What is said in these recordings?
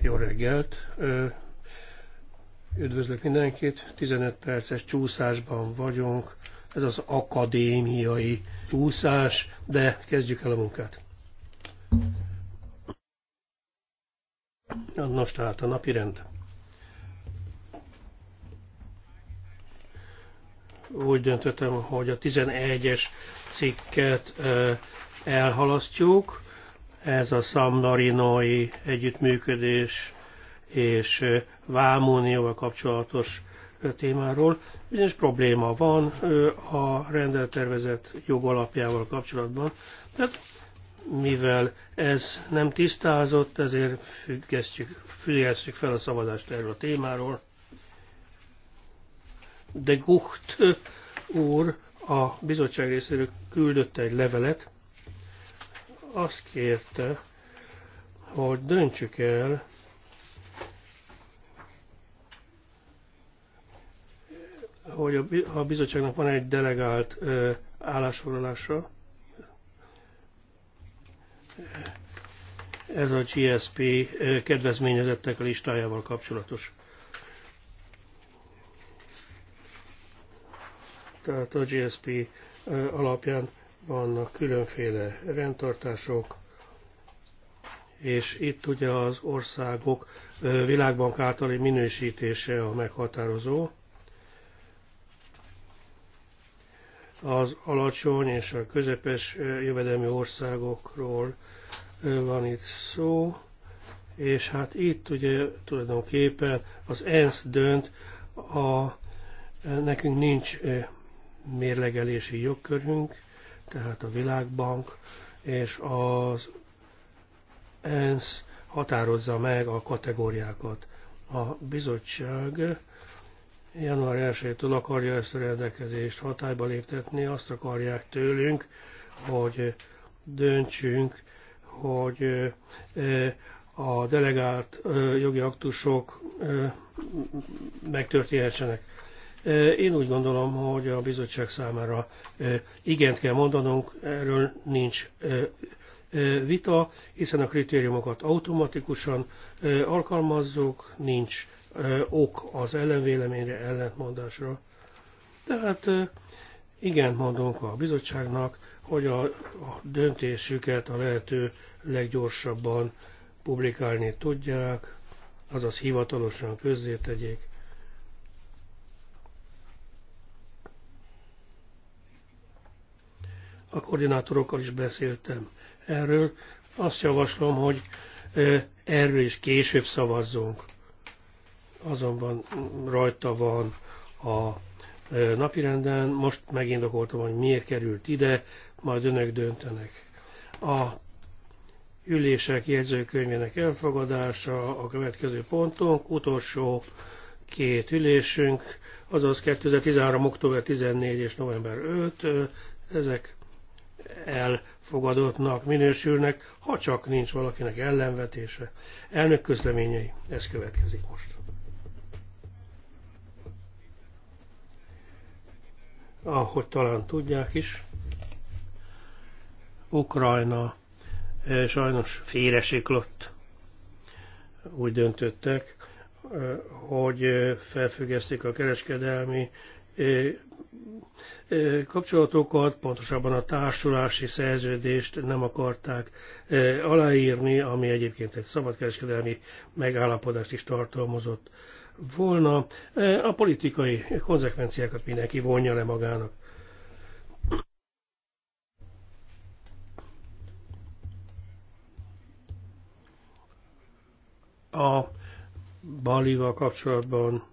Jó reggelt! Üdvözlök mindenkit! 15 perces csúszásban vagyunk. Ez az akadémiai csúszás, de kezdjük el a munkát. Nos, tehát a napi rend. Úgy döntöttem, hogy a 11-es cikket elhalasztjuk ez a szamnarinai együttműködés és vámónióval kapcsolatos témáról. Bizonyos probléma van a rendeltervezet jogalapjával kapcsolatban. Tehát mivel ez nem tisztázott, ezért függesztjük, függesztjük fel a szavazást erről a témáról. De Gucht úr a bizottság részéről küldött egy levelet, azt kérte, hogy döntsük el, hogy a bizottságnak van egy delegált állásfoglalása, ez a GSP kedvezményezettek listájával kapcsolatos. Tehát a GSP alapján vannak különféle rendtartások, és itt ugye az országok világbank általi minősítése a meghatározó. Az alacsony és a közepes jövedelmi országokról van itt szó, és hát itt ugye tulajdonképpen az ENSZ dönt, a, nekünk nincs mérlegelési jogkörünk, tehát a Világbank és az ENSZ határozza meg a kategóriákat. A bizottság január 1-től akarja ezt a rendelkezést hatályba léptetni, azt akarják tőlünk, hogy döntsünk, hogy a delegált jogi aktusok megtörténhessenek. Én úgy gondolom, hogy a bizottság számára igent kell mondanunk, erről nincs vita, hiszen a kritériumokat automatikusan alkalmazzuk, nincs ok az ellenvéleményre, ellentmondásra. Tehát igen mondunk a bizottságnak, hogy a, a döntésüket a lehető leggyorsabban publikálni tudják, azaz hivatalosan közzétegyék. a koordinátorokkal is beszéltem erről. Azt javaslom, hogy erről is később szavazzunk. Azonban rajta van a napirenden, most megindokoltam, hogy miért került ide, majd önök döntenek. A ülések jegyzőkönyvének elfogadása a következő pontunk, utolsó két ülésünk, azaz 2013. október 14 és november 5, ezek elfogadottnak minősülnek, ha csak nincs valakinek ellenvetése. Elnök közleményei, ez következik most. Ahogy talán tudják is, Ukrajna eh, sajnos félresiklott. Úgy döntöttek, eh, hogy eh, felfüggesztik a kereskedelmi kapcsolatokat, pontosabban a társulási szerződést nem akarták aláírni, ami egyébként egy szabadkereskedelmi megállapodást is tartalmazott volna. A politikai konzekvenciákat mindenki vonja le magának. A Balival kapcsolatban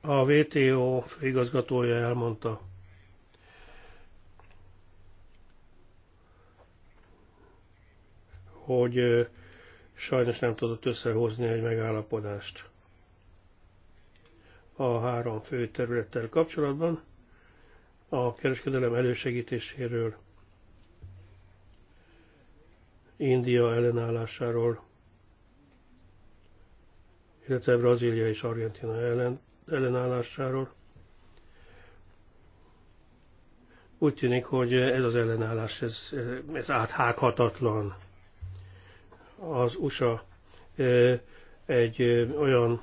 a VTO igazgatója elmondta. hogy sajnos nem tudott összehozni egy megállapodást a három fő területtel kapcsolatban, a kereskedelem elősegítéséről, India ellenállásáról, illetve Brazília és Argentina ellen ellenállásáról. Úgy tűnik, hogy ez az ellenállás, ez, ez áthághatatlan. Az USA e, egy e, olyan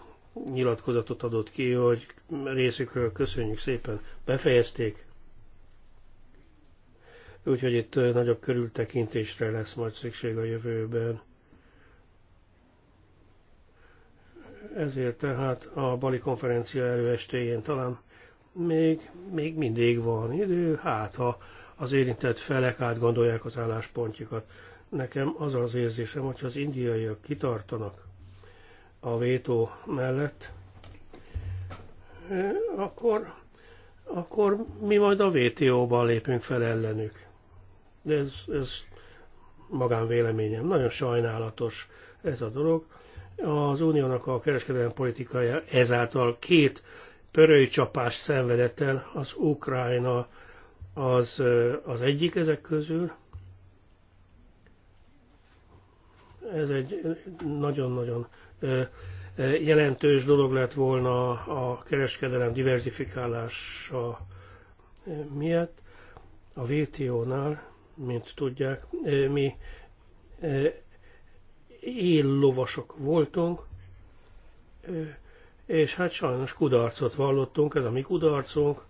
nyilatkozatot adott ki, hogy részükről köszönjük szépen, befejezték. Úgyhogy itt nagyobb körültekintésre lesz majd szükség a jövőben. ezért tehát a Bali konferencia előestéjén talán még, még mindig van idő, hát ha az érintett felek átgondolják az álláspontjukat. Nekem az az érzésem, hogy az indiaiak kitartanak a vétó mellett, eh, akkor, akkor mi majd a VTO-ban lépünk fel ellenük. De ez, ez magánvéleményem. Nagyon sajnálatos ez a dolog. Az uniónak a kereskedelmi politikája ezáltal két csapást szenvedett el, az Ukrajna az, az egyik ezek közül. Ez egy nagyon-nagyon jelentős dolog lett volna a kereskedelem diversifikálása miatt. A vto nál mint tudják, mi Él lovasok voltunk, és hát sajnos kudarcot vallottunk, ez a mi kudarcunk.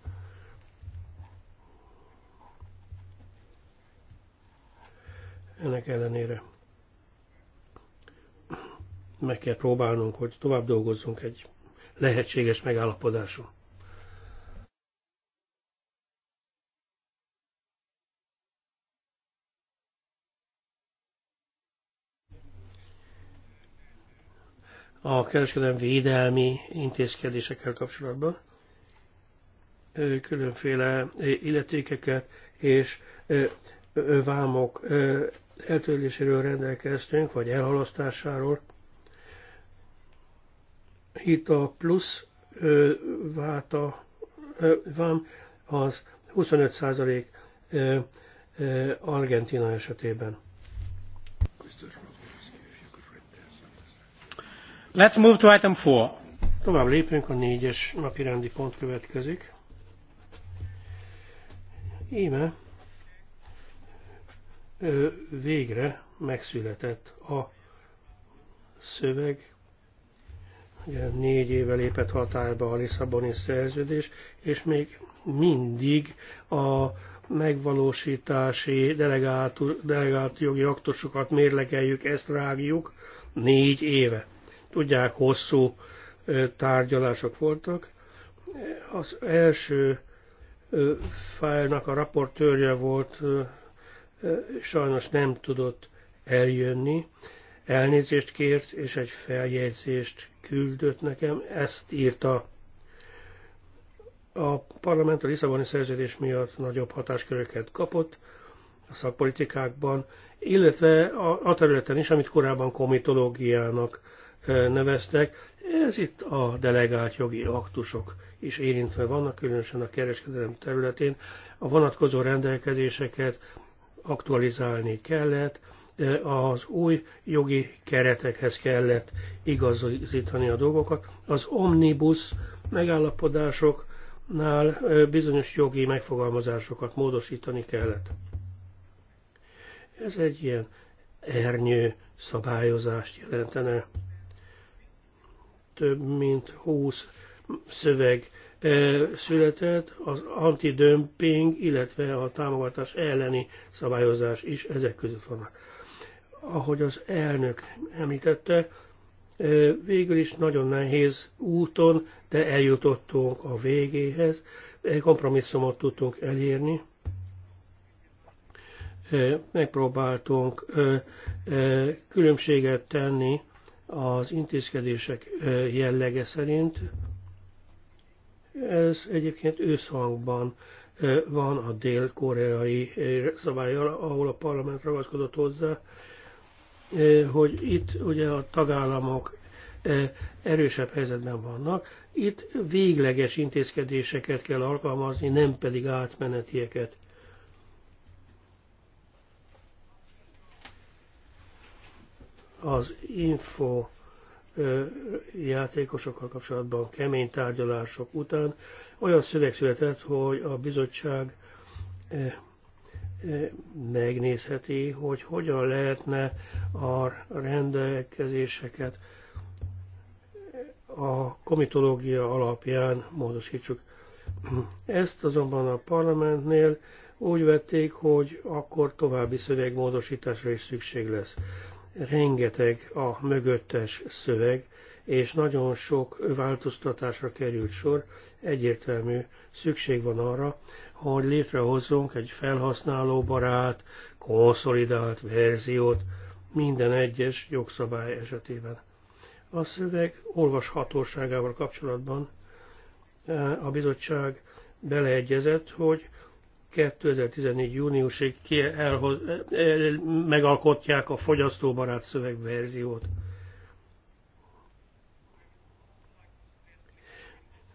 Ennek ellenére meg kell próbálnunk, hogy tovább dolgozzunk egy lehetséges megállapodáson. a kereskedelem védelmi intézkedésekkel kapcsolatban. Különféle illetékeket és vámok eltörléséről rendelkeztünk, vagy elhalasztásáról. Itt a plusz váta, vám az 25% Argentina esetében. Let's move to item four. Tovább lépünk, a négyes napi rendi pont következik. Íme végre megszületett a szöveg, ugye négy éve lépett hatályba a Lisszaboni szerződés, és még mindig a megvalósítási delegált, delegált jogi aktusokat mérlegeljük, ezt rágjuk négy éve. Tudják, hosszú tárgyalások voltak. Az első fájlnak a raportőrje volt, sajnos nem tudott eljönni. Elnézést kért, és egy feljegyzést küldött nekem. Ezt írta a parlament a Lisszaboni szerződés miatt nagyobb hatásköröket kapott a szakpolitikákban, illetve a, a területen is, amit korábban komitológiának neveztek. Ez itt a delegált jogi aktusok is érintve vannak, különösen a kereskedelem területén. A vonatkozó rendelkezéseket aktualizálni kellett, az új jogi keretekhez kellett igazítani a dolgokat. Az omnibus megállapodásoknál bizonyos jogi megfogalmazásokat módosítani kellett. Ez egy ilyen ernyő szabályozást jelentene több mint 20 szöveg e, született, az antidömping, illetve a támogatás elleni szabályozás is ezek között vannak. Ahogy az elnök említette, e, végül is nagyon nehéz úton, de eljutottunk a végéhez, e, kompromisszumot tudtunk elérni, megpróbáltunk különbséget tenni az intézkedések jellege szerint. Ez egyébként összhangban van a dél-koreai szabályal, ahol a parlament ragaszkodott hozzá, hogy itt ugye a tagállamok erősebb helyzetben vannak. Itt végleges intézkedéseket kell alkalmazni, nem pedig átmenetieket. az info játékosokkal kapcsolatban kemény tárgyalások után olyan szöveg született, hogy a bizottság megnézheti, hogy hogyan lehetne a rendelkezéseket a komitológia alapján módosítsuk. Ezt azonban a parlamentnél úgy vették, hogy akkor további szövegmódosításra is szükség lesz rengeteg a mögöttes szöveg, és nagyon sok változtatásra került sor, egyértelmű szükség van arra, hogy létrehozzunk egy felhasználóbarát, konszolidált verziót minden egyes jogszabály esetében. A szöveg olvashatóságával kapcsolatban eh, a bizottság beleegyezett, hogy 2014. júniusig elhoz, eh, eh, megalkotják a fogyasztóbarát szövegverziót.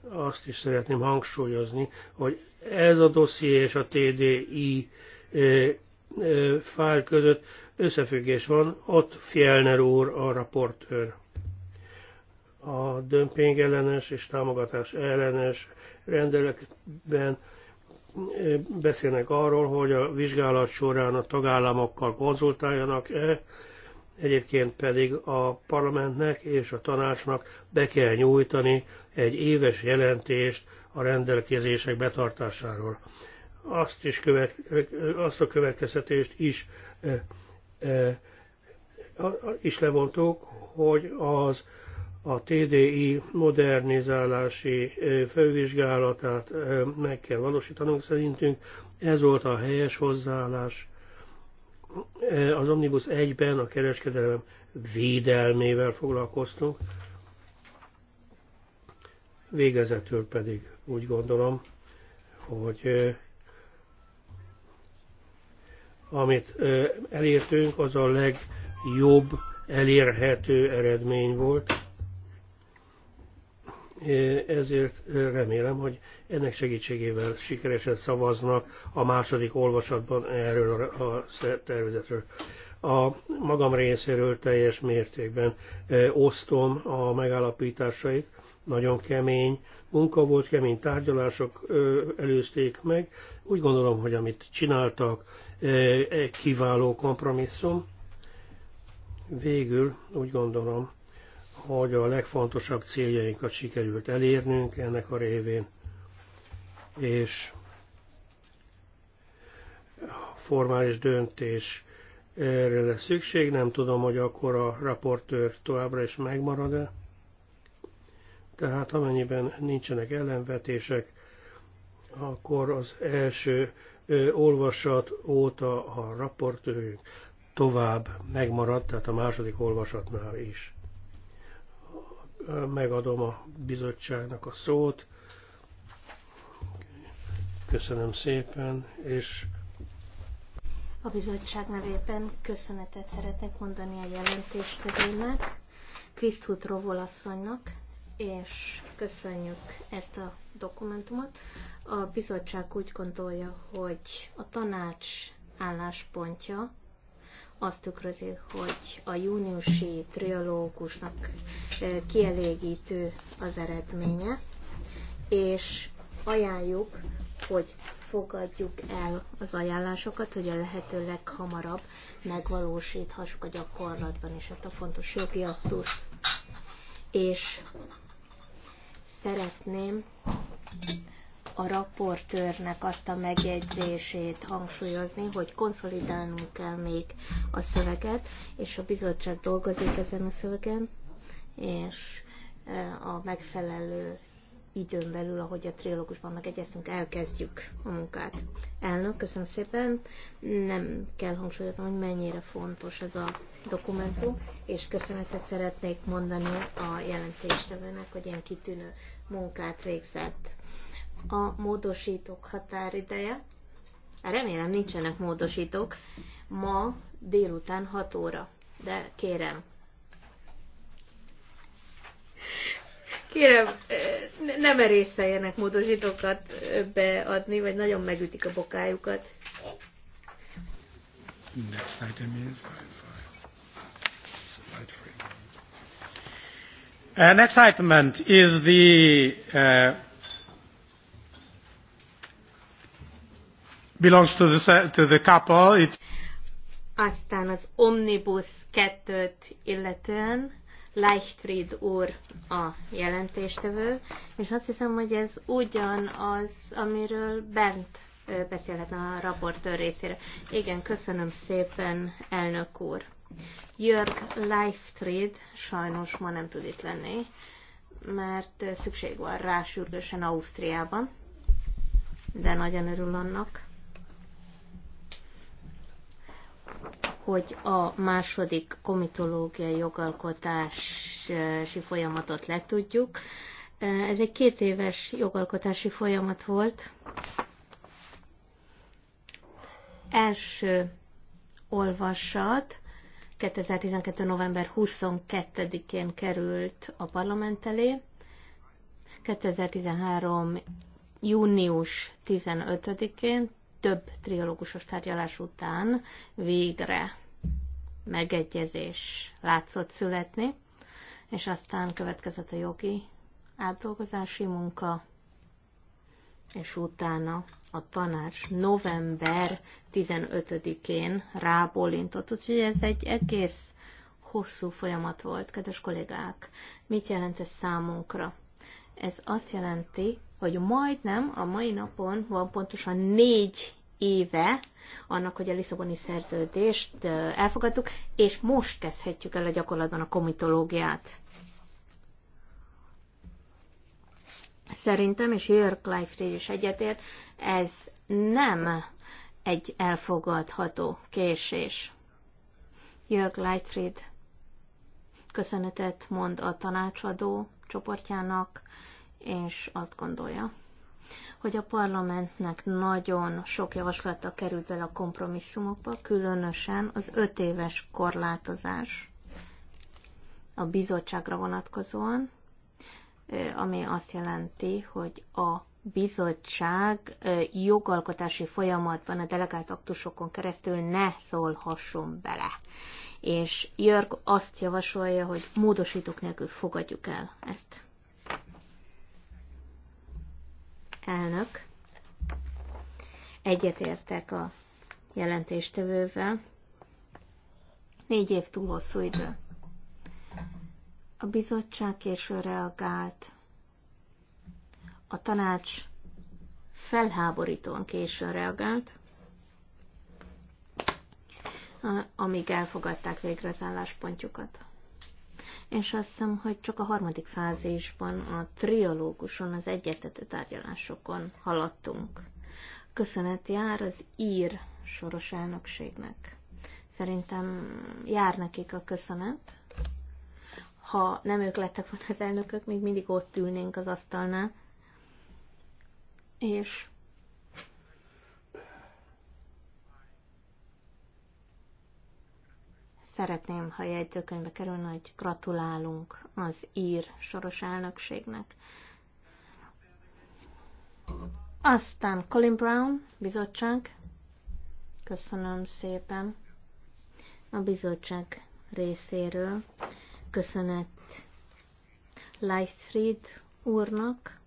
Azt is szeretném hangsúlyozni, hogy ez a dosszié és a TDI eh, fájl között összefüggés van, ott Fjellner úr a raportőr. A dömping ellenes és támogatás ellenes rendeletben beszélnek arról, hogy a vizsgálat során a tagállamokkal konzultáljanak-e, egyébként pedig a parlamentnek és a tanácsnak be kell nyújtani egy éves jelentést a rendelkezések betartásáról. Azt, is követ, azt a következtetést is, e, e, is levontuk, hogy az a TDI modernizálási fővizsgálatát meg kell valósítanunk. Szerintünk ez volt a helyes hozzáállás. Az Omnibus 1-ben a kereskedelem védelmével foglalkoztunk. Végezetül pedig úgy gondolom, hogy amit elértünk, az a legjobb elérhető eredmény volt ezért remélem, hogy ennek segítségével sikeresen szavaznak a második olvasatban erről a tervezetről. A magam részéről teljes mértékben osztom a megállapításait, nagyon kemény munka volt, kemény tárgyalások előzték meg. Úgy gondolom, hogy amit csináltak, kiváló kompromisszum. Végül úgy gondolom, hogy a legfontosabb céljainkat sikerült elérnünk ennek a révén, és formális döntés erre lesz szükség. Nem tudom, hogy akkor a raportőr továbbra is megmarad-e. Tehát amennyiben nincsenek ellenvetések, akkor az első ö, olvasat óta a raportőrünk tovább megmaradt, tehát a második olvasatnál is megadom a bizottságnak a szót. Köszönöm szépen, és a bizottság nevében köszönetet szeretnék mondani a jelentéstevőnek, Krisztut Rovolasszonynak, és köszönjük ezt a dokumentumot. A bizottság úgy gondolja, hogy a tanács álláspontja azt tükrözi, hogy a júniusi triológusnak kielégítő az eredménye, és ajánljuk, hogy fogadjuk el az ajánlásokat, hogy a lehető leghamarabb megvalósíthassuk a gyakorlatban is ezt a fontos jogi aktust. És szeretném a raportőrnek azt a megjegyzését hangsúlyozni, hogy konszolidálnunk kell még a szöveget, és a bizottság dolgozik ezen a szövegen, és e, a megfelelő időn belül, ahogy a trilógusban megegyeztünk, elkezdjük a munkát. Elnök, köszönöm szépen. Nem kell hangsúlyoznom, hogy mennyire fontos ez a dokumentum, és köszönetet szeretnék mondani a jelentéstevőnek, hogy ilyen kitűnő munkát végzett a módosítók határideje. Remélem nincsenek módosítók. Ma délután 6 óra. De kérem. Kérem, ne merészeljenek módosítókat beadni, vagy nagyon megütik a bokájukat. Next item is Uh, next item is the uh, belongs to the, to the couple. It's Aztán az Omnibus 2-t illetően Leichtried úr a jelentéstevő, és azt hiszem, hogy ez ugyanaz, amiről Bent beszélhetne a raportőr részére. Igen, köszönöm szépen, elnök úr. Jörg Leichtried sajnos ma nem tud itt lenni, mert szükség van rá sürgősen Ausztriában, de nagyon örül annak, hogy a második komitológiai jogalkotási folyamatot letudjuk. Ez egy két éves jogalkotási folyamat volt. Első olvasat 2012. november 22-én került a parlament elé. 2013. június 15-én több triológusos tárgyalás után végre megegyezés látszott születni, és aztán következett a jogi átdolgozási munka, és utána a tanács november 15-én rábólintott. Úgyhogy ez egy egész hosszú folyamat volt, kedves kollégák. Mit jelent ez számunkra? Ez azt jelenti, hogy majdnem a mai napon van pontosan négy éve annak, hogy a Lisszaboni szerződést elfogadtuk, és most kezdhetjük el a gyakorlatban a komitológiát. Szerintem, és Jörg Leifried is egyetért, ez nem egy elfogadható késés. Jörg Leifried köszönetet mond a tanácsadó csoportjának, és azt gondolja, hogy a parlamentnek nagyon sok javaslata került bele a kompromisszumokba, különösen az öt éves korlátozás a bizottságra vonatkozóan, ami azt jelenti, hogy a bizottság jogalkotási folyamatban a delegált aktusokon keresztül ne szólhasson bele és Jörg azt javasolja, hogy módosítók nélkül fogadjuk el ezt. Elnök. Egyetértek a jelentéstevővel. Négy év túl hosszú idő. A bizottság késő reagált. A tanács felháborítóan későn reagált amíg elfogadták végre az álláspontjukat. És azt hiszem, hogy csak a harmadik fázisban, a triológuson, az egyetető tárgyalásokon haladtunk. Köszönet jár az ír soros elnökségnek. Szerintem jár nekik a köszönet. Ha nem ők lettek volna az elnökök, még mindig ott ülnénk az asztalnál. És Szeretném, ha jegyzőkönyvbe kerülne, hogy gratulálunk az ír soros elnökségnek. Aztán Colin Brown, bizottság. Köszönöm szépen a bizottság részéről. Köszönet Leifried úrnak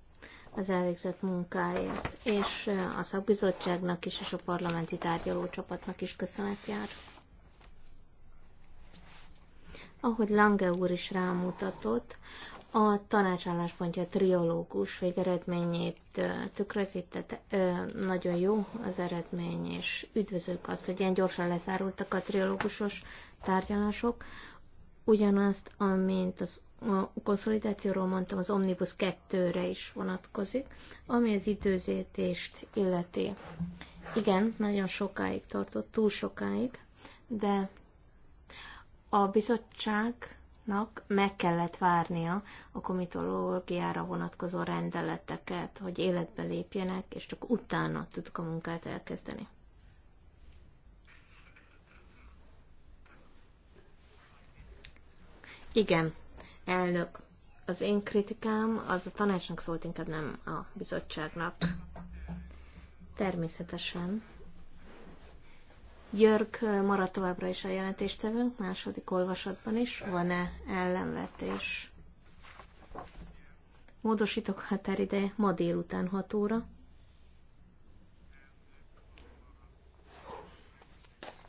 az elvégzett munkáért, és a szakbizottságnak is, és a parlamenti tárgyalócsapatnak is köszönet jár. Ahogy Lange úr is rámutatott, a tanácsálláspontja triológus végeredményét tükrözi, tehát nagyon jó az eredmény, és üdvözlök azt, hogy ilyen gyorsan lezárultak a triológusos tárgyalások. Ugyanazt, amint az a konszolidációról mondtam, az Omnibus 2-re is vonatkozik, ami az időzítést illeti. Igen, nagyon sokáig tartott, túl sokáig, de a bizottságnak meg kellett várnia a komitológiára vonatkozó rendeleteket, hogy életbe lépjenek, és csak utána tudtuk a munkát elkezdeni. Igen, elnök. Az én kritikám az a tanácsnak szólt, inkább nem a bizottságnak. Természetesen Jörg marad továbbra is a jelentéstevünk, második olvasatban is. Van-e ellenvetés? Módosítok határideje ma délután 6 óra.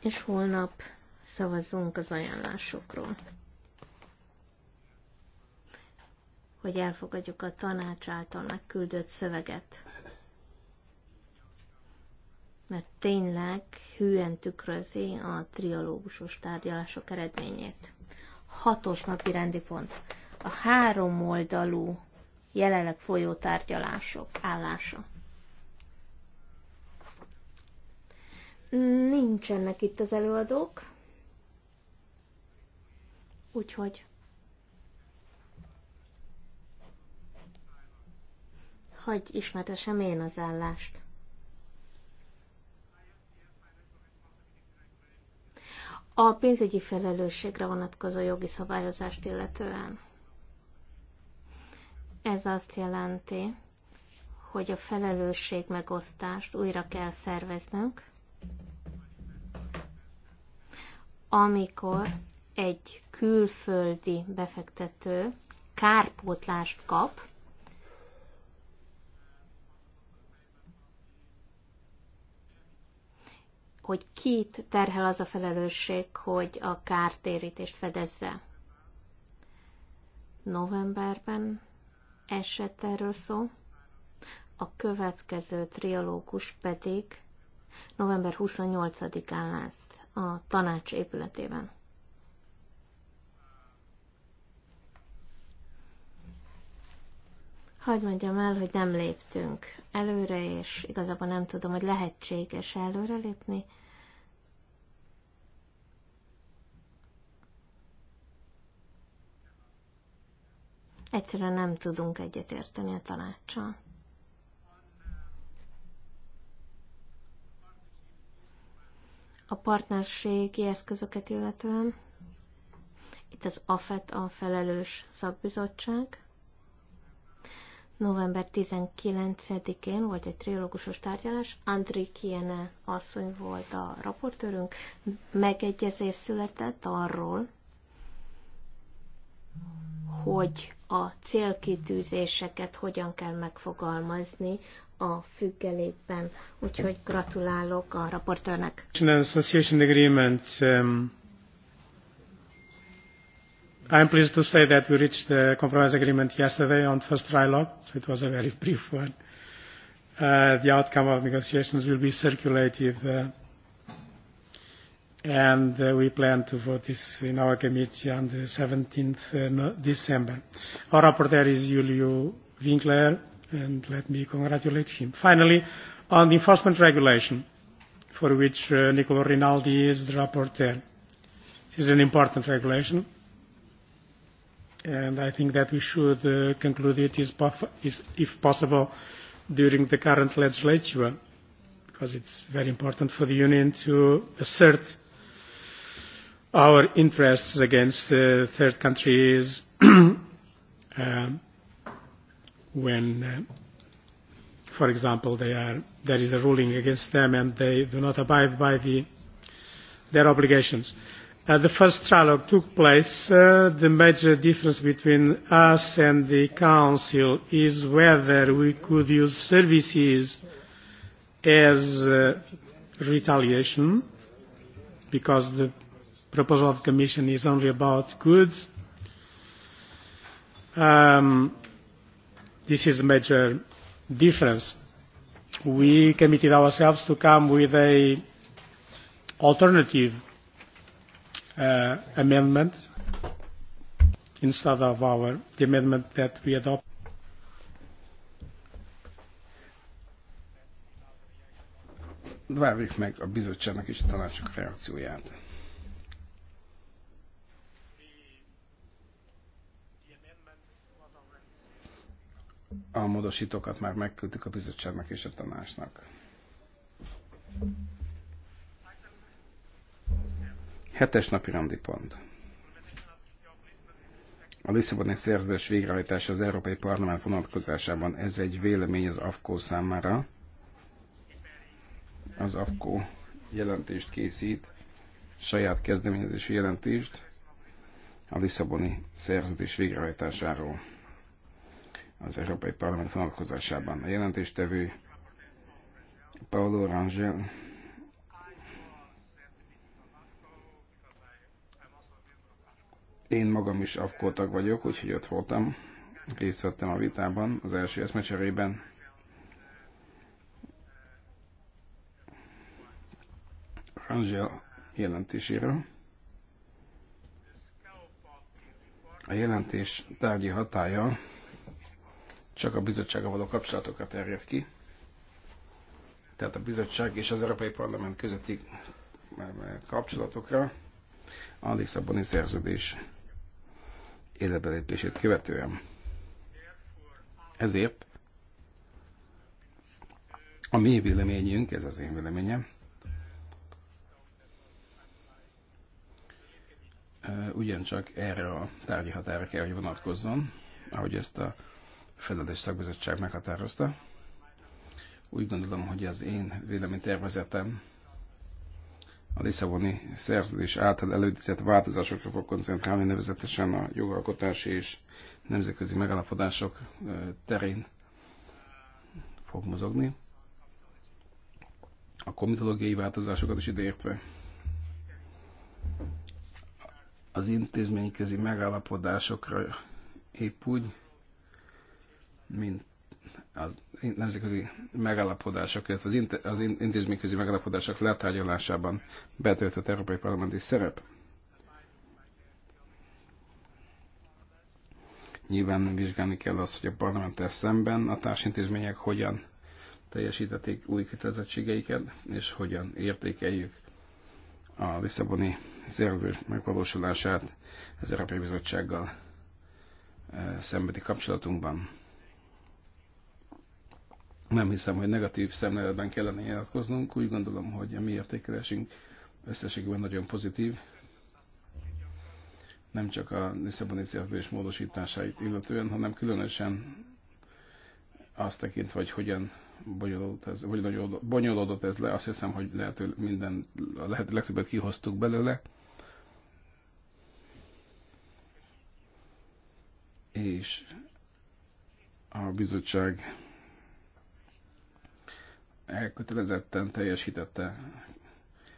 És holnap szavazzunk az ajánlásokról. Hogy elfogadjuk a tanács által megküldött szöveget mert tényleg hűen tükrözi a triológusos tárgyalások eredményét. Hatos napi rendi pont. A három oldalú jelenleg folyó tárgyalások állása. Nincsenek itt az előadók, úgyhogy hagy ismertesem én az állást. a pénzügyi felelősségre vonatkozó jogi szabályozást illetően. Ez azt jelenti, hogy a felelősség megosztást újra kell szerveznünk, amikor egy külföldi befektető kárpótlást kap, hogy kit terhel az a felelősség, hogy a kártérítést fedezze. Novemberben esett erről szó, a következő triológus pedig november 28-án lesz a tanács épületében. Hagy mondjam el, hogy nem léptünk előre, és igazából nem tudom, hogy lehetséges előrelépni, Egyszerűen nem tudunk egyetérteni a tanácssal. A partnerségi eszközöket illetően itt az AFET a felelős szakbizottság. November 19-én volt egy triológusos tárgyalás, André Kiene asszony volt a raportőrünk, megegyezés született arról, hogy a célkitűzéseket hogyan kell megfogalmazni a függelékben. Úgyhogy gratulálok a raportőrnek. Association agreement. Um, I'm pleased to say that we reached the compromise agreement yesterday on first trilogue, so it was a very brief one. Uh, the outcome of negotiations will be circulated uh, and uh, we plan to vote this in our committee on the 17th uh, no, December. Our rapporteur is Julio Winkler, and let me congratulate him. Finally, on the enforcement regulation, for which uh, Niccolo Rinaldi is the rapporteur. This is an important regulation, and I think that we should uh, conclude it is pof is, if possible during the current legislature, because it's very important for the Union to assert our interests against uh, third countries um, when, uh, for example, they are, there is a ruling against them and they do not abide by the, their obligations. Uh, the first trilogue took place. Uh, the major difference between us and the Council is whether we could use services as uh, retaliation because the proposal of the Commission is only about goods. Um, this is a major difference. We committed ourselves to come with a alternative uh, amendment instead of our the amendment that we adopted. Várjuk meg a bizottságnak és a tanácsok reakcióját. A módosítókat már megküldtük a bizottságnak és a tanácsnak. Hetes napi rendi pont. A Lisszaboni szerződés végrehajtása az Európai Parlament vonatkozásában ez egy vélemény az AFKO számára. Az AFKO jelentést készít, saját kezdeményezési jelentést a Lisszaboni szerződés végrehajtásáról az Európai Parlament vonatkozásában. A jelentéstevő Paulo Rangel Én magam is afkoltag vagyok, úgyhogy ott voltam, részt vettem a vitában, az első eszmecserében. Rangel jelentéséről. A jelentés tárgyi hatája csak a bizottsága való kapcsolatokat terjed ki. Tehát a bizottság és az Európai Parlament közötti eh, eh, kapcsolatokra a Lisszaboni szerződés életbelépését követően. Ezért a mi véleményünk, ez az én véleményem, eh, ugyancsak erre a tárgyi határa kell, hogy vonatkozzon, ahogy ezt a Felelős Szakbizottság meghatározta. Úgy gondolom, hogy az én véleménytervezetem a Lisszaboni szerződés által előidézett változásokra fog koncentrálni, nevezetesen a jogalkotási és nemzetközi megalapodások terén fog mozogni. A komitológiai változásokat is ideértve. Az intézményközi megállapodásokra épp úgy, mint az nemzetközi megállapodások, illetve az, inter, az intézményközi megállapodások letárgyalásában betöltött Európai Parlamenti szerep. Nyilván vizsgálni kell azt, hogy a parlamenttel szemben a társintézmények hogyan teljesítették új kötelezettségeiket, és hogyan értékeljük a Lisszaboni szerződés megvalósulását az Európai Bizottsággal eh, szembeti kapcsolatunkban. Nem hiszem, hogy negatív szemléletben kellene nyilatkoznunk. Úgy gondolom, hogy a mi értékelésünk összességében nagyon pozitív. Nem csak a Lisszaboni szerződés módosításait illetően, hanem különösen azt tekintve, hogy hogyan bonyolult ez, vagy bonyolódott ez le, azt hiszem, hogy lehető minden, lehető legtöbbet kihoztuk belőle. És a bizottság elkötelezetten teljesítette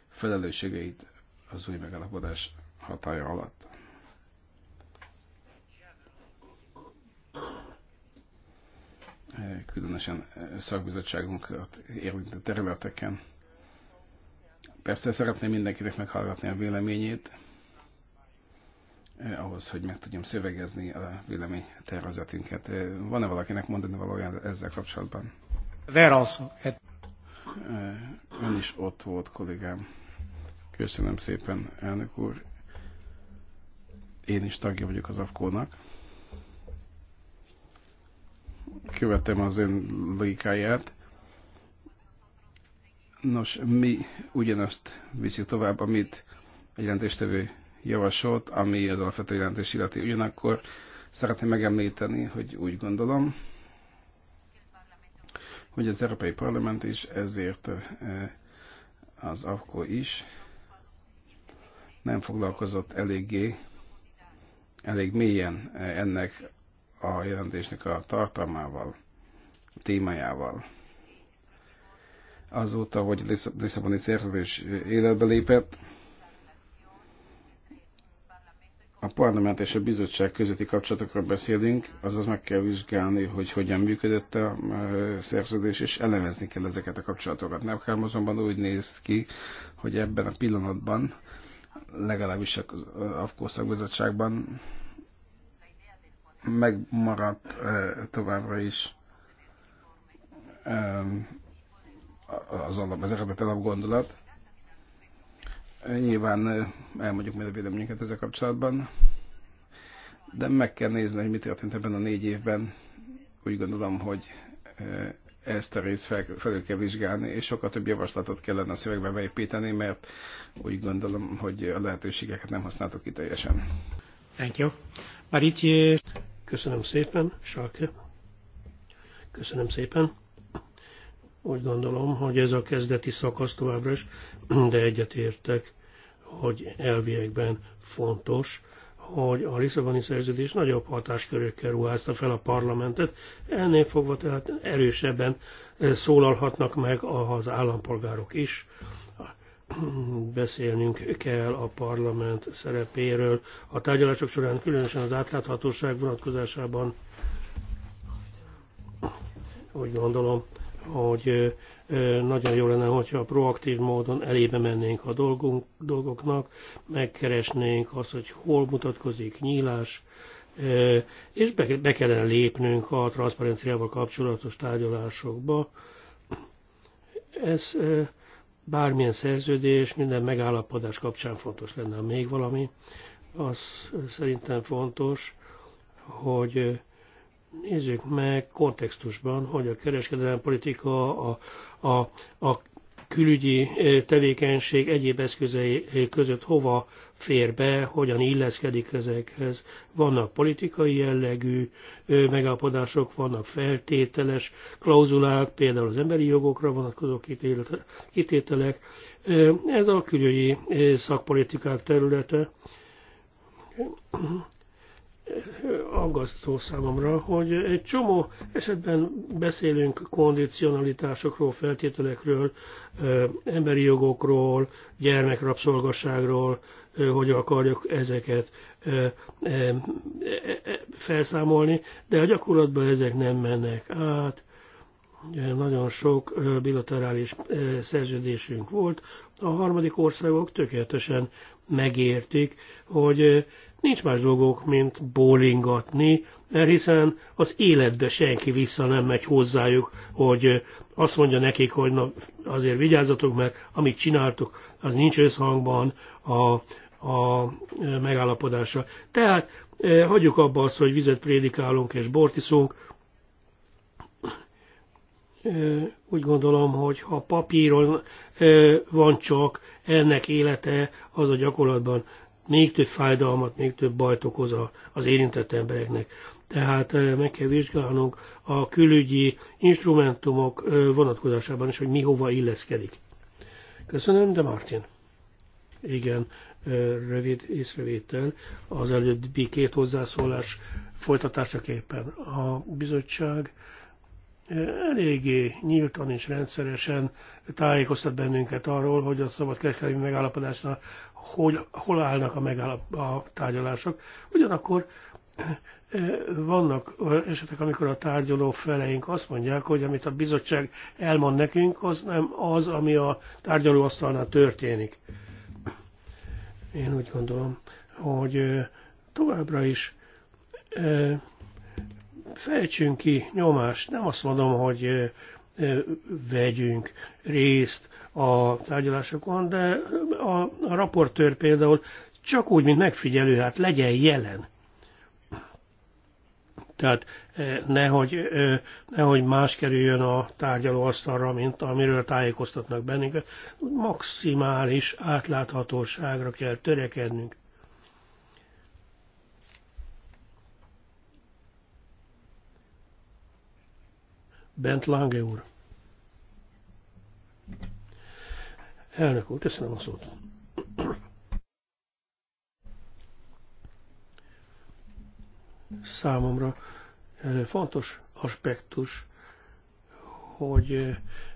felelősségeit az új megállapodás hatája alatt. különösen szakbizottságunkat érintő területeken. Persze szeretném mindenkinek meghallgatni a véleményét, eh, ahhoz, hogy meg tudjam szövegezni a vélemény tervezetünket. Eh, van-e valakinek mondani valójában ezzel kapcsolatban? There also. Ön is ott volt, kollégám. Köszönöm szépen, elnök úr. Én is tagja vagyok az AFKÓ-nak. Követem az ön logikáját. Nos, mi ugyanazt viszik tovább, amit egy jelentéstevő javasolt, ami az alapvető jelentés illeti. Ugyanakkor szeretném megemlíteni, hogy úgy gondolom, hogy az Európai Parlament is, ezért eh, az AFKO is nem foglalkozott eléggé, elég mélyen eh, ennek a jelentésnek a tartalmával, a témájával. Azóta, hogy a Lisszaboni szerződés életbe lépett, a parlament és a bizottság közötti kapcsolatokról beszélünk, azaz meg kell vizsgálni, hogy hogyan működött a e, szerződés, és elemezni kell ezeket a kapcsolatokat. Nem kell azonban úgy néz ki, hogy ebben a pillanatban, legalábbis a Afkószakbizottságban megmaradt e, továbbra is e, az, alap, az eredet alapgondolat, Nyilván elmondjuk majd a véleményünket ezzel kapcsolatban, de meg kell nézni, hogy mi történt ebben a négy évben. Úgy gondolom, hogy ezt a részt fel, felül kell vizsgálni, és sokkal több javaslatot kellene a szövegbe beépíteni, mert úgy gondolom, hogy a lehetőségeket nem használtuk ki teljesen. Thank you. Maritje. Köszönöm szépen, Salke. Köszönöm szépen. Úgy gondolom, hogy ez a kezdeti szakasz továbbra is, de egyetértek, hogy elviekben fontos, hogy a Lisszaboni szerződés nagyobb hatáskörökkel ruházta fel a parlamentet, ennél fogva tehát erősebben eh, szólalhatnak meg az állampolgárok is. Beszélnünk kell a parlament szerepéről. A tárgyalások során különösen az átláthatóság vonatkozásában úgy gondolom, hogy nagyon jó lenne, hogyha proaktív módon elébe mennénk a dolgunk, dolgoknak, megkeresnénk azt, hogy hol mutatkozik nyílás, és be, be kellene lépnünk a transzparenciával kapcsolatos tárgyalásokba. Ez bármilyen szerződés, minden megállapodás kapcsán fontos lenne. Még valami, az szerintem fontos, hogy nézzük meg kontextusban, hogy a kereskedelmi politika, a, a, a külügyi e, tevékenység egyéb eszközei e, között hova fér be, hogyan illeszkedik ezekhez. Vannak politikai jellegű e, megállapodások, vannak feltételes klauzulák, például az emberi jogokra vonatkozó kitételek. Ez a külügyi szakpolitikák területe aggasztó számomra, hogy egy csomó esetben beszélünk kondicionalitásokról, feltételekről, emberi jogokról, gyermekrabszolgaságról, hogy akarjuk ezeket felszámolni, de a gyakorlatban ezek nem mennek át. Nagyon sok bilaterális szerződésünk volt. A harmadik országok tökéletesen megértik, hogy nincs más dolgok, mint bólingatni, mert hiszen az életbe senki vissza nem megy hozzájuk, hogy azt mondja nekik, hogy na, azért vigyázzatok, mert amit csináltok, az nincs összhangban a, a megállapodása. Tehát eh, hagyjuk abba azt, hogy vizet prédikálunk és bort iszunk. úgy gondolom, hogy ha papíron van csak ennek élete, az a gyakorlatban még több fájdalmat, még több bajt okoz az érintett embereknek. Tehát meg kell vizsgálnunk a külügyi instrumentumok vonatkozásában is, hogy mi hova illeszkedik. Köszönöm, de Martin. Igen, rövid észrevétel az előbbi két hozzászólás folytatásaképpen. A bizottság eléggé nyíltan és rendszeresen tájékoztat bennünket arról, hogy a kereskedelmi megállapodásnál hol, hol állnak a, megállap, a tárgyalások. Ugyanakkor eh, vannak eh, esetek, amikor a tárgyaló feleink azt mondják, hogy amit a bizottság elmond nekünk, az nem az, ami a tárgyalóasztalnál történik. Én úgy gondolom, hogy eh, továbbra is fejtsünk ki nyomást, nem azt mondom, hogy vegyünk részt a tárgyalásokon, de a, a raportőr például csak úgy, mint megfigyelő, hát legyen jelen. Tehát nehogy, nehogy más kerüljön a tárgyalóasztalra, mint amiről tájékoztatnak bennünket. Maximális átláthatóságra kell törekednünk. Bent Lange úr. Elnök úr, köszönöm a szót. Számomra eh, fontos aspektus, hogy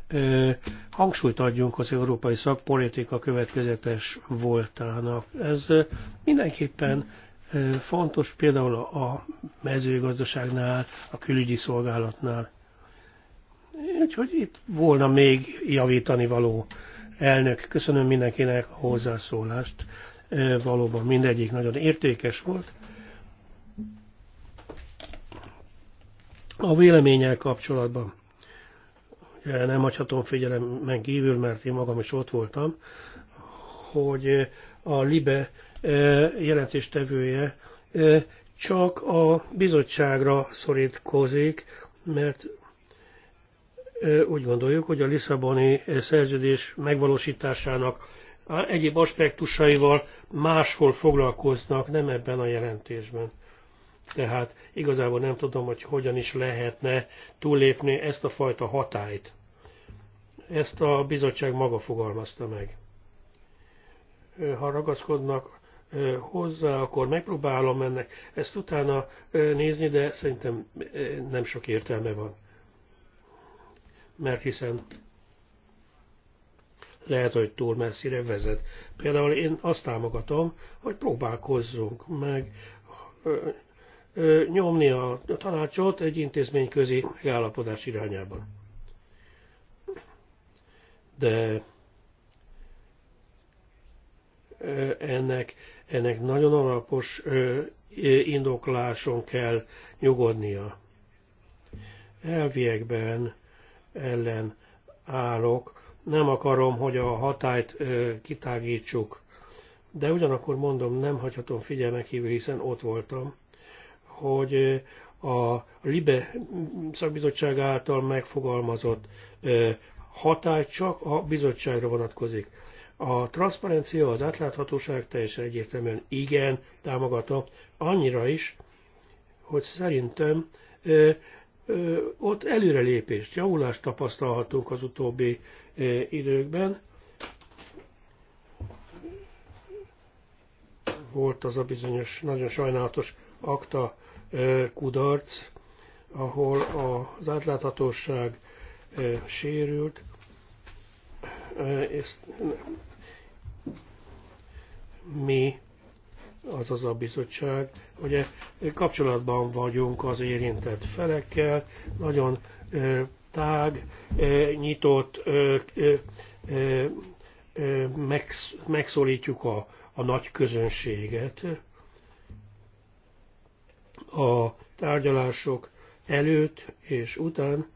eh, eh, hangsúlyt adjunk az európai szakpolitika következetes voltának. Ez mindenképpen fontos például a mezőgazdaságnál, a külügyi szolgálatnál. Úgyhogy itt volna még javítani való elnök. Köszönöm mindenkinek a hozzászólást. Valóban mindegyik nagyon értékes volt. A véleménnyel kapcsolatban nem hagyhatom figyelemen kívül, mert én magam is ott voltam, hogy a LIBE jelentéstevője csak a bizottságra szorítkozik, mert úgy gondoljuk, hogy a Lisszaboni szerződés megvalósításának egyéb aspektusaival máshol foglalkoznak, nem ebben a jelentésben. Tehát igazából nem tudom, hogy hogyan is lehetne túllépni ezt a fajta hatályt. Ezt a bizottság maga fogalmazta meg. Ha ragaszkodnak hozzá, akkor megpróbálom ennek ezt utána nézni, de szerintem nem sok értelme van mert hiszen lehet, hogy túl messzire vezet. Például én azt támogatom, hogy próbálkozzunk meg nyomni a tanácsot egy intézményközi megállapodás irányában. De ennek, ennek nagyon alapos indokláson kell nyugodnia. Elviekben ellen állok. Nem akarom, hogy a hatályt kitágítsuk. De ugyanakkor mondom, nem hagyhatom figyelmen kívül, hiszen ott voltam, hogy a LIBE szakbizottság által megfogalmazott hatály csak a bizottságra vonatkozik. A transzparencia, az átláthatóság teljesen egyértelműen igen, támogatom, annyira is, hogy szerintem ott előrelépést, javulást tapasztalhatók az utóbbi időkben. Volt az a bizonyos, nagyon sajnálatos akta kudarc, ahol az átláthatóság sérült. és mi azaz a bizottság. Ugye kapcsolatban vagyunk az érintett felekkel, nagyon tág, nyitott, megszólítjuk a, a nagy közönséget. A tárgyalások előtt és után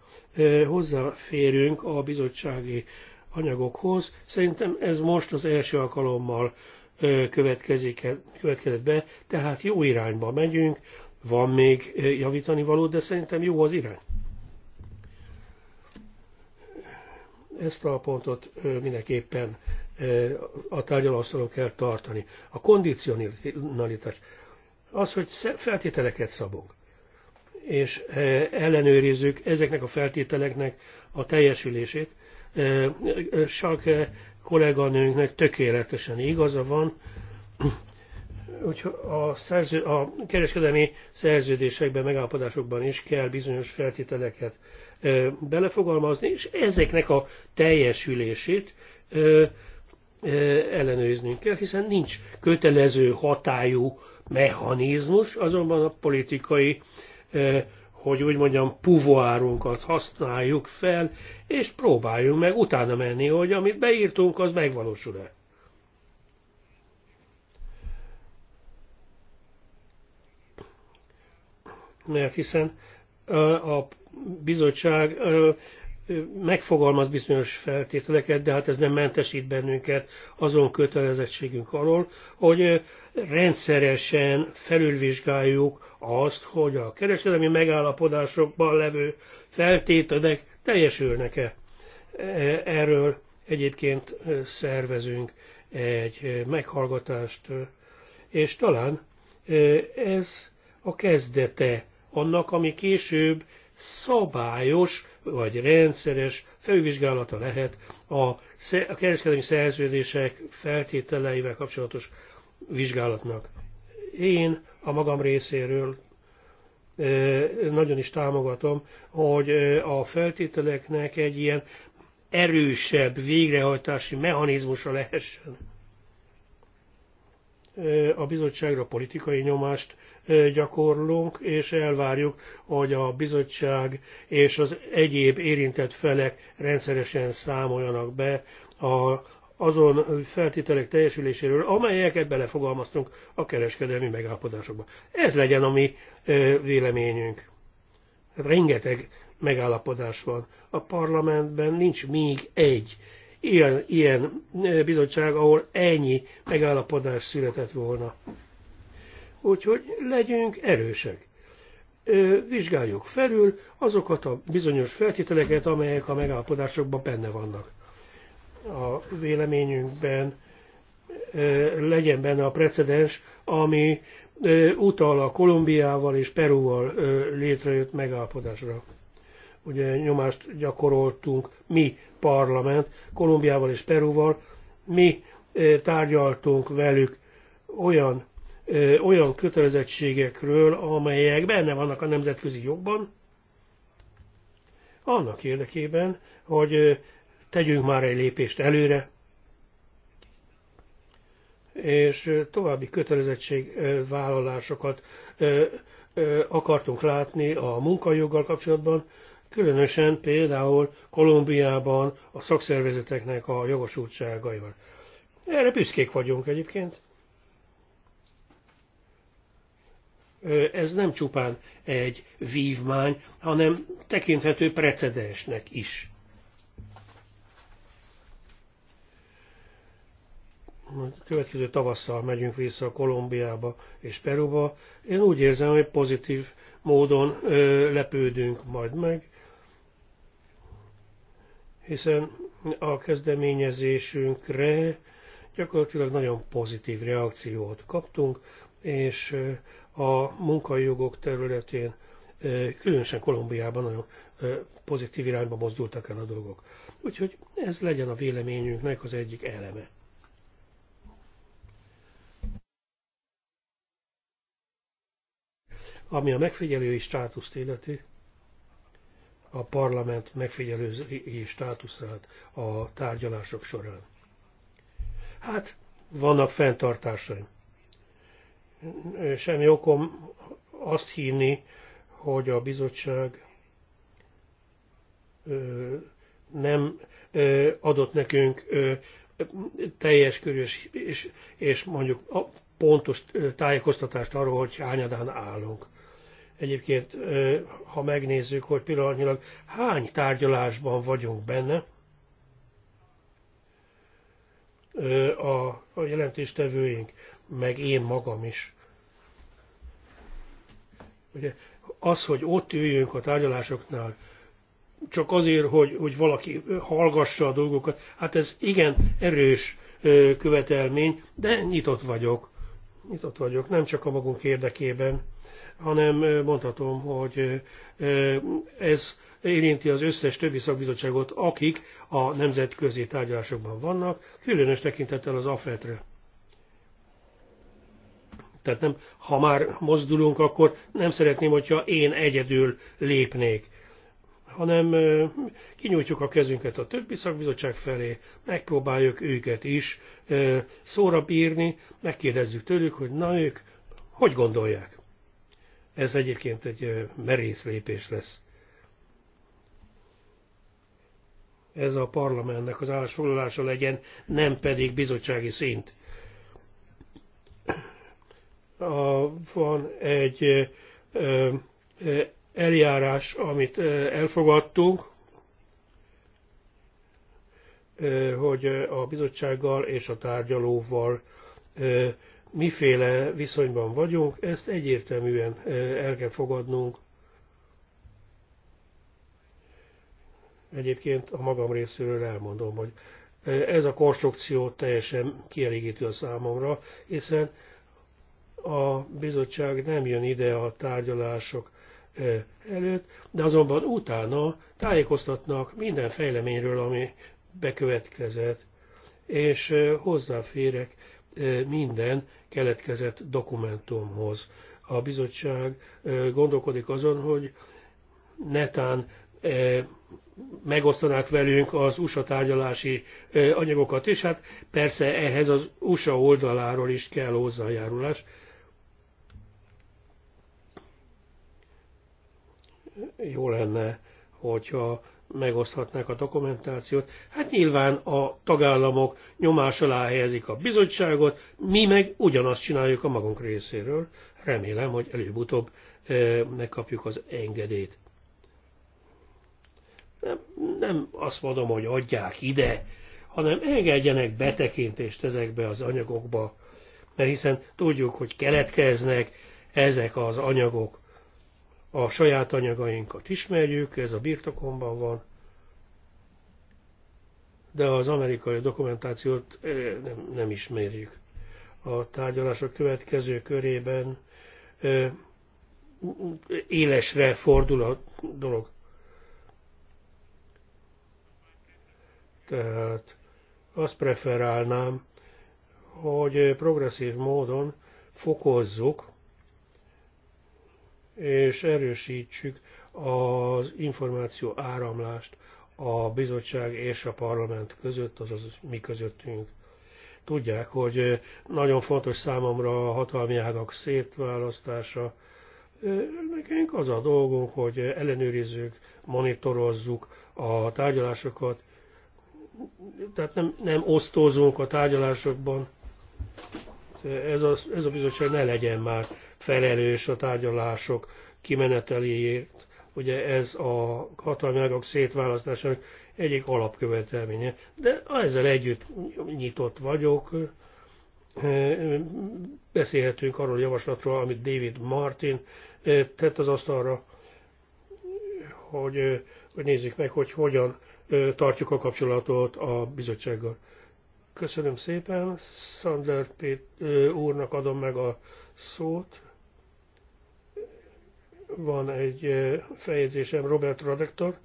hozzáférünk a bizottsági anyagokhoz. Szerintem ez most az első alkalommal következik, következett be, tehát jó irányba megyünk, van még javítani való, de szerintem jó az irány. Ezt a pontot mindenképpen a tárgyalasztalon kell tartani. A kondicionalitás az, hogy feltételeket szabunk, és ellenőrizzük ezeknek a feltételeknek a teljesülését. Csak kolléganőnknek tökéletesen igaza van, úgyhogy a, szerző, a kereskedelmi szerződésekben, megállapodásokban is kell bizonyos feltételeket ö, belefogalmazni, és ezeknek a teljesülését ö, ö, ellenőriznünk kell, hiszen nincs kötelező hatályú mechanizmus, azonban a politikai hogy úgy mondjam, puvoárunkat használjuk fel, és próbáljunk meg utána menni, hogy amit beírtunk, az megvalósul-e. Mert hiszen a bizottság megfogalmaz bizonyos feltételeket, de hát ez nem mentesít bennünket azon kötelezettségünk alól, hogy rendszeresen felülvizsgáljuk azt, hogy a kereskedelmi megállapodásokban levő feltételek teljesülnek-e. E, erről egyébként e, szervezünk egy e, meghallgatást, és talán ez a kezdete annak, ami később szabályos vagy rendszeres felvizsgálata lehet a kereskedelmi szerződések feltételeivel kapcsolatos vizsgálatnak. Én a magam részéről nagyon is támogatom, hogy a feltételeknek egy ilyen erősebb végrehajtási mechanizmusa lehessen. A bizottságra politikai nyomást gyakorlunk, és elvárjuk, hogy a bizottság és az egyéb érintett felek rendszeresen számoljanak be a azon feltételek teljesüléséről, amelyeket belefogalmaztunk a kereskedelmi megállapodásokba. Ez legyen a mi véleményünk. Hát rengeteg megállapodás van. A parlamentben nincs még egy ilyen, ilyen bizottság, ahol ennyi megállapodás született volna. Úgyhogy legyünk erősek. Vizsgáljuk felül azokat a bizonyos feltételeket, amelyek a megállapodásokban benne vannak a véleményünkben legyen benne a precedens, ami utal a Kolumbiával és Perúval létrejött megállapodásra. Ugye nyomást gyakoroltunk mi parlament, Kolumbiával és Perúval, mi tárgyaltunk velük olyan, olyan kötelezettségekről, amelyek benne vannak a nemzetközi jogban, annak érdekében, hogy tegyünk már egy lépést előre, és további kötelezettségvállalásokat akartunk látni a munkajoggal kapcsolatban, különösen például Kolumbiában a szakszervezeteknek a jogosultságaival. Erre büszkék vagyunk egyébként. Ez nem csupán egy vívmány, hanem tekinthető precedensnek is. következő tavasszal megyünk vissza Kolumbiába és Peruba. Én úgy érzem, hogy pozitív módon ö, lepődünk majd meg, hiszen a kezdeményezésünkre gyakorlatilag nagyon pozitív reakciót kaptunk, és a munkajogok területén, különösen Kolumbiában nagyon pozitív irányba mozdultak el a dolgok. Úgyhogy ez legyen a véleményünknek az egyik eleme. Ami a megfigyelői státuszt illeti, a parlament megfigyelői státuszát a tárgyalások során. Hát, vannak fenntartásaim. Semmi okom azt hinni, hogy a bizottság nem adott nekünk teljes körös és, és mondjuk pontos tájékoztatást arról, hogy hányadán állunk. Egyébként, ha megnézzük, hogy pillanatnyilag hány tárgyalásban vagyunk benne, a, a jelentéstevőink, meg én magam is. Ugye, az, hogy ott üljünk a tárgyalásoknál, csak azért, hogy, hogy valaki hallgassa a dolgokat, hát ez igen erős követelmény, de nyitott vagyok. Nyitott vagyok, nem csak a magunk érdekében, hanem mondhatom, hogy ez érinti az összes többi szakbizottságot, akik a nemzetközi tárgyalásokban vannak, különös tekintettel az AFET-re. Tehát nem, ha már mozdulunk, akkor nem szeretném, hogyha én egyedül lépnék, hanem kinyújtjuk a kezünket a többi szakbizottság felé, megpróbáljuk őket is szóra bírni, megkérdezzük tőlük, hogy na ők hogy gondolják. Ez egyébként egy merész lépés lesz. Ez a parlamentnek az állásfoglalása legyen, nem pedig bizottsági szint. A, van egy ö, ö, eljárás, amit elfogadtunk, hogy a bizottsággal és a tárgyalóval miféle viszonyban vagyunk, ezt egyértelműen eh, el kell fogadnunk. Egyébként a magam részéről elmondom, hogy eh, ez a konstrukció teljesen kielégítő a számomra, hiszen a bizottság nem jön ide a tárgyalások eh, előtt, de azonban utána tájékoztatnak minden fejleményről, ami bekövetkezett, és hozzáférek minden keletkezett dokumentumhoz. A bizottság gondolkodik azon, hogy netán megosztanák velünk az USA tárgyalási anyagokat, és hát persze ehhez az USA oldaláról is kell hozzájárulás. Jó lenne, hogyha megoszthatnák a dokumentációt. Hát nyilván a tagállamok nyomás alá helyezik a bizottságot, mi meg ugyanazt csináljuk a magunk részéről. Remélem, hogy előbb-utóbb eh, megkapjuk az engedélyt. Nem, nem azt mondom, hogy adják ide, hanem engedjenek betekintést ezekbe az anyagokba, mert hiszen tudjuk, hogy keletkeznek ezek az anyagok a saját anyagainkat ismerjük, ez a birtokomban van, de az amerikai dokumentációt eh, nem, nem ismerjük. A tárgyalások következő körében eh, élesre fordul a dolog. Tehát azt preferálnám, hogy progresszív módon fokozzuk és erősítsük az információ áramlást a bizottság és a parlament között, azaz mi közöttünk. Tudják, hogy nagyon fontos számomra a hatalmi ágak szétválasztása. Nekünk az a dolgunk, hogy ellenőrizzük, monitorozzuk a tárgyalásokat, tehát nem, nem osztózunk a tárgyalásokban. Ez a, ez a bizottság ne legyen már felelős a tárgyalások kimeneteléért. Ugye ez a hatalmi ágok szétválasztásának egyik alapkövetelménye. De ezzel együtt nyitott vagyok, beszélhetünk arról a javaslatról, amit David Martin tett az asztalra, hogy, hogy nézzük meg, hogy hogyan tartjuk a kapcsolatot a bizottsággal. Köszönöm szépen, Sander Pét, úrnak adom meg a szót van egy eh, feljegyzésem Robert Radektor,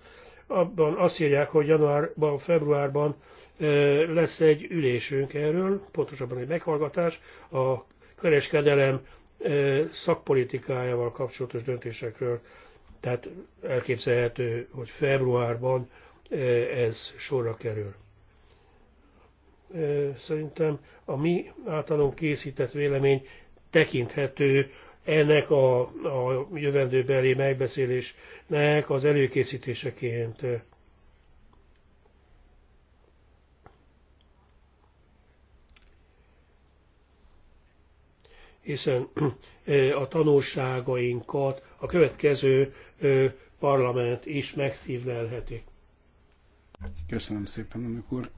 abban azt írják, hogy januárban, februárban eh, lesz egy ülésünk erről, pontosabban egy meghallgatás a kereskedelem eh, szakpolitikájával kapcsolatos döntésekről. Tehát elképzelhető, hogy februárban ez sorra kerül. Szerintem a mi általunk készített vélemény tekinthető ennek a, a jövendőbeli megbeszélésnek az előkészítéseként. hiszen a tanulságainkat a következő parlament is megszívlelheti. Köszönöm szépen, amikor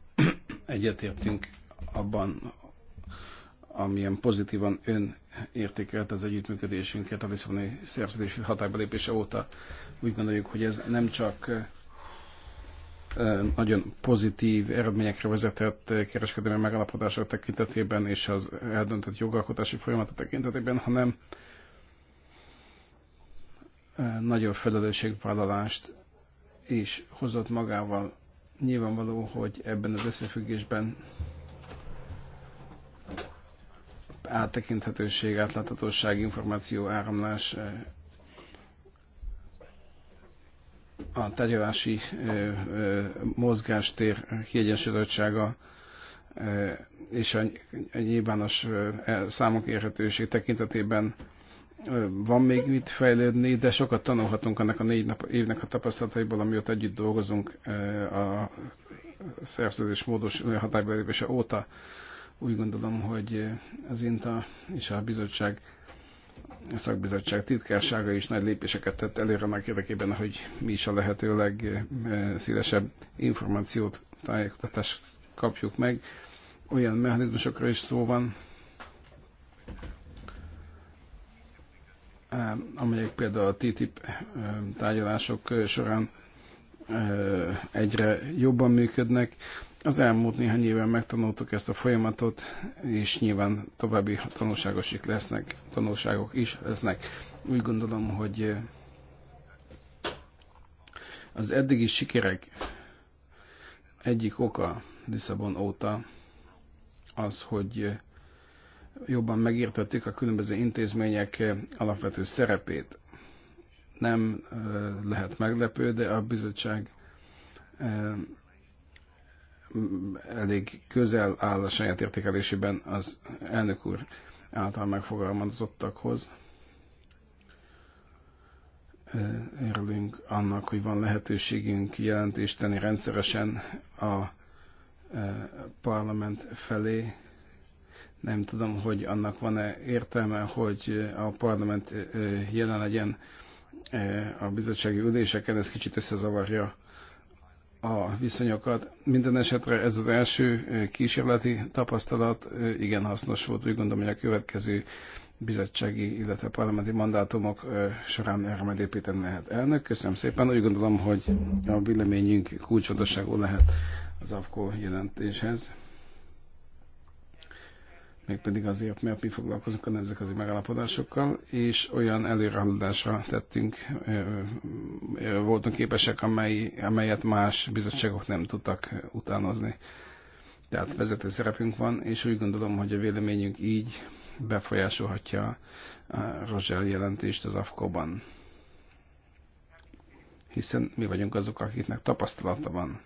Egyetértünk abban, amilyen pozitívan ön értékelt az együttműködésünket a Lisszaboni szerződés hatályba lépése óta. Úgy gondoljuk, hogy ez nem csak nagyon pozitív eredményekre vezetett kereskedelmi megállapodások tekintetében és az eldöntött jogalkotási folyamatok tekintetében, hanem nagyobb felelősségvállalást is hozott magával. Nyilvánvaló, hogy ebben az összefüggésben áttekinthetőség, átláthatóság, információ, áramlás, eh, a tegyelási eh, eh, mozgástér kiegyensúlyozottsága és a nyilvános számok érhetőség tekintetében van még mit fejlődni, de sokat tanulhatunk ennek a négy nap, évnek a tapasztalataiból, amióta együtt dolgozunk a szerződés módos hatályba óta úgy gondolom, hogy az INTA és a bizottság a szakbizottság titkársága is nagy lépéseket tett előre annak érdekében, hogy mi is a lehető legszélesebb információt, tájékoztatást kapjuk meg. Olyan mechanizmusokra is szó van, amelyek például a TTIP tárgyalások során egyre jobban működnek. Az elmúlt néhány évvel megtanultuk ezt a folyamatot, és nyilván további tanulságosik lesznek, tanulságok is lesznek. Úgy gondolom, hogy eh, az eddigi sikerek egyik oka Lisszabon óta az, hogy eh, jobban megértettük a különböző intézmények eh, alapvető szerepét. Nem lehet meglepő, de a bizottság elég közel áll a saját értékelésében az elnök úr által megfogalmazottakhoz. Örülünk annak, hogy van lehetőségünk jelentést tenni rendszeresen a parlament felé. Nem tudom, hogy annak van-e értelme, hogy a parlament jelen legyen a bizottsági üléseken, ez kicsit összezavarja a viszonyokat. Minden esetre ez az első eh, kísérleti tapasztalat eh, igen hasznos volt, úgy gondolom, hogy a következő bizottsági, illetve parlamenti mandátumok eh, során erre majd építeni lehet. Elnök, köszönöm szépen. Úgy gondolom, hogy a véleményünk kulcsfontosságú lehet az AFKO jelentéshez mégpedig azért, mert mi foglalkozunk a nemzetközi megállapodásokkal, és olyan előrehaladásra tettünk, voltunk képesek, amely, amelyet más bizottságok nem tudtak utánozni. Tehát vezető szerepünk van, és úgy gondolom, hogy a véleményünk így befolyásolhatja a Roger jelentést az AFKO-ban. Hiszen mi vagyunk azok, akiknek tapasztalata van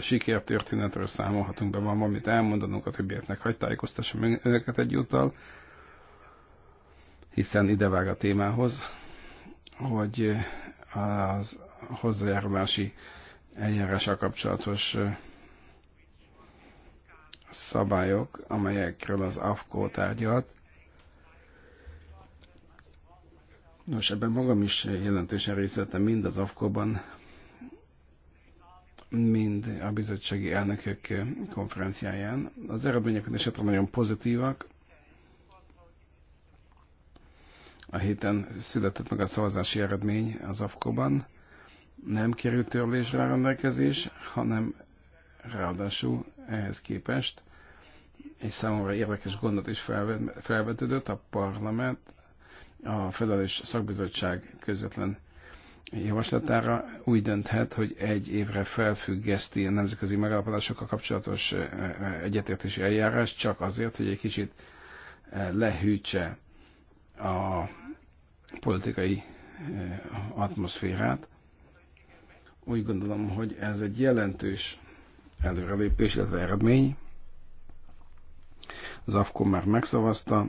sikertörténetről számolhatunk be, van valamit elmondanunk a többieknek, hagyj tájékoztassam önöket egyúttal, hiszen idevág a témához, hogy az hozzájárulási eljárással kapcsolatos szabályok, amelyekről az AFKO tárgyalt. Nos, ebben magam is jelentősen részt mind az AFKO-ban, mind a bizottsági elnökök konferenciáján. Az eredmények esetre nagyon pozitívak. A héten született meg a szavazási eredmény az AFKO-ban. Nem került törlésre a rendelkezés, hanem ráadásul ehhez képest és számomra érdekes gondot is felvetődött, a parlament a felelős szakbizottság közvetlen javaslatára úgy dönthet, hogy egy évre felfüggeszti a nemzetközi megállapodásokkal kapcsolatos eh, eh, egyetértési eljárás csak azért, hogy egy kicsit eh, lehűtse a politikai atmoszférát. Úgy gondolom, hogy ez egy jelentős előrelépés, illetve eredmény. Az már megszavazta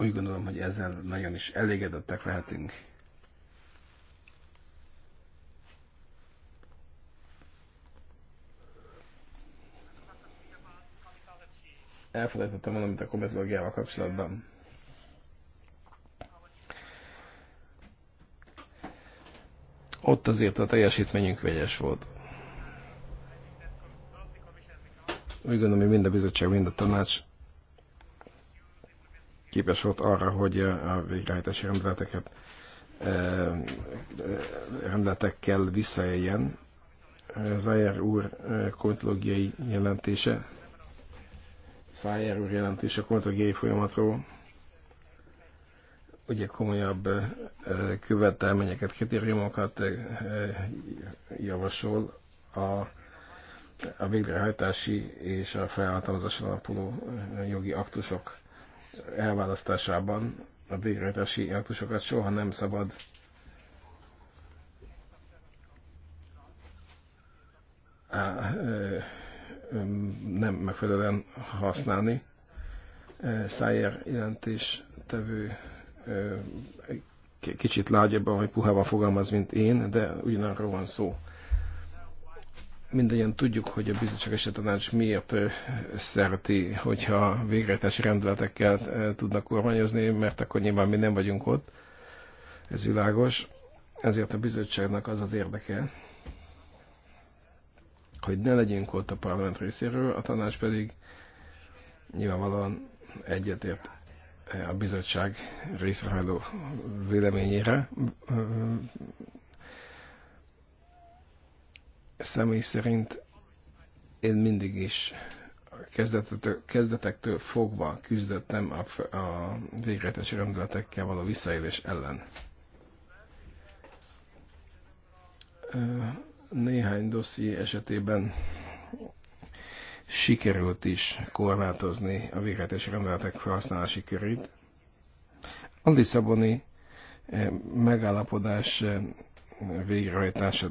Úgy gondolom, hogy ezzel nagyon is elégedettek lehetünk. Elfelejtettem valamit a kometológiával kapcsolatban. Ott azért a teljesítményünk vegyes volt. Úgy gondolom, hogy mind a bizottság, mind a tanács képes volt arra, hogy eh, a végrehajtási rendeleteket eh, eh, rendeletekkel visszaéljen. Zajer úr kontológiai jelentése, Zajer úr jelentése kontológiai folyamatról, ugye komolyabb követelményeket, kritériumokat javasol a, a végrehajtási és a felhatalmazáson alapuló jogi aktusok elválasztásában a végrehajtási aktusokat soha nem szabad á, ö, nem megfelelően használni. Szájer tevő kicsit lágyabban vagy puhában fogalmaz, mint én, de ugyanarról van szó mindannyian tudjuk, hogy a bizottság és tanács miért szereti, hogyha végrehajtási rendeletekkel tudnak kormányozni, mert akkor nyilván mi nem vagyunk ott. Ez világos. Ezért a bizottságnak az az érdeke, hogy ne legyünk ott a parlament részéről, a tanács pedig nyilvánvalóan egyetért a bizottság részrehajló véleményére Személy szerint én mindig is kezdetektől fogva küzdöttem a, a végletes rendületekkel való visszaélés ellen. Néhány dosszi esetében sikerült is korlátozni a végletes rendeletek felhasználási körét. A Lisszaboni eh, megállapodás eh, végrehajtása,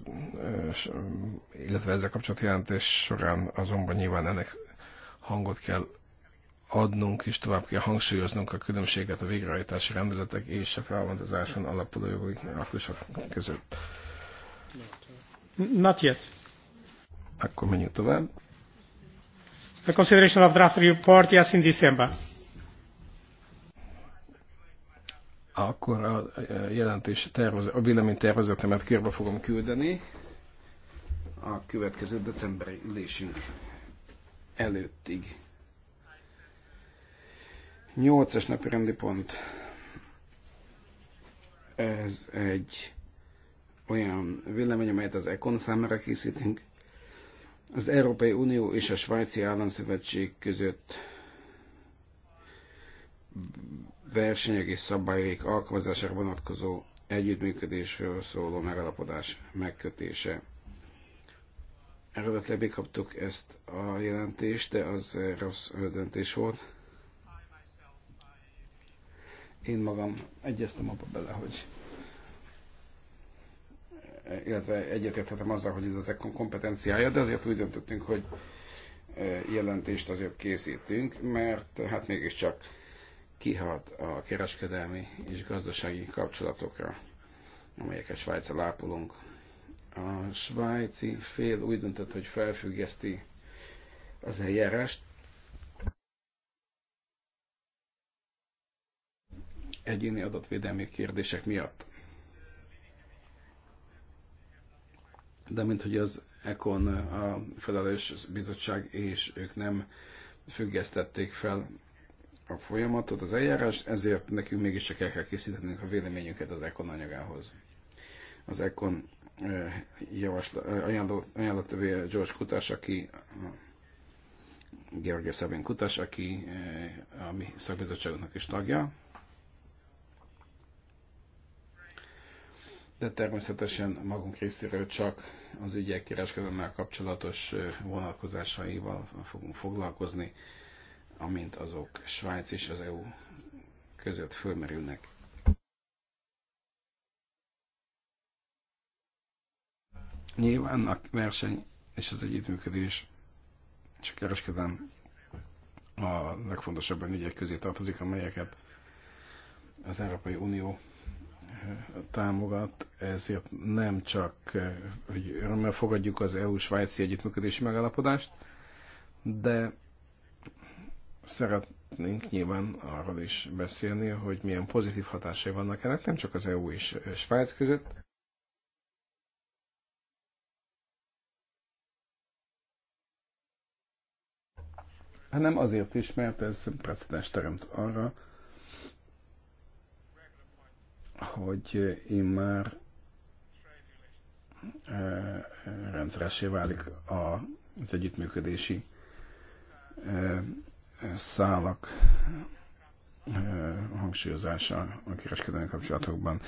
illetve ezzel kapcsolatos jelentés során azonban nyilván ennek hangot kell adnunk és tovább kell hangsúlyoznunk a különbséget a végrehajtási rendeletek és a felvontozáson alapuló jogi aktusok között. Not yet. Akkor menjünk tovább. The consideration of draft report, yes, in December. akkor a jelentés tervezet, a véleménytervezetemet körbe fogom küldeni a következő decemberi ülésünk előttig. 8-as napi rendi pont. Ez egy olyan vélemény, amelyet az Econ számára készítünk. Az Európai Unió és a Svájci Államszövetség között és szabályok alkalmazására vonatkozó együttműködésről szóló megalapodás megkötése. Eredetileg kaptuk ezt a jelentést, de az rossz döntés volt. Én magam egyeztem abba bele, hogy illetve egyetérthetem azzal, hogy ez az ECON kompetenciája, de azért úgy döntöttünk, hogy e, jelentést azért készítünk, mert hát mégiscsak kihat a kereskedelmi és gazdasági kapcsolatokra, amelyeket Svájccal ápolunk. A svájci fél úgy döntött, hogy felfüggeszti az eljárást. Egyéni adatvédelmi kérdések miatt. De mint hogy az ECON a felelős bizottság, és ők nem függesztették fel a folyamatot, az eljárást, ezért nekünk mégiscsak el kell készítenünk a véleményünket az Econ anyagához. Az Econ eh, eh, ajánlatövé George Kutas, aki Georgia Szabin Kutas, aki eh, a mi szakbizottságunknak is tagja. De természetesen magunk részéről csak az ügyek kereskedelmel kapcsolatos vonalkozásaival fogunk foglalkozni amint azok Svájc és az EU között fölmerülnek. Nyilván a verseny és az együttműködés csak a a legfontosabb ügyek közé tartozik, amelyeket az Európai Unió eh, támogat, ezért nem csak, eh, hogy örömmel fogadjuk az EU-svájci együttműködési megállapodást, de szeretnénk nyilván arról is beszélni, hogy milyen pozitív hatásai vannak ennek, nem csak az EU és Svájc között, hanem hát azért is, mert ez precedens teremt arra, hogy már e, e, rendszeressé válik az együttműködési e, szálak hangsúlyozása a kereskedelmi kapcsolatokban.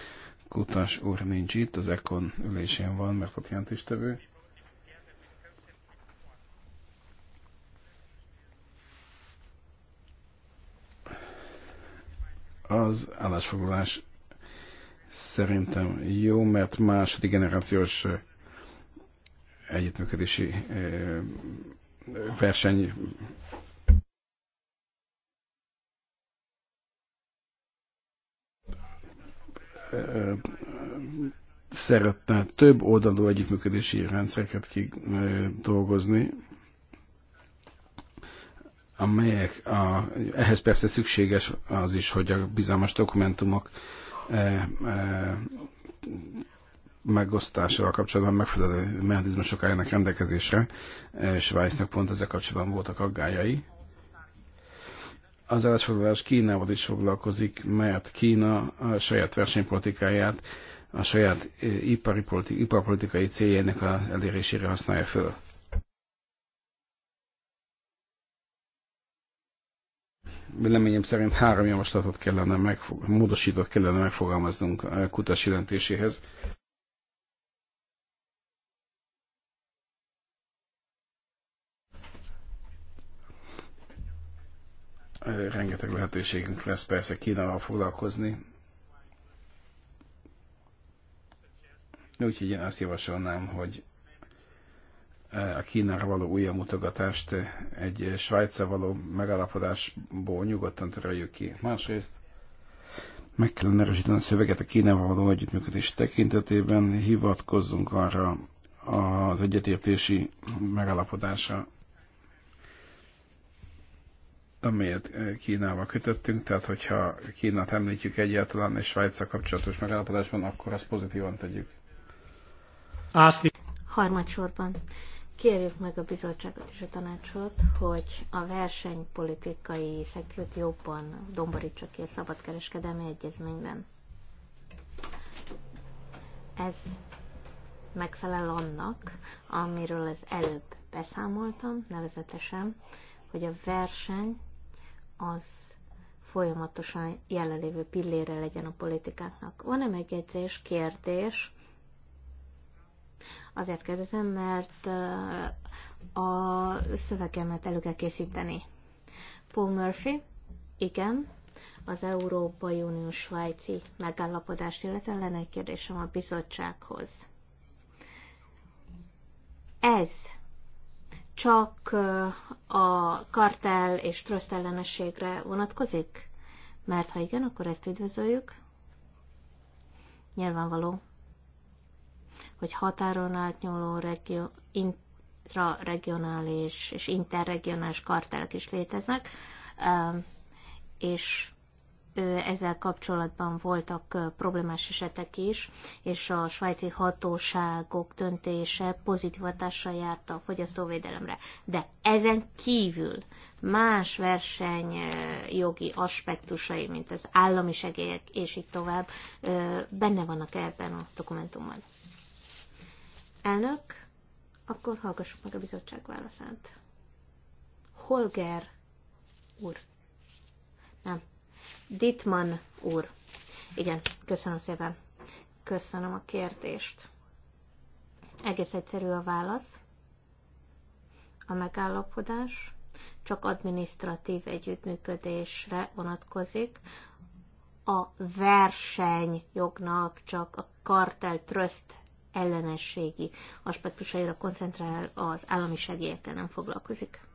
Kutas úr nincs itt, az Ekon ülésén van, mert ott jelentéstevő. Az állásfoglalás szerintem jó, mert második generációs együttműködési verseny szeretne több oldalú együttműködési rendszereket kidolgozni, amelyek a, ehhez persze szükséges az is, hogy a bizalmas dokumentumok e, e, megosztásával kapcsolatban megfelelő mechanizmusok álljanak rendelkezésre. Svájcnak pont ezzel kapcsolatban voltak aggájai az állásfoglalás Kínával is foglalkozik, mert Kína a saját versenypolitikáját, a saját e, ipari politi- iparpolitikai céljainak az elérésére használja föl. Véleményem szerint három javaslatot kellene, megfog- módosított kellene megfogalmaznunk a kutas jelentéséhez. Rengeteg lehetőségünk lesz persze Kínával foglalkozni. Úgyhogy én azt javasolnám, hogy a Kínára való új mutogatást egy Svájca való megállapodásból nyugodtan töröljük ki. Másrészt meg kellene erősíteni a szöveget a Kínával való együttműködés tekintetében, hivatkozzunk arra az egyetértési megállapodásra, amelyet eh, Kínával kötöttünk, tehát hogyha Kínát említjük egyáltalán, és Svájccal kapcsolatos van, akkor azt pozitívan tegyük. Ászli. Harmadsorban kérjük meg a bizottságot és a tanácsot, hogy a versenypolitikai szekciót jobban domborítsa ki a szabadkereskedelmi egyezményben. Ez megfelel annak, amiről az előbb beszámoltam, nevezetesen, hogy a verseny az folyamatosan jelenlévő pillére legyen a politikáknak. Van-e megjegyzés, kérdés? Azért kérdezem, mert a szövegemet elő kell készíteni. Paul Murphy, igen, az Európai Unió svájci megállapodást, illetve lenne egy kérdésem a bizottsághoz. Ez csak a kartel és tröszt ellenességre vonatkozik? Mert ha igen, akkor ezt üdvözöljük. Nyilvánvaló, hogy határon átnyúló regió, intraregionális és interregionális kartelek is léteznek, és ezzel kapcsolatban voltak problémás esetek is, és a svájci hatóságok döntése pozitív hatással járt a fogyasztóvédelemre. De ezen kívül más versenyjogi aspektusai, mint az állami segélyek, és így tovább, benne vannak ebben a dokumentumban. Elnök, akkor hallgassuk meg a bizottság válaszát. Holger úr. Nem, Ditman úr. Igen, köszönöm szépen. Köszönöm a kérdést. Egész egyszerű a válasz. A megállapodás csak adminisztratív együttműködésre vonatkozik. A versenyjognak csak a kartel tröszt ellenességi aspektusaira koncentrál az állami segélyekkel nem foglalkozik.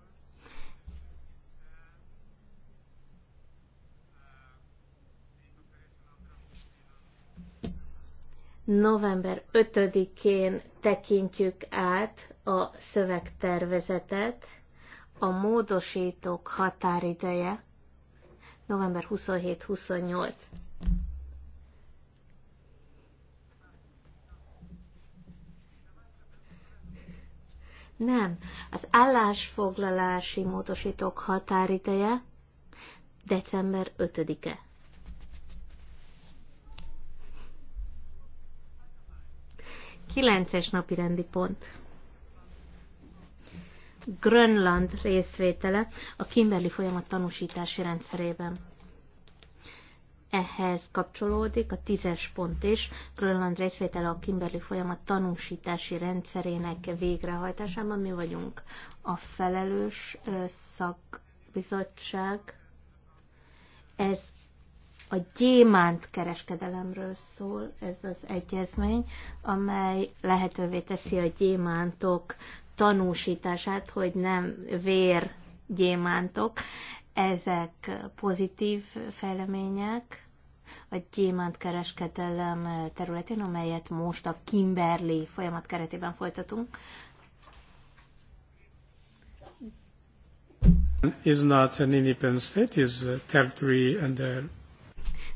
november 5-én tekintjük át a szövegtervezetet, a módosítók határideje november 27-28. Nem, az állásfoglalási módosítók határideje december 5-e. Kilences napi rendi pont. Grönland részvétele a Kimberli folyamat tanúsítási rendszerében. Ehhez kapcsolódik a tízes pont is, Grönland részvétele a Kimberli folyamat tanúsítási rendszerének végrehajtásában. Mi vagyunk a felelős szakbizottság. Ez a gyémánt kereskedelemről szól ez az egyezmény, amely lehetővé teszi a gyémántok tanúsítását, hogy nem vér gyémántok. Ezek pozitív fejlemények a gyémánt kereskedelem területén, amelyet most a Kimberley folyamat keretében folytatunk. Is not an independent state, is territory under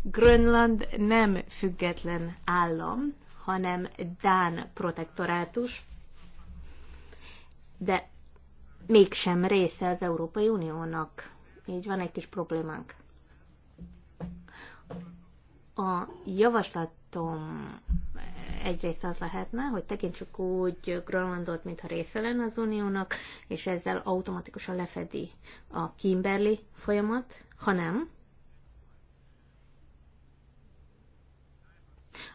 Grönland nem független állam, hanem Dán protektorátus, de mégsem része az Európai Uniónak. Így van egy kis problémánk. A javaslatom egyrészt az lehetne, hogy tekintsük úgy Grönlandot, mintha része lenne az Uniónak, és ezzel automatikusan lefedi a Kimberley folyamat, ha nem,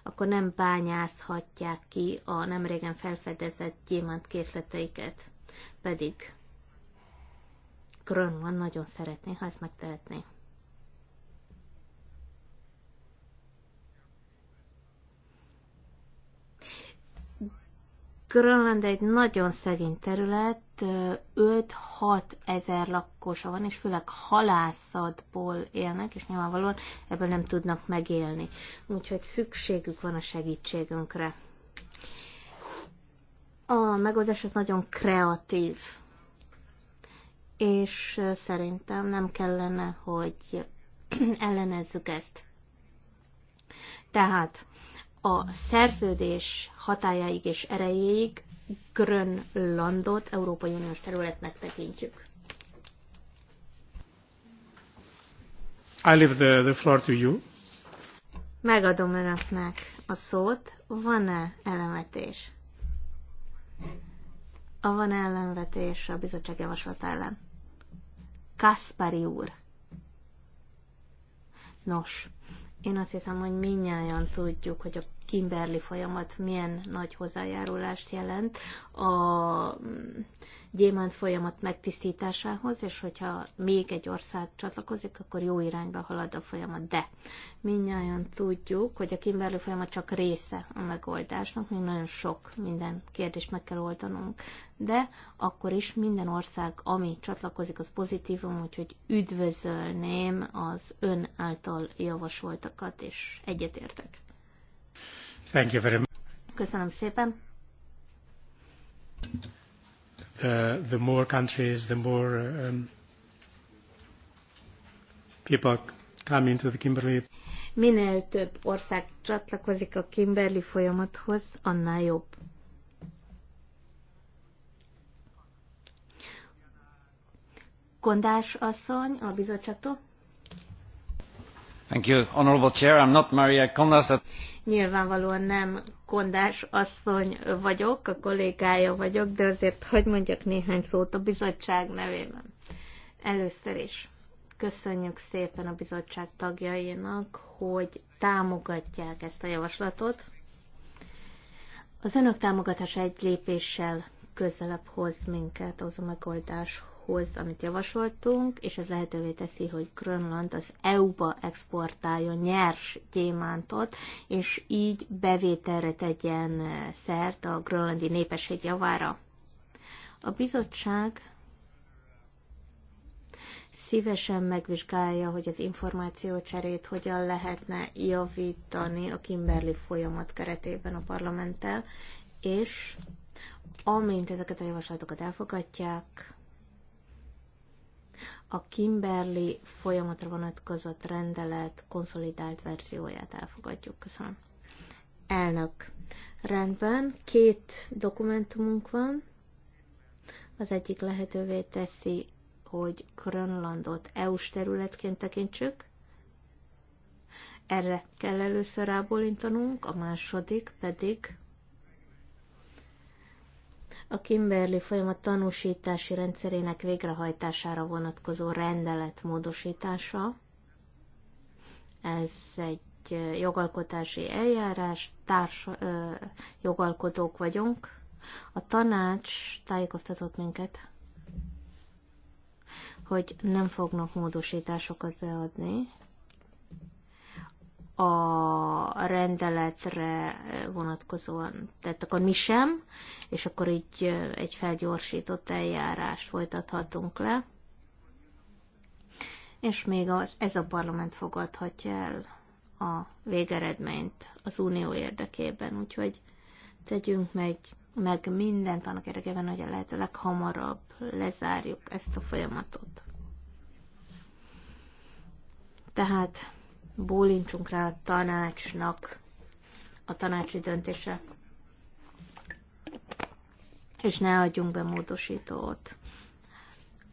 akkor nem bányázhatják ki a nem régen felfedezett gyémánt készleteiket. Pedig Grönland nagyon szeretné, ha ezt megtehetné. Grönland egy nagyon szegény terület, itt 5-6 ezer lakosa van, és főleg halászatból élnek, és nyilvánvalóan ebből nem tudnak megélni. Úgyhogy szükségük van a segítségünkre. A megoldás az nagyon kreatív, és szerintem nem kellene, hogy ellenezzük ezt. Tehát a szerződés hatájáig és erejéig Grönlandot Európai Uniós területnek tekintjük. I leave the, the floor to you. Megadom önöknek a szót. Van-e elemetés? A van -e ellenvetés a bizottság javaslat ellen? Kaspari úr. Nos, én azt hiszem, hogy minnyáján tudjuk, hogy a Kimberly folyamat milyen nagy hozzájárulást jelent a mm, gyémánt folyamat megtisztításához, és hogyha még egy ország csatlakozik, akkor jó irányba halad a folyamat. De mindnyáján tudjuk, hogy a Kimberly folyamat csak része a megoldásnak, még nagyon sok minden kérdést meg kell oldanunk. De akkor is minden ország, ami csatlakozik, az pozitívum, úgyhogy üdvözölném az ön által javasoltakat, és egyetértek. Thank you very much. Köszönöm szépen. The, the more countries, the more um, people come into the Kimberley. Minél több ország csatlakozik a Kimberley folyamathoz, annál jobb. Kondás asszony a bizottságtól. Thank you, Honorable Chair. I'm not Maria Kondás. Nyilvánvalóan nem Kondás asszony vagyok, a kollégája vagyok, de azért hagyd mondjak néhány szót a bizottság nevében. Először is köszönjük szépen a bizottság tagjainak, hogy támogatják ezt a javaslatot. Az önök támogatása egy lépéssel közelebb hoz minket az a megoldáshoz, dologhoz, amit javasoltunk, és ez lehetővé teszi, hogy Grönland az EU-ba exportáljon nyers gyémántot, és így bevételre tegyen szert a grönlandi népesség javára. A bizottság szívesen megvizsgálja, hogy az információcserét hogyan lehetne javítani a Kimberley folyamat keretében a parlamenttel, és amint ezeket a javaslatokat elfogadják, a Kimberly folyamatra vonatkozott rendelet konszolidált verzióját elfogadjuk. Köszönöm. Elnök. Rendben, két dokumentumunk van. Az egyik lehetővé teszi, hogy Grönlandot EU-s területként tekintsük. Erre kell először rábólintanunk, a második pedig a Kimberley folyamat tanúsítási rendszerének végrehajtására vonatkozó rendelet módosítása. Ez egy jogalkotási eljárás, társ ö, jogalkotók vagyunk. A tanács tájékoztatott minket, hogy nem fognak módosításokat beadni, a rendeletre vonatkozóan tehát akkor mi sem, és akkor így egy felgyorsított eljárást folytathatunk le. És még az, ez a parlament fogadhatja el a végeredményt az unió érdekében, úgyhogy tegyünk meg, meg mindent annak érdekében, hogy a lehető leghamarabb lezárjuk ezt a folyamatot. Tehát bólintsunk rá a tanácsnak, a tanácsi döntése, és ne adjunk be módosítót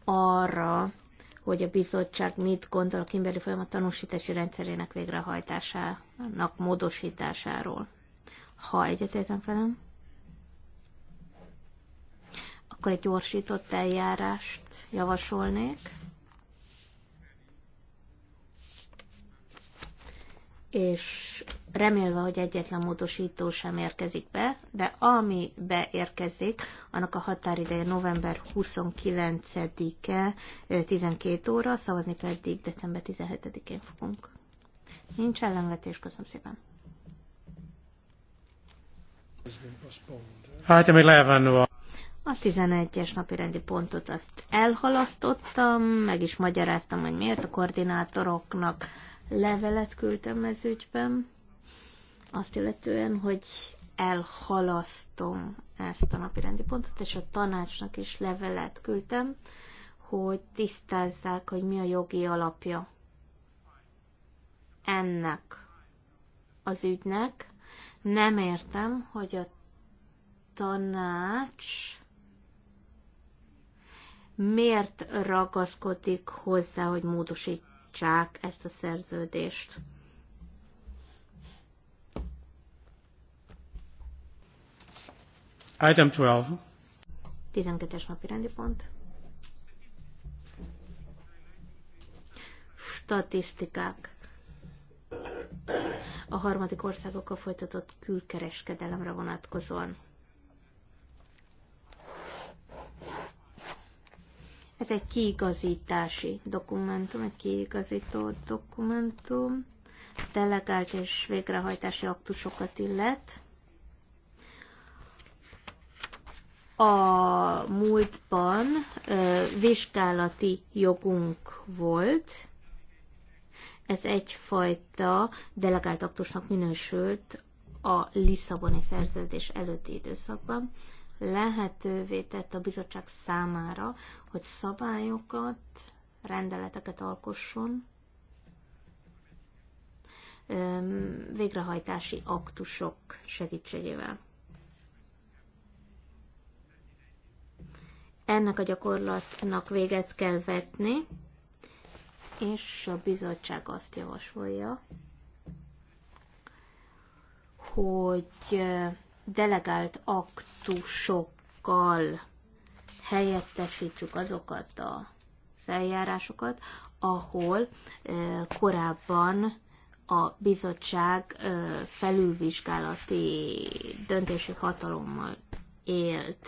arra, hogy a bizottság mit gondol a kimberi folyamat tanúsítási rendszerének végrehajtásának módosításáról. Ha egyetértem velem, akkor egy gyorsított eljárást javasolnék és remélve, hogy egyetlen módosító sem érkezik be, de ami beérkezik, annak a határideje november 29-e 12 óra, szavazni pedig december 17-én fogunk. Nincs ellenvetés, köszönöm szépen. Hát, ami levenő a 11-es napi rendi pontot azt elhalasztottam, meg is magyaráztam, hogy miért a koordinátoroknak levelet küldtem ez ügyben, azt illetően, hogy elhalasztom ezt a napi rendi pontot, és a tanácsnak is levelet küldtem, hogy tisztázzák, hogy mi a jogi alapja ennek az ügynek. Nem értem, hogy a tanács miért ragaszkodik hozzá, hogy módosít tartsák ezt a szerződést. Item 12. 12-es napi rendi pont. Statisztikák. A harmadik országokkal folytatott külkereskedelemre vonatkozóan. Ez egy kiigazítási dokumentum, egy kiigazító dokumentum, delegált és végrehajtási aktusokat illet. A múltban ö, vizsgálati jogunk volt, ez egyfajta delegált aktusnak minősült a Lisszaboni szerződés előtti időszakban lehetővé tett a bizottság számára, hogy szabályokat, rendeleteket alkosson, végrehajtási aktusok segítségével. Ennek a gyakorlatnak véget kell vetni, és a bizottság azt javasolja, hogy delegált aktusokkal helyettesítsük azokat a eljárásokat, ahol korábban a bizottság felülvizsgálati döntési hatalommal élt.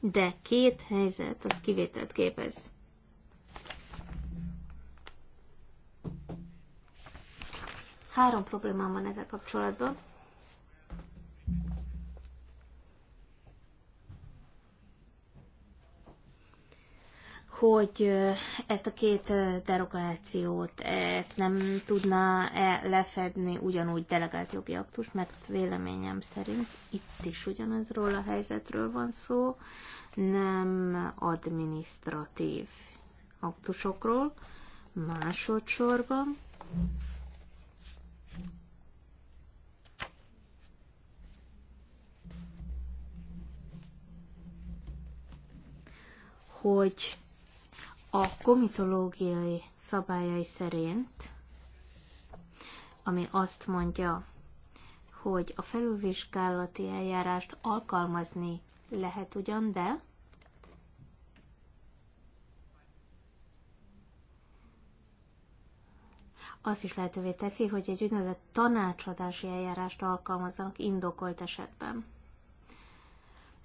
De két helyzet az kivételt képez. Három problémám van ezzel kapcsolatban. hogy ezt a két derogációt ezt nem tudná -e lefedni ugyanúgy jogi aktus, mert véleményem szerint itt is ugyanazról a helyzetről van szó, nem administratív aktusokról. Másodszorban hogy a komitológiai szabályai szerint, ami azt mondja, hogy a felülvizsgálati eljárást alkalmazni lehet ugyan, de azt is lehetővé teszi, hogy egy úgynevezett tanácsadási eljárást alkalmazzanak indokolt esetben.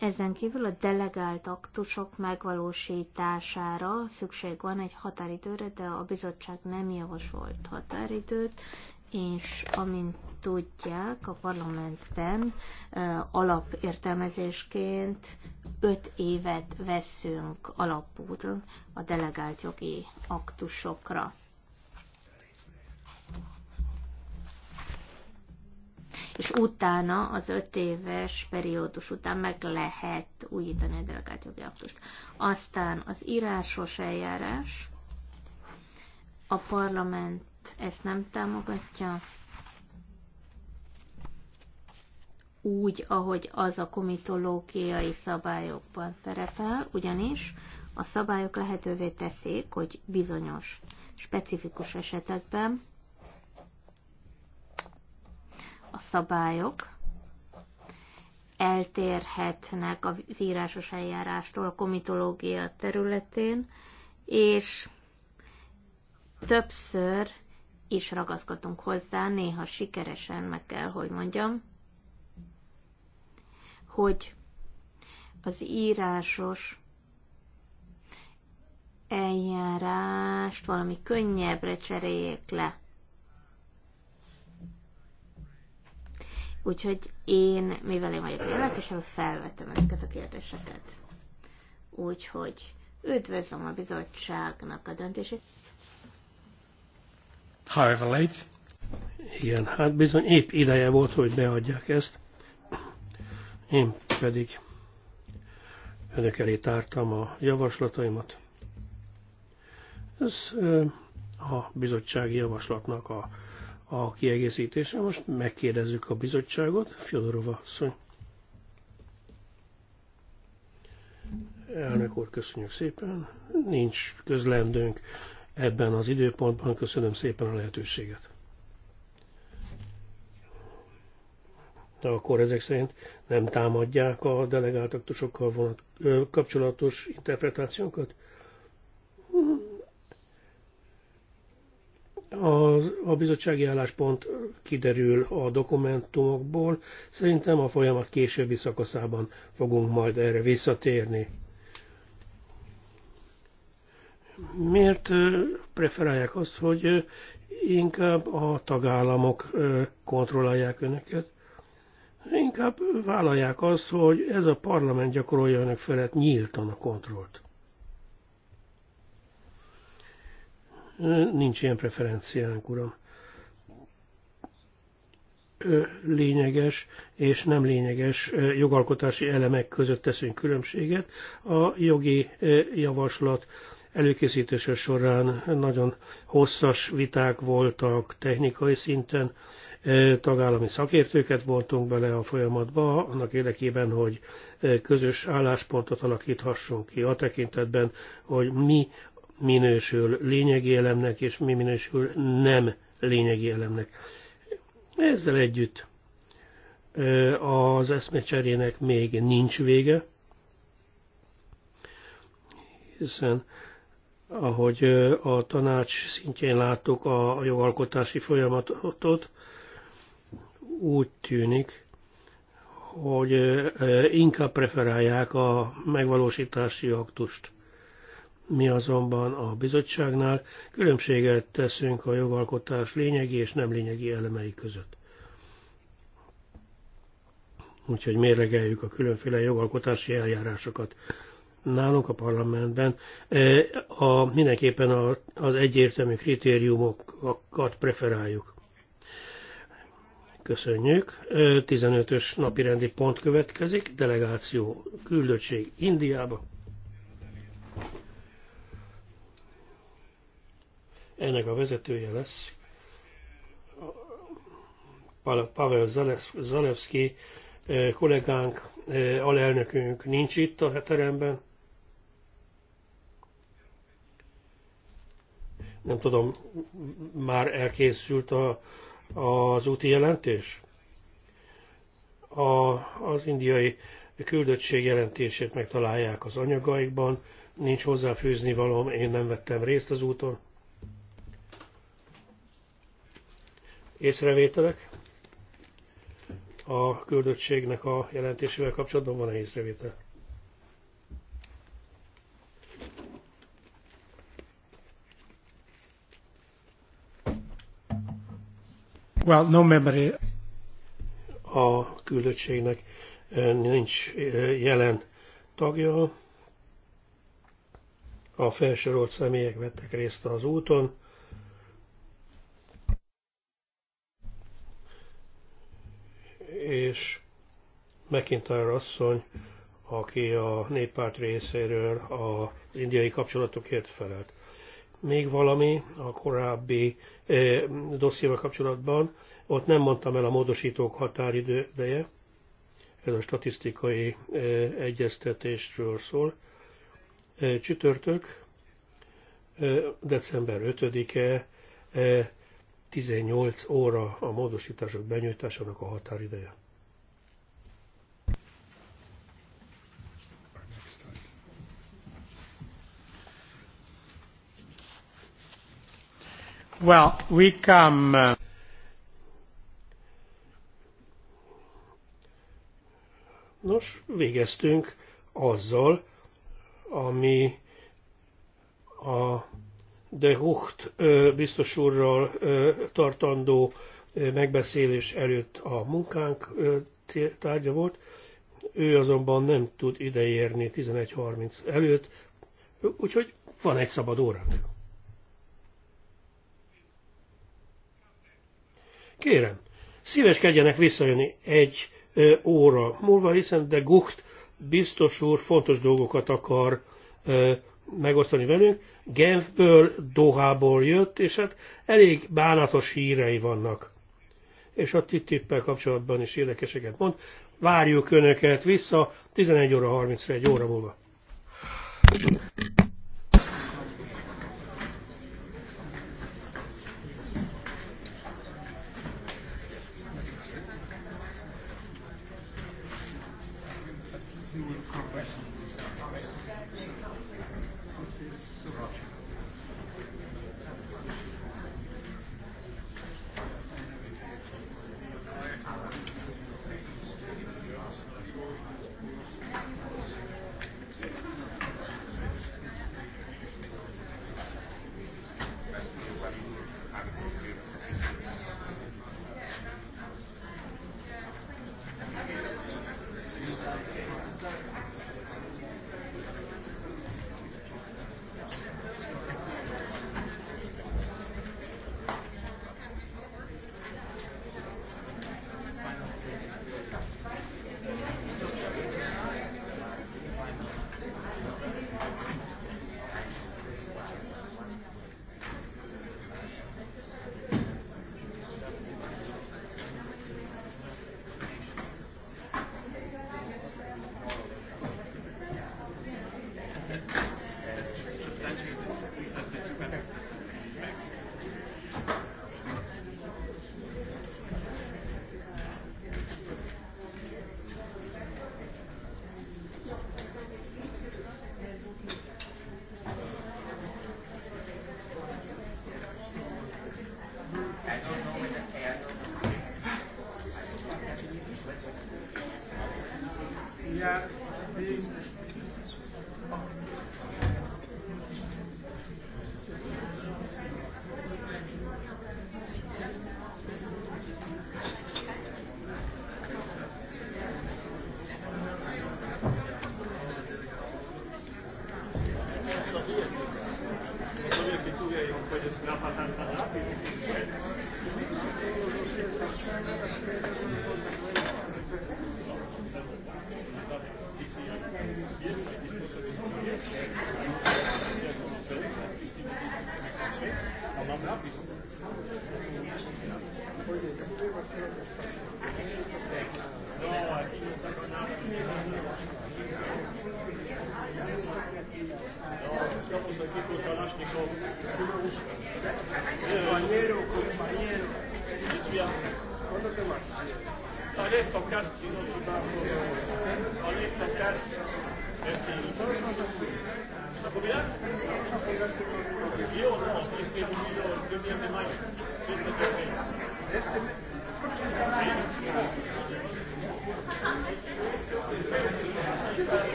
Ezen kívül a delegált aktusok megvalósítására szükség van egy határidőre, de a bizottság nem javasolt határidőt, és amint tudják, a parlamentben alapértelmezésként 5 évet veszünk alapul a delegált jogi aktusokra. és utána az öt éves periódus után meg lehet újítani a delegált jogi aktust. Aztán az írásos eljárás, a parlament ezt nem támogatja, úgy, ahogy az a komitológiai szabályokban szerepel, ugyanis a szabályok lehetővé teszik, hogy bizonyos specifikus esetekben a szabályok, eltérhetnek az írásos eljárástól a komitológia területén, és többször is ragaszkodunk hozzá, néha sikeresen meg kell, hogy mondjam, hogy az írásos eljárást valami könnyebbre cseréljék le. Úgyhogy én, mivel én vagyok a felvettem ezeket a kérdéseket. Úgyhogy üdvözlöm a bizottságnak a döntését. However late. Igen, hát bizony épp ideje volt, hogy beadják ezt. Én pedig önök elé tártam a javaslataimat. Ez a bizottsági javaslatnak a a kiegészítésre. Most megkérdezzük a bizottságot. Fyodorova asszony. Elnök úr, köszönjük szépen. Nincs közlendőnk ebben az időpontban. Köszönöm szépen a lehetőséget. De akkor ezek szerint nem támadják a delegáltaktusokkal aktusokkal vonat, kapcsolatos interpretációkat? A a bizottsági álláspont kiderül a dokumentumokból. Szerintem a folyamat későbbi szakaszában fogunk majd erre visszatérni. Miért preferálják azt, hogy inkább a tagállamok kontrollálják önöket? Inkább vállalják azt, hogy ez a parlament gyakorolja önök felett nyíltan a kontrollt. Nincs ilyen preferenciánk, uram. Lényeges és nem lényeges jogalkotási elemek között teszünk különbséget. A jogi javaslat előkészítése során nagyon hosszas viták voltak technikai szinten, tagállami szakértőket voltunk bele a folyamatba, annak érdekében, hogy közös álláspontot alakíthassunk ki a tekintetben, hogy mi minősül lényegi elemnek, és mi minősül nem lényegi elemnek. Ezzel együtt az eszmecserének még nincs vége, hiszen ahogy a tanács szintjén láttuk a jogalkotási folyamatot, úgy tűnik, hogy inkább preferálják a megvalósítási aktust. Mi azonban a bizottságnál különbséget teszünk a jogalkotás lényegi és nem lényegi elemei között. Úgyhogy mérlegeljük a különféle jogalkotási eljárásokat. Nálunk a parlamentben e, a, mindenképpen a, az egyértelmű kritériumokat preferáljuk. Köszönjük. 15-ös e, napirendi pont következik. Delegáció küldöttség Indiába. ennek a vezetője lesz Pavel Zalewski kollégánk, alelnökünk nincs itt a teremben. Nem tudom, már elkészült a, az úti jelentés? A, az indiai küldöttség jelentését megtalálják az anyagaikban, nincs hozzáfűzni valam, én nem vettem részt az úton. észrevételek? A küldöttségnek a jelentésével kapcsolatban van-e észrevétel? Well, no memory. A küldöttségnek eh, nincs eh, jelen tagja. A felsorolt személyek vettek részt az úton és McIntyre asszony, aki a néppárt részéről az indiai kapcsolatokért felelt. Még valami a korábbi eh, dossziéval kapcsolatban, ott nem mondtam el a módosítók határidője, ez a statisztikai eh, egyeztetésről szól. Eh, csütörtök, eh, december 5-e, eh, 18 óra a módosítások benyújtásának a határideje. Well, we come... Uh, Nos, végeztünk azzal, ami a de Hucht biztos úrral tartandó megbeszélés előtt a munkánk tárgya volt. Ő azonban nem tud ideérni 11.30 előtt, úgyhogy van egy szabad óránk. Kérem, szíveskedjenek visszajönni egy óra múlva, hiszen de Gucht biztos úr fontos dolgokat akar megosztani velünk. Genfből, Dohából jött, és hát elég bánatos hírei vannak. És a tippel kapcsolatban is érdekeseket mond. Várjuk Önöket vissza 11 óra 30 egy óra múlva.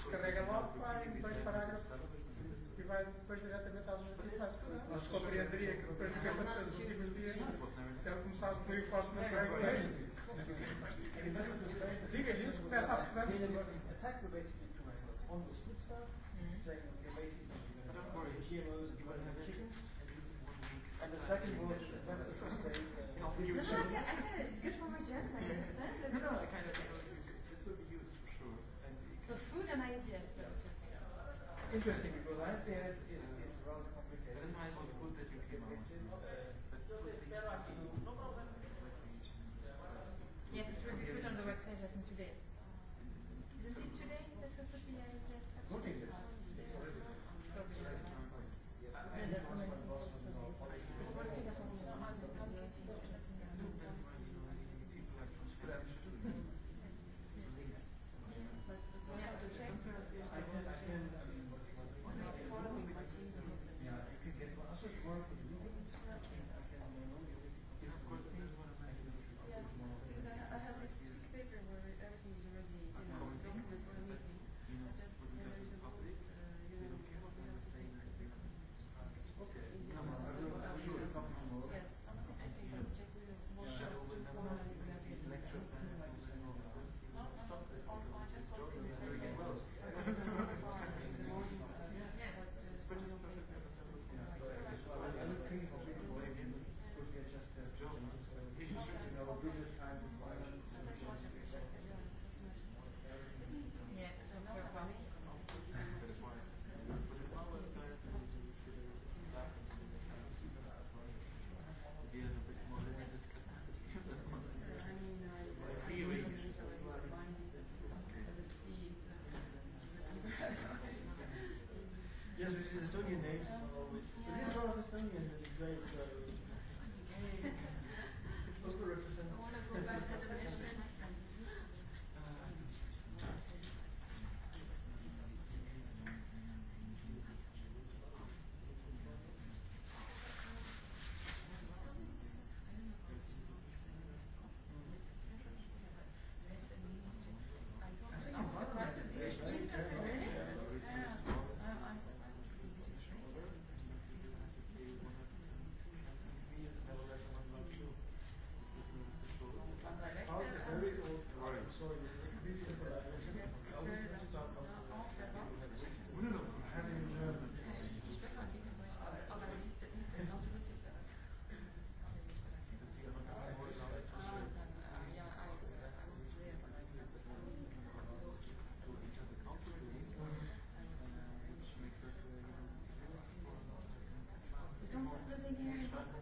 os carregam lá, dois e parágrafos e vai depois diretamente às notícias. Mas compreenderia que depois de gastar os últimos dias, ele começar por ir o próximo prega. Diga-lhe isso, começa a pegar on the split stuff, mm-hmm. saying okay, basically you're going GMOs and you're to have chickens. And the second was as best as sustained. it's good for my gym. I understand. No, no, I kind of. So food and ISDS question. Interesting because ISDS is, is rather complicated. That's why it was good that you came out. But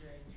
change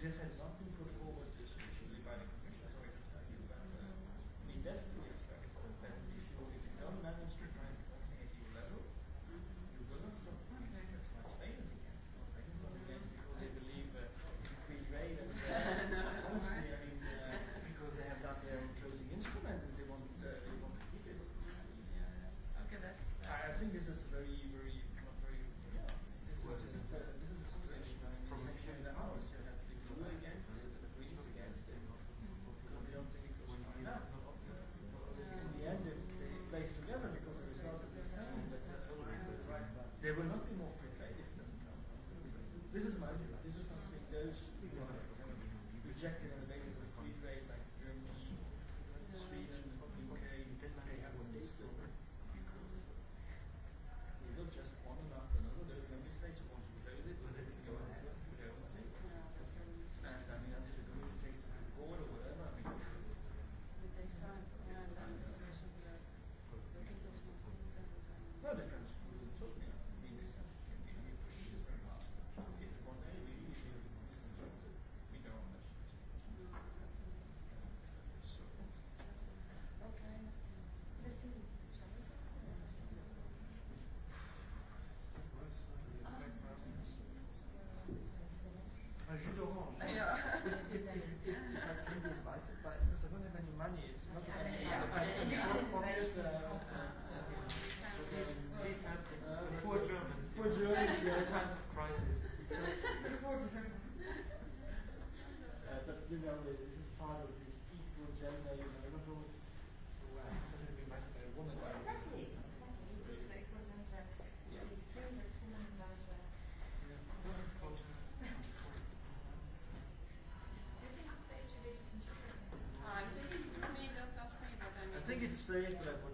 just had something for épület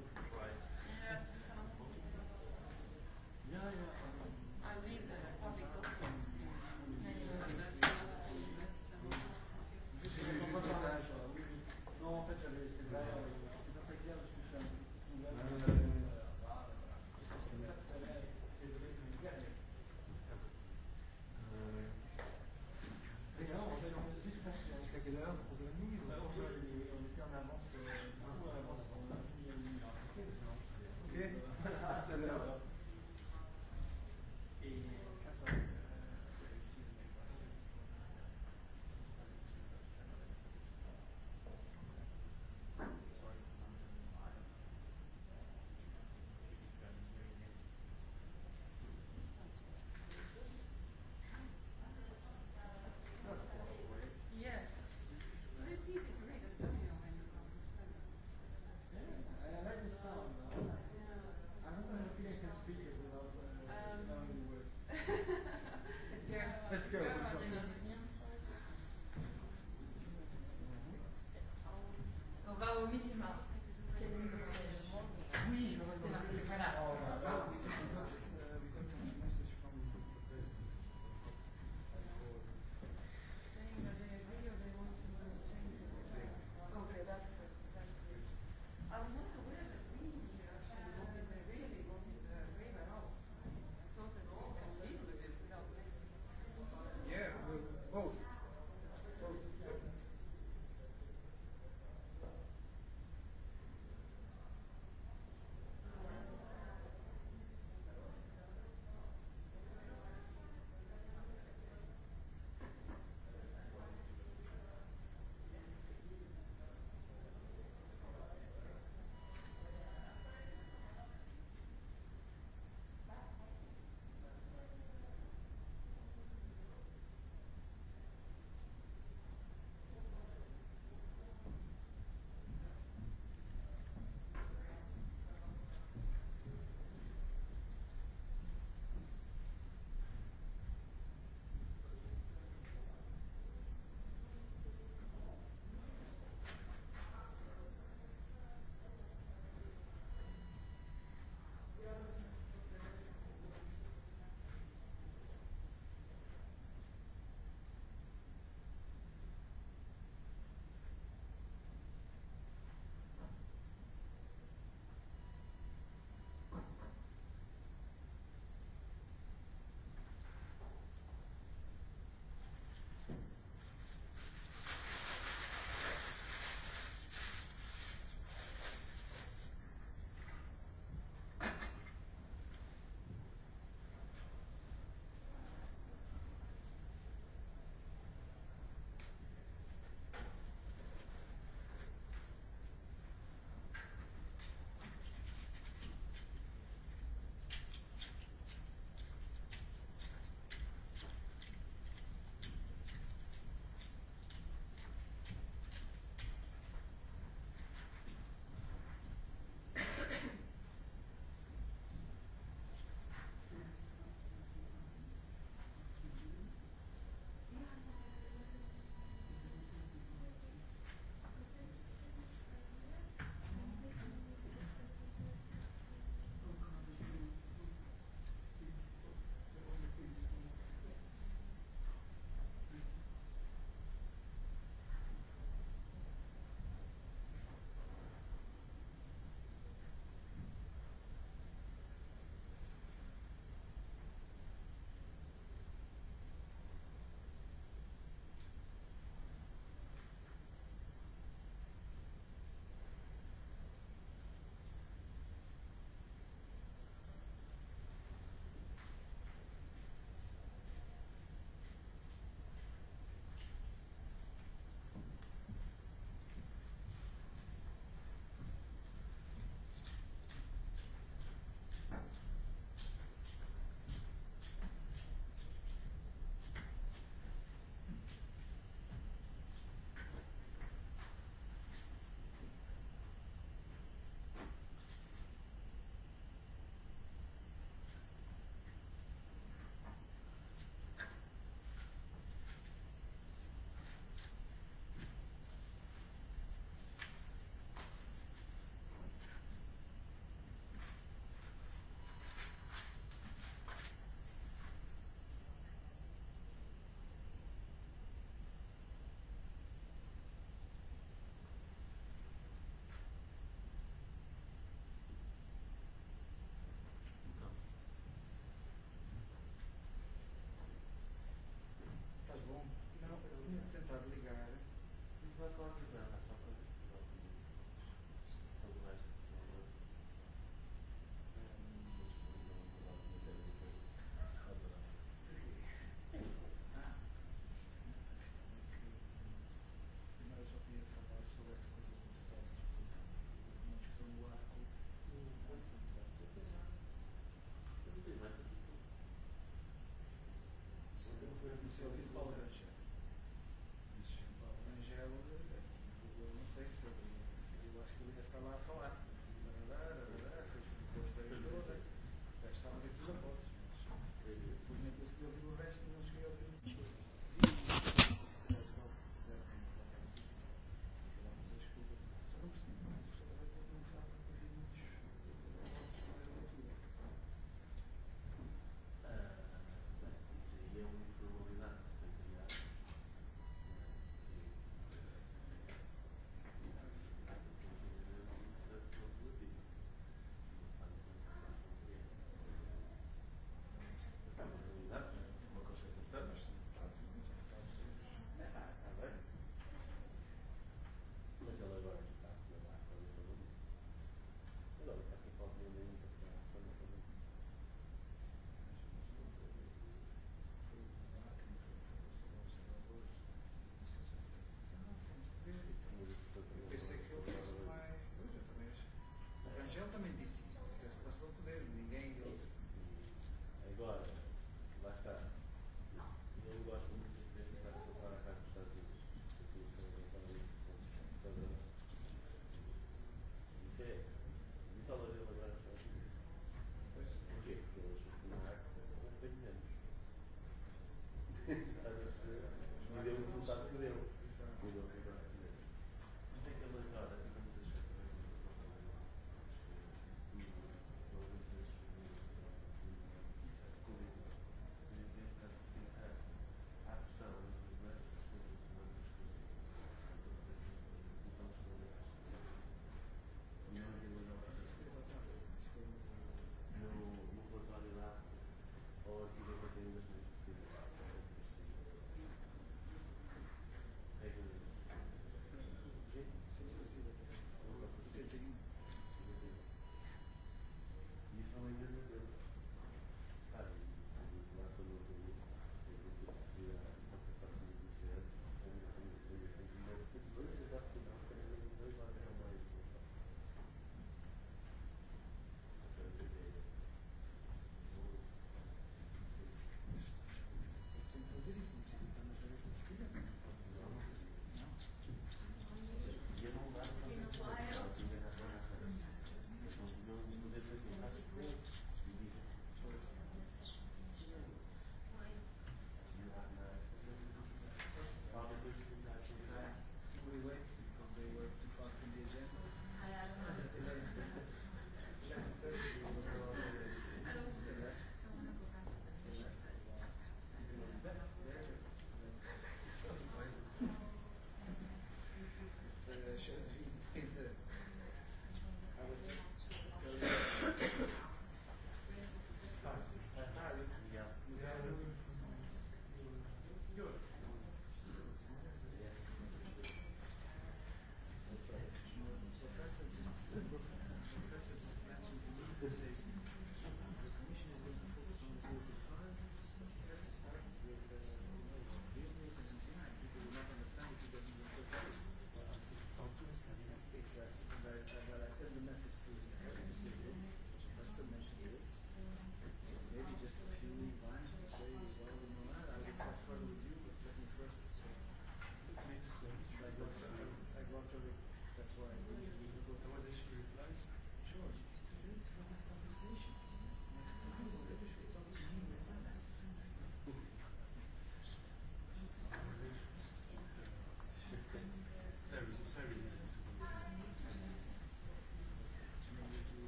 Köszönöm.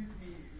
üdvözlő.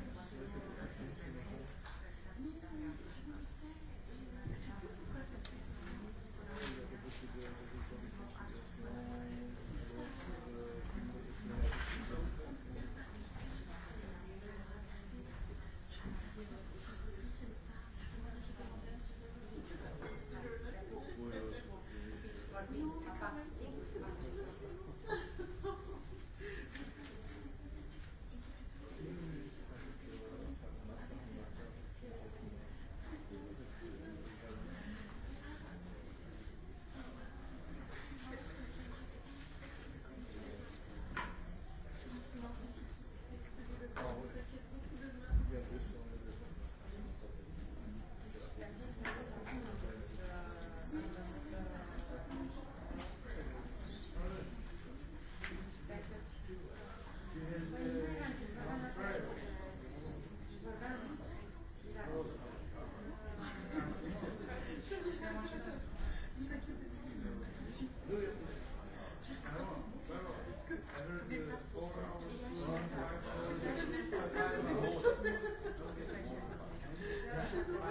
Thank you.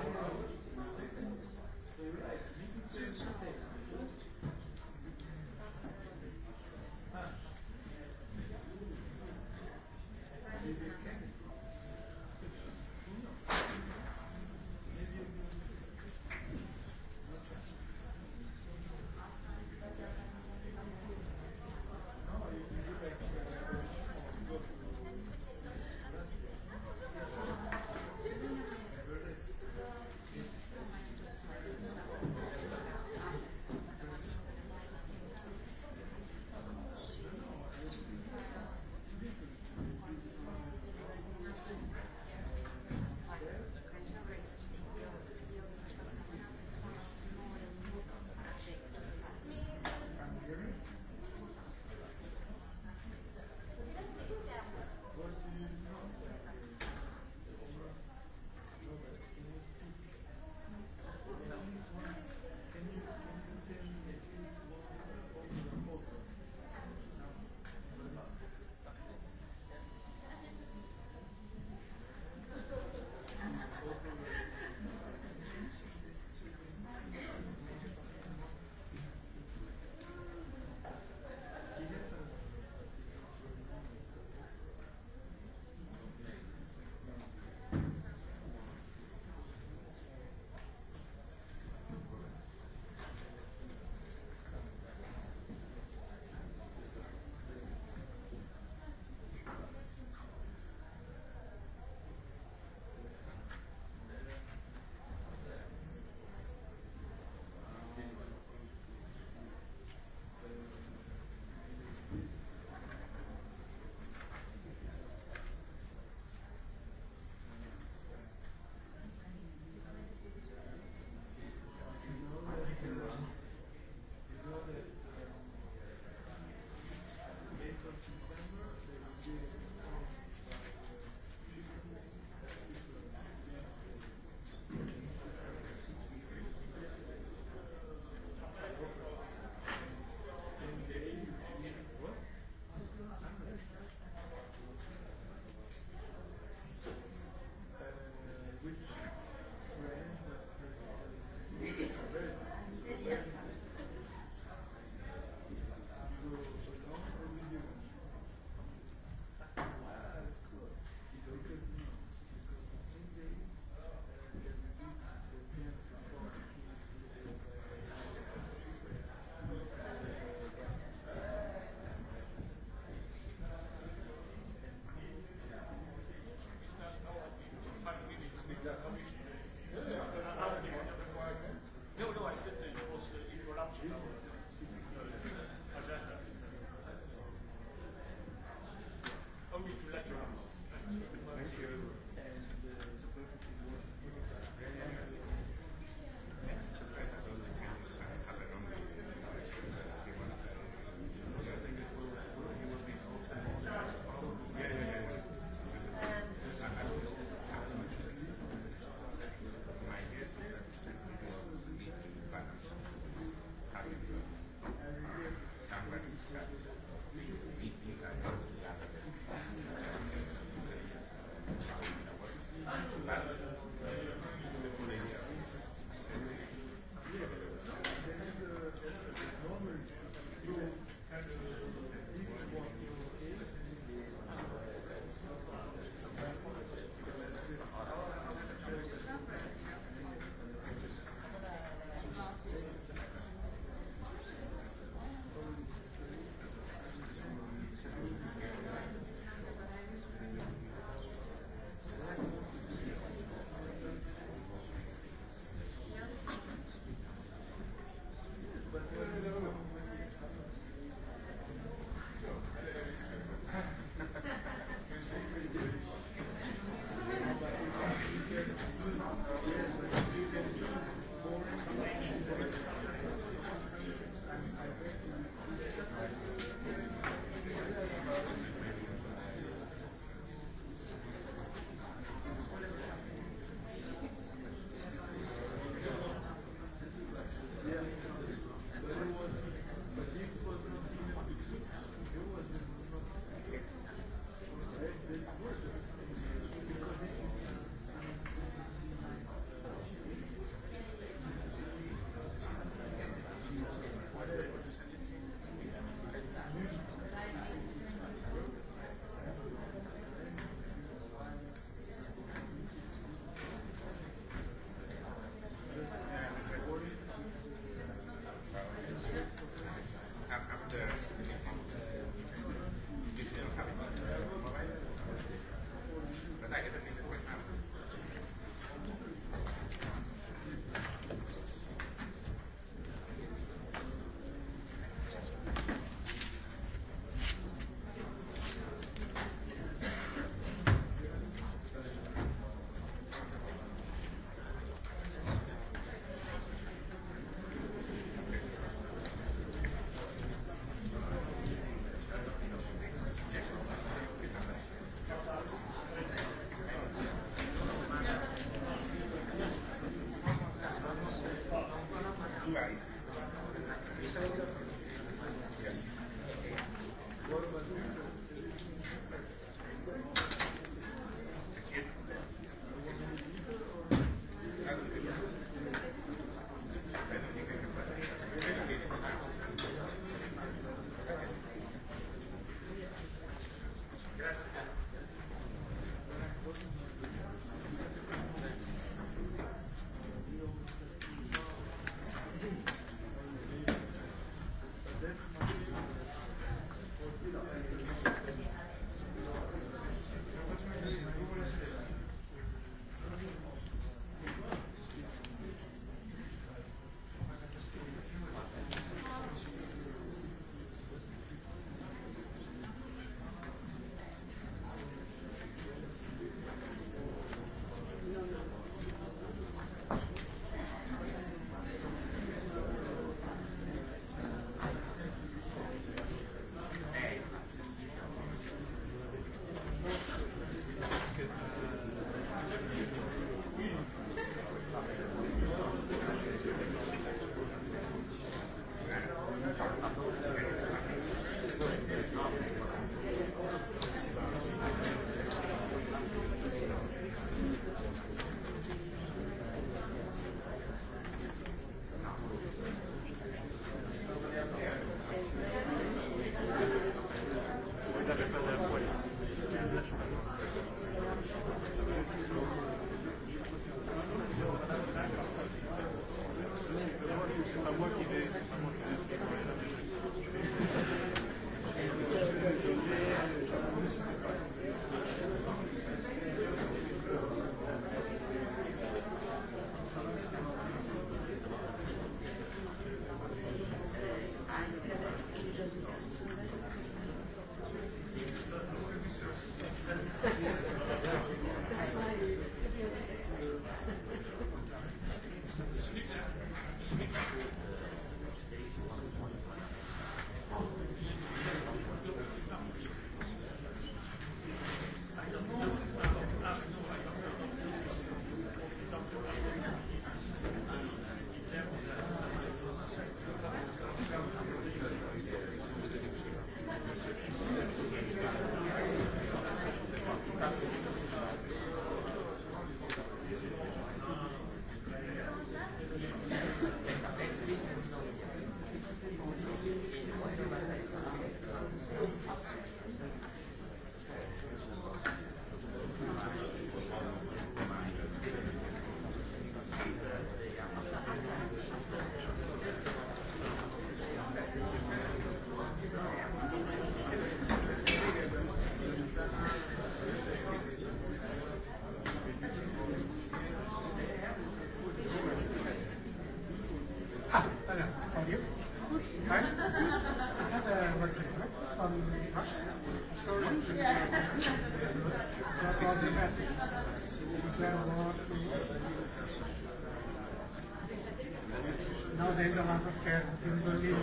Nowadays a lot of care in Berlin.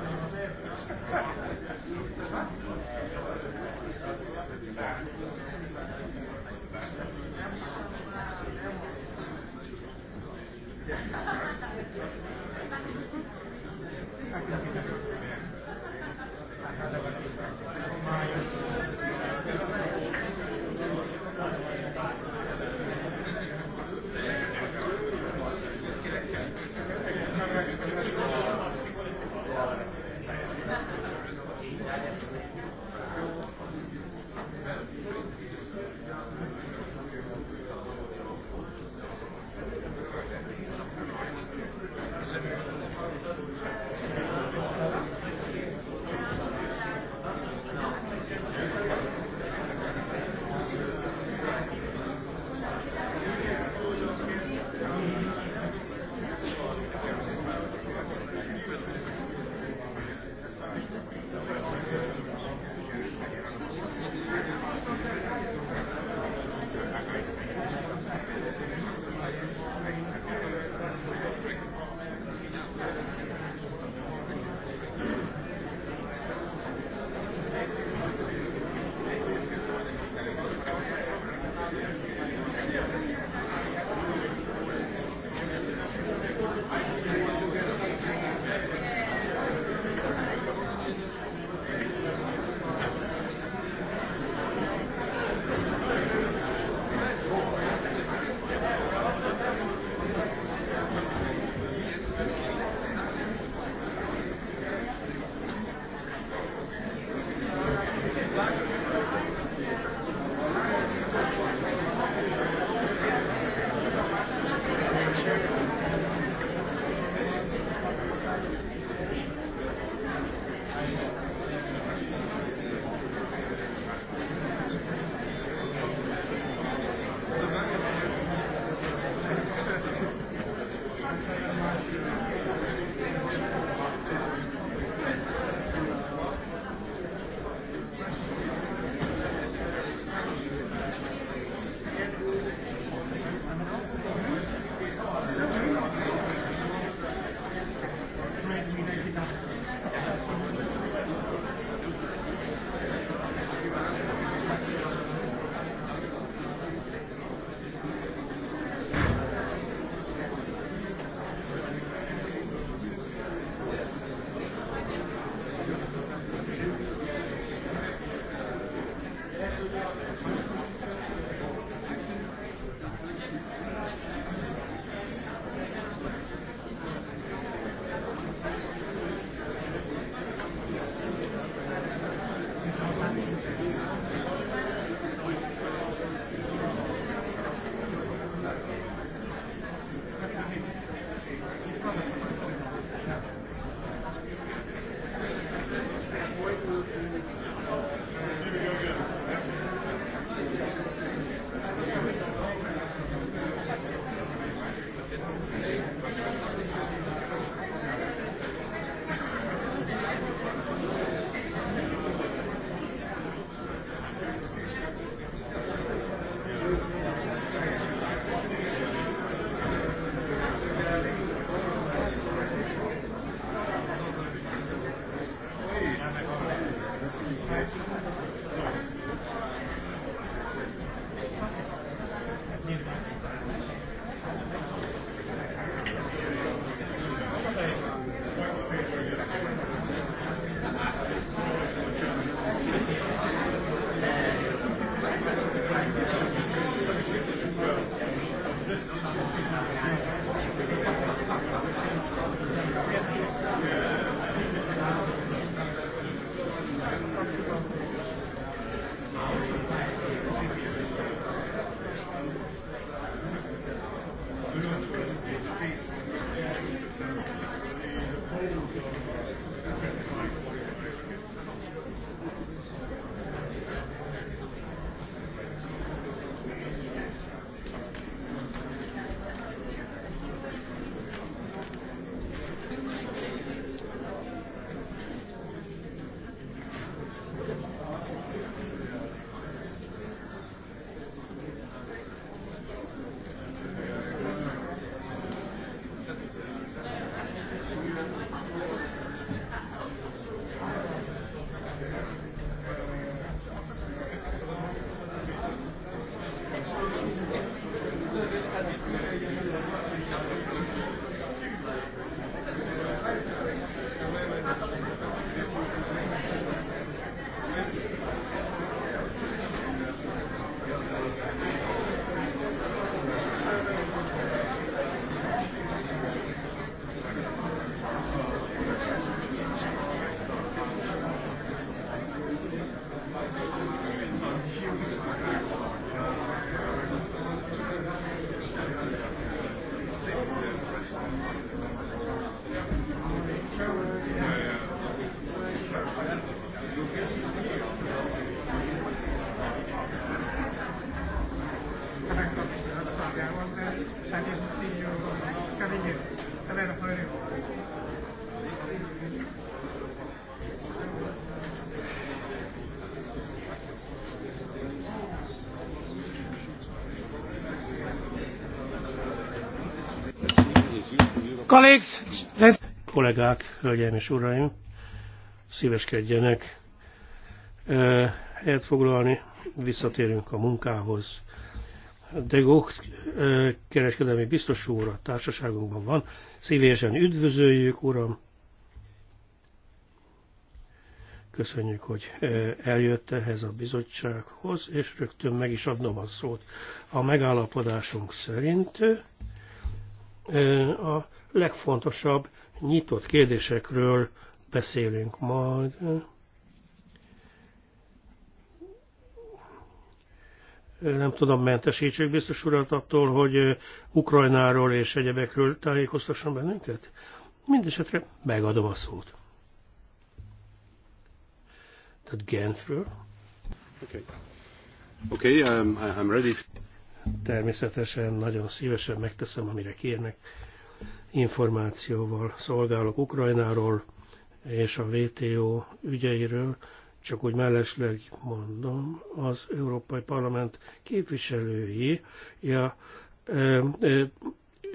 Kollégák, hölgyeim és uraim, szíveskedjenek helyet foglalni, visszatérünk a munkához. De Gocht kereskedelmi biztos úr a társaságunkban van, szívesen üdvözöljük, uram. Köszönjük, hogy eljött ehhez a bizottsághoz, és rögtön meg is adnom a szót. A megállapodásunk szerint a legfontosabb nyitott kérdésekről beszélünk majd. nem tudom, mentesítsük biztos urat attól, hogy Ukrajnáról és egyebekről tájékoztasson bennünket? Mindenesetre megadom a szót. Tehát Genfről. Oké, okay. okay, I'm, um, I'm ready. Természetesen nagyon szívesen megteszem, amire kérnek információval szolgálok Ukrajnáról és a VTO ügyeiről, csak úgy mellesleg mondom, az Európai Parlament képviselői, ja,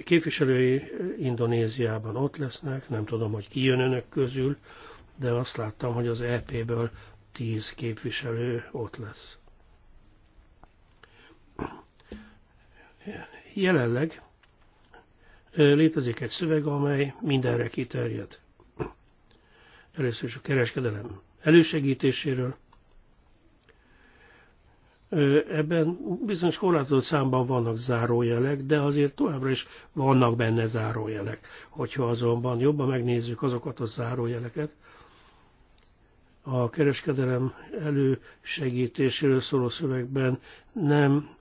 képviselői Indonéziában ott lesznek, nem tudom, hogy ki jön önök közül, de azt láttam, hogy az EP-ből tíz képviselő ott lesz. Jelenleg létezik egy szöveg, amely mindenre kiterjed. Először is a kereskedelem elősegítéséről. Ebben bizonyos korlátozott számban vannak zárójelek, de azért továbbra is vannak benne zárójelek. Hogyha azonban jobban megnézzük azokat a zárójeleket, a kereskedelem elősegítéséről szóló szövegben nem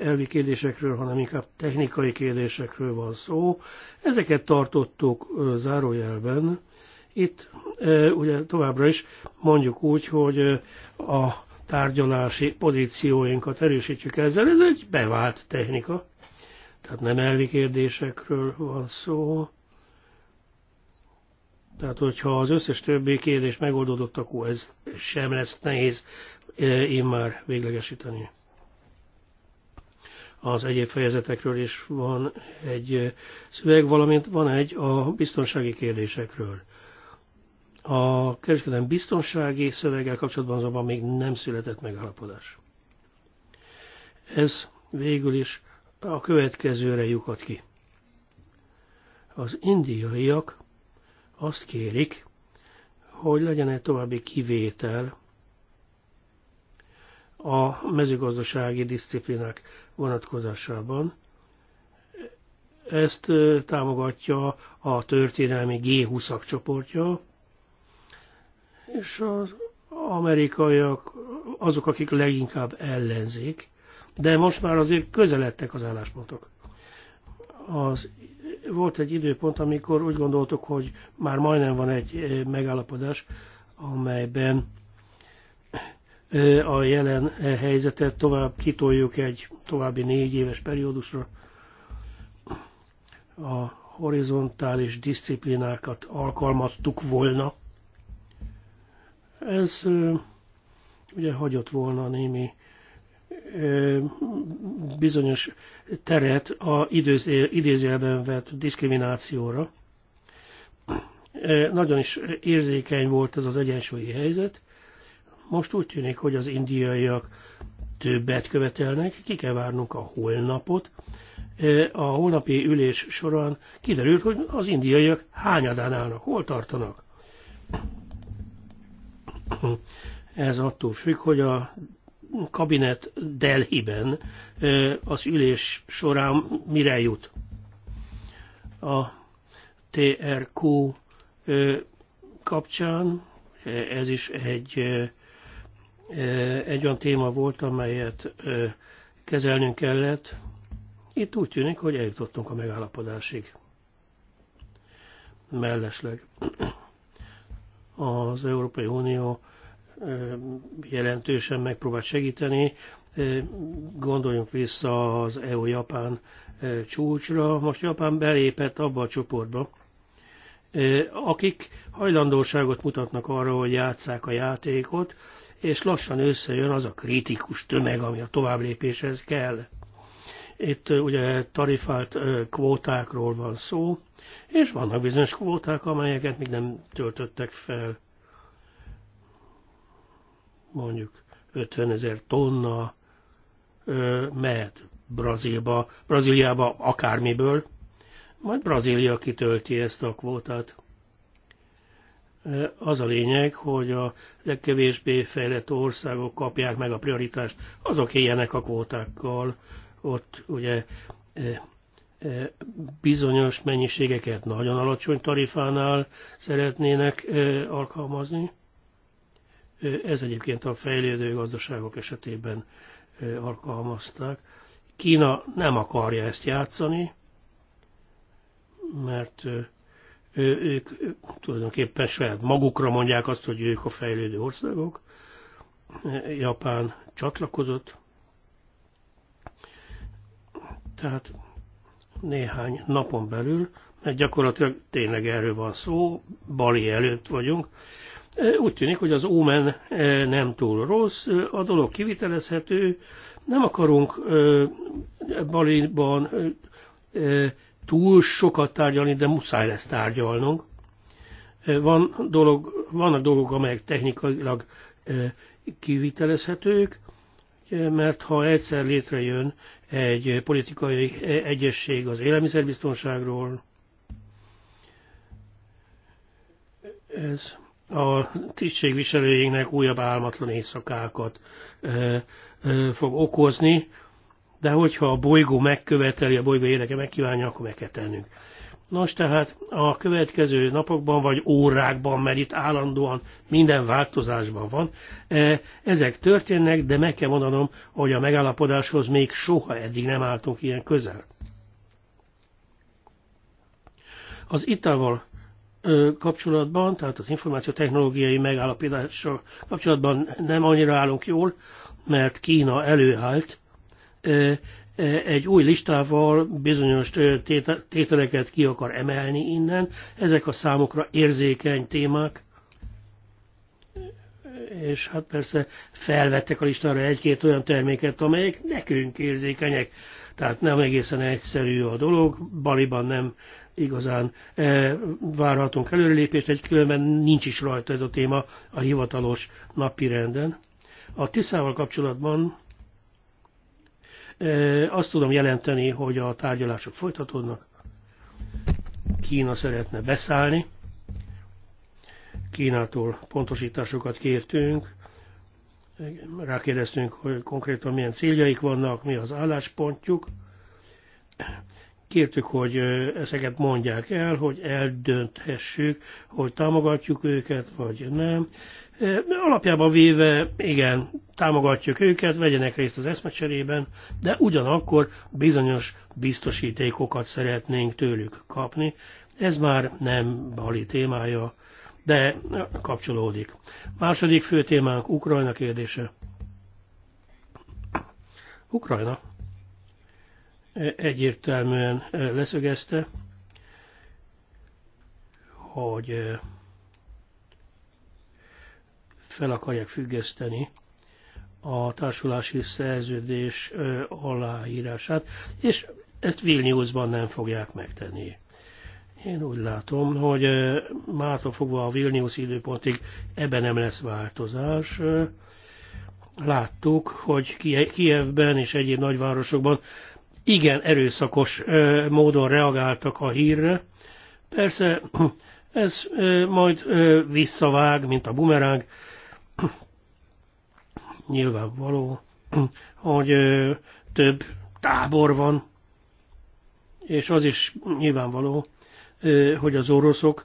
elvi kérdésekről, hanem inkább technikai kérdésekről van szó. Ezeket tartottuk zárójelben. Itt ugye továbbra is mondjuk úgy, hogy a tárgyalási pozícióinkat erősítjük ezzel, ez egy bevált technika. Tehát nem elvi kérdésekről van szó. Tehát, hogyha az összes többi kérdés megoldódott, akkor ez sem lesz nehéz én már véglegesíteni az egyéb fejezetekről is van egy szöveg, valamint van egy a biztonsági kérdésekről. A kereskedelmi biztonsági szöveggel kapcsolatban azonban még nem született megállapodás. Ez végül is a következőre lyukat ki. Az indiaiak azt kérik, hogy legyen egy további kivétel a mezőgazdasági disziplinák vonatkozásában. Ezt támogatja a történelmi G20-ak csoportja, és az amerikaiak azok, akik leginkább ellenzik, de most már azért közeledtek az álláspontok. Az, volt egy időpont, amikor úgy gondoltuk, hogy már majdnem van egy megállapodás, amelyben a jelen helyzetet tovább kitoljuk egy további négy éves periódusra. A horizontális disziplinákat alkalmaztuk volna. Ez ugye hagyott volna némi bizonyos teret a idézőjelben vett diszkriminációra. Nagyon is érzékeny volt ez az egyensúlyi helyzet, most úgy tűnik, hogy az indiaiak többet követelnek, ki kell várnunk a holnapot. E, a holnapi ülés során kiderült, hogy az indiaiak hányadán állnak, hol tartanak. Ez attól függ, hogy a kabinet Delhiben e, az ülés során mire jut. A TRQ e, kapcsán ez is egy Eh, egy olyan téma volt, amelyet eh, kezelnünk kellett. Itt úgy tűnik, hogy eljutottunk a megállapodásig. Mellesleg az Európai Unió eh, jelentősen megpróbált segíteni. Gondoljunk vissza az EU-Japán csúcsra. Most Japán belépett abba a csoportba, akik hajlandóságot mutatnak arra, hogy játsszák a játékot, és lassan összejön az a kritikus tömeg, ami a továbblépéshez kell. Itt ugye tarifált kvótákról van szó, és vannak bizonyos kvóták, amelyeket még nem töltöttek fel. Mondjuk 50 ezer tonna mehet Brazílba, Brazíliába akármiből, majd Brazília kitölti ezt a kvótát. Eh, az a lényeg, hogy a legkevésbé fejlett országok kapják meg a prioritást, azok éljenek a kvótákkal. Ott ugye eh, eh, bizonyos mennyiségeket nagyon alacsony tarifánál szeretnének alkalmazni. Ez egyébként a fejlődő gazdaságok esetében alkalmazták. Kína nem akarja ezt játszani, mert ők tulajdonképpen saját magukra mondják azt, hogy ők a fejlődő országok. Japán csatlakozott, tehát néhány napon belül, mert gyakorlatilag tényleg erről van szó, Bali előtt vagyunk, úgy tűnik, hogy az Omen nem túl rossz, a dolog kivitelezhető, nem akarunk Baliban túl sokat tárgyalni, de muszáj lesz tárgyalnunk. Van dolog, vannak dolgok, amelyek technikailag kivitelezhetők, mert ha egyszer létrejön egy politikai egyesség az élelmiszerbiztonságról, ez a tisztségviselőjének újabb álmatlan éjszakákat fog okozni, de hogyha a bolygó megköveteli, a bolygó érdeke megkívánja, akkor meg kell tennünk. Nos, tehát a következő napokban vagy órákban, mert itt állandóan minden változásban van, e, ezek történnek, de meg kell mondanom, hogy a megállapodáshoz még soha eddig nem álltunk ilyen közel. Az itával kapcsolatban, tehát az információtechnológiai megállapodással kapcsolatban nem annyira állunk jól, mert Kína előállt, egy új listával bizonyos tételeket ki akar emelni innen. Ezek a számokra érzékeny témák, és hát persze felvettek a listára egy-két olyan terméket, amelyek nekünk érzékenyek. Tehát nem egészen egyszerű a dolog, Baliban nem igazán e, várhatunk előrelépést, egy különben nincs is rajta ez a téma a hivatalos napirenden. A Tiszával kapcsolatban azt tudom jelenteni, hogy a tárgyalások folytatódnak. Kína szeretne beszállni. Kínától pontosításokat kértünk. Rákérdeztünk, hogy konkrétan milyen céljaik vannak, mi az álláspontjuk. Kértük, hogy ezeket mondják el, hogy eldönthessük, hogy támogatjuk őket, vagy nem. Alapjában véve, igen, támogatjuk őket, vegyenek részt az eszmecserében, de ugyanakkor bizonyos biztosítékokat szeretnénk tőlük kapni. Ez már nem bali témája, de kapcsolódik. Második fő témánk Ukrajna kérdése. Ukrajna egyértelműen leszögezte, hogy fel akarják függeszteni a társulási szerződés aláírását, és ezt Vilniusban nem fogják megtenni. Én úgy látom, hogy mától fogva a Vilnius időpontig ebben nem lesz változás. Láttuk, hogy Kievben és egyéb nagyvárosokban igen erőszakos módon reagáltak a hírre. Persze ez majd visszavág, mint a bumeráng, Nyilvánvaló, hogy több tábor van, és az is nyilvánvaló, hogy az oroszok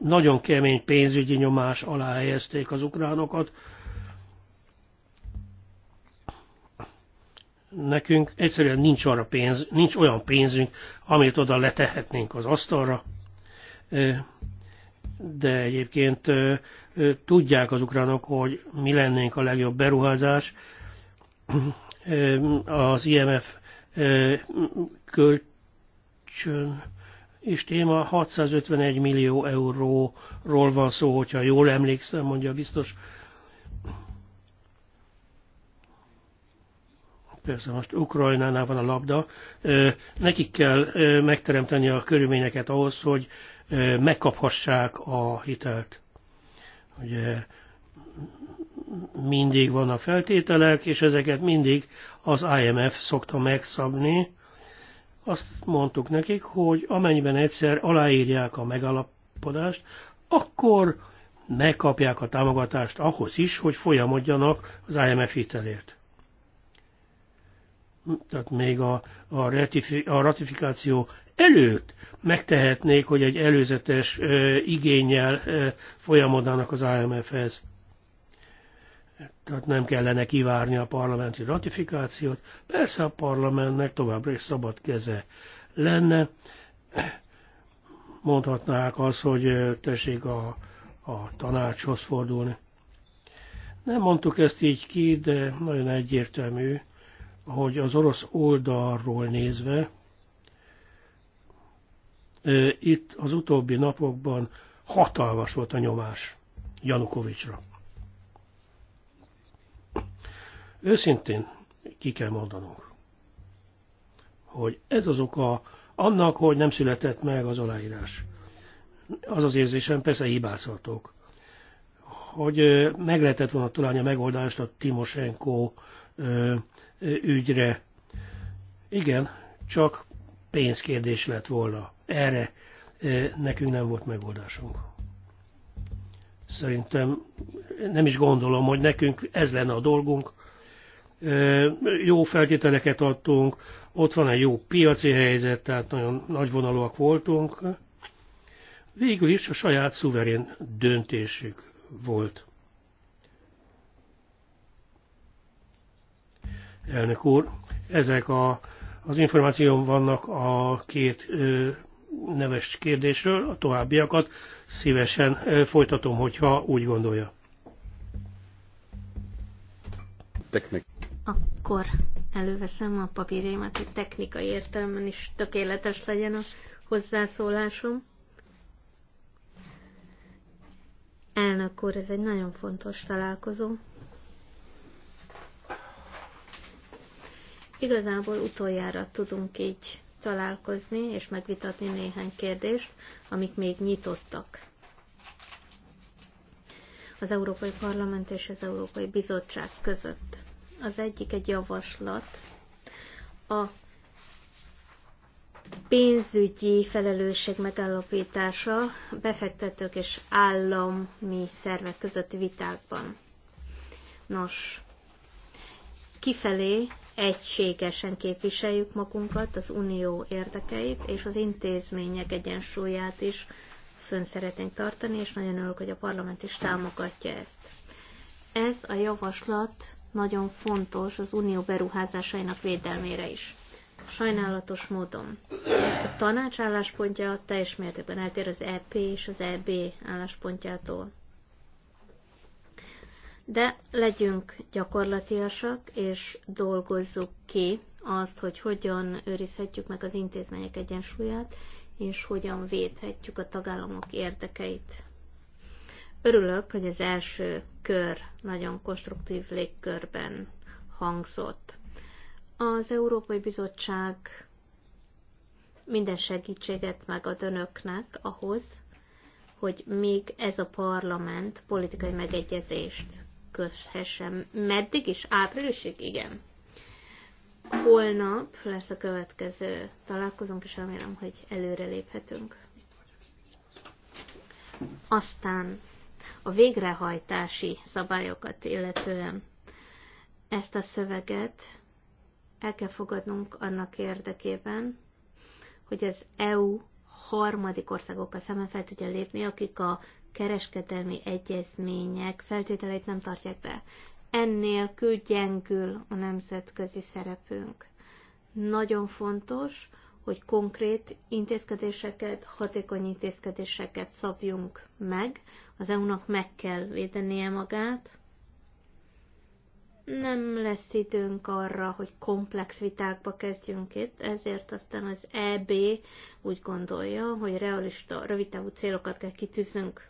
nagyon kemény pénzügyi nyomás alá helyezték az ukránokat. Nekünk egyszerűen nincs arra pénz, nincs olyan pénzünk, amit oda letehetnénk az asztalra. De egyébként tudják az ukránok, hogy mi lennénk a legjobb beruházás. Az IMF kölcsön és téma 651 millió euróról van szó, hogyha jól emlékszem, mondja biztos. Persze most Ukrajnánál van a labda. Nekik kell megteremteni a körülményeket ahhoz, hogy megkaphassák a hitelt. Ugye mindig van a feltételek, és ezeket mindig az IMF szokta megszabni. Azt mondtuk nekik, hogy amennyiben egyszer aláírják a megállapodást, akkor megkapják a támogatást ahhoz is, hogy folyamodjanak az IMF hitelért tehát még a, a, ratifi, a ratifikáció előtt megtehetnék, hogy egy előzetes ö, igényel ö, folyamodának az IMF-hez. Tehát nem kellene kivárni a parlamenti ratifikációt. Persze a parlamentnek továbbra is szabad keze lenne. Mondhatnák azt, hogy tessék a, a tanácshoz fordulni. Nem mondtuk ezt így ki, de nagyon egyértelmű, hogy az orosz oldalról nézve, itt az utóbbi napokban hatalmas volt a nyomás Janukovicsra. Őszintén ki kell mondanunk, hogy ez az oka annak, hogy nem született meg az aláírás. Az az érzésem, persze hibázhatok, hogy meg lehetett volna találni a megoldást a timosenko ügyre. Igen, csak pénzkérdés lett volna. Erre eh, nekünk nem volt megoldásunk. Szerintem nem is gondolom, hogy nekünk ez lenne a dolgunk. Eh, jó feltételeket adtunk, ott van egy jó piaci helyzet, tehát nagyon nagyvonalúak voltunk. Végül is a saját szuverén döntésük volt. elnök úr. Ezek a, az információm vannak a két ö, neves kérdésről, a továbbiakat szívesen ö, folytatom, hogyha úgy gondolja. Technik. Akkor előveszem a papírjaimat, hogy technikai értelemben is tökéletes legyen a hozzászólásom. Elnök úr, ez egy nagyon fontos találkozó. Igazából utoljára tudunk így találkozni és megvitatni néhány kérdést, amik még nyitottak. Az Európai Parlament és az Európai Bizottság között. Az egyik egy javaslat a pénzügyi felelősség megállapítása befektetők és állami szervek közötti vitákban. Nos, kifelé egységesen képviseljük magunkat, az unió érdekeit és az intézmények egyensúlyát is fönn szeretnénk tartani, és nagyon örülök, hogy a parlament is támogatja ezt. Ez a javaslat nagyon fontos az unió beruházásainak védelmére is. Sajnálatos módon. A tanács álláspontja teljes mértékben eltér az EP és az EB álláspontjától de legyünk gyakorlatiasak, és dolgozzuk ki azt, hogy hogyan őrizhetjük meg az intézmények egyensúlyát, és hogyan védhetjük a tagállamok érdekeit. Örülök, hogy az első kör nagyon konstruktív légkörben hangzott. Az Európai Bizottság minden segítséget megad önöknek ahhoz, hogy még ez a parlament politikai megegyezést megköthessem. Meddig is? Áprilisig? Igen. Holnap lesz a következő találkozónk, és remélem, hogy előre léphetünk. Aztán a végrehajtási szabályokat illetően ezt a szöveget el kell fogadnunk annak érdekében, hogy az EU harmadik országokkal szemben fel tudja lépni, akik a kereskedelmi egyezmények feltételeit nem tartják be. Ennélkül gyengül a nemzetközi szerepünk. Nagyon fontos, hogy konkrét intézkedéseket, hatékony intézkedéseket szabjunk meg. Az EU-nak meg kell védenie magát. Nem lesz időnk arra, hogy komplex vitákba kezdjünk itt, ezért aztán az EB úgy gondolja, hogy realista, rövid távú célokat kell kitűznünk.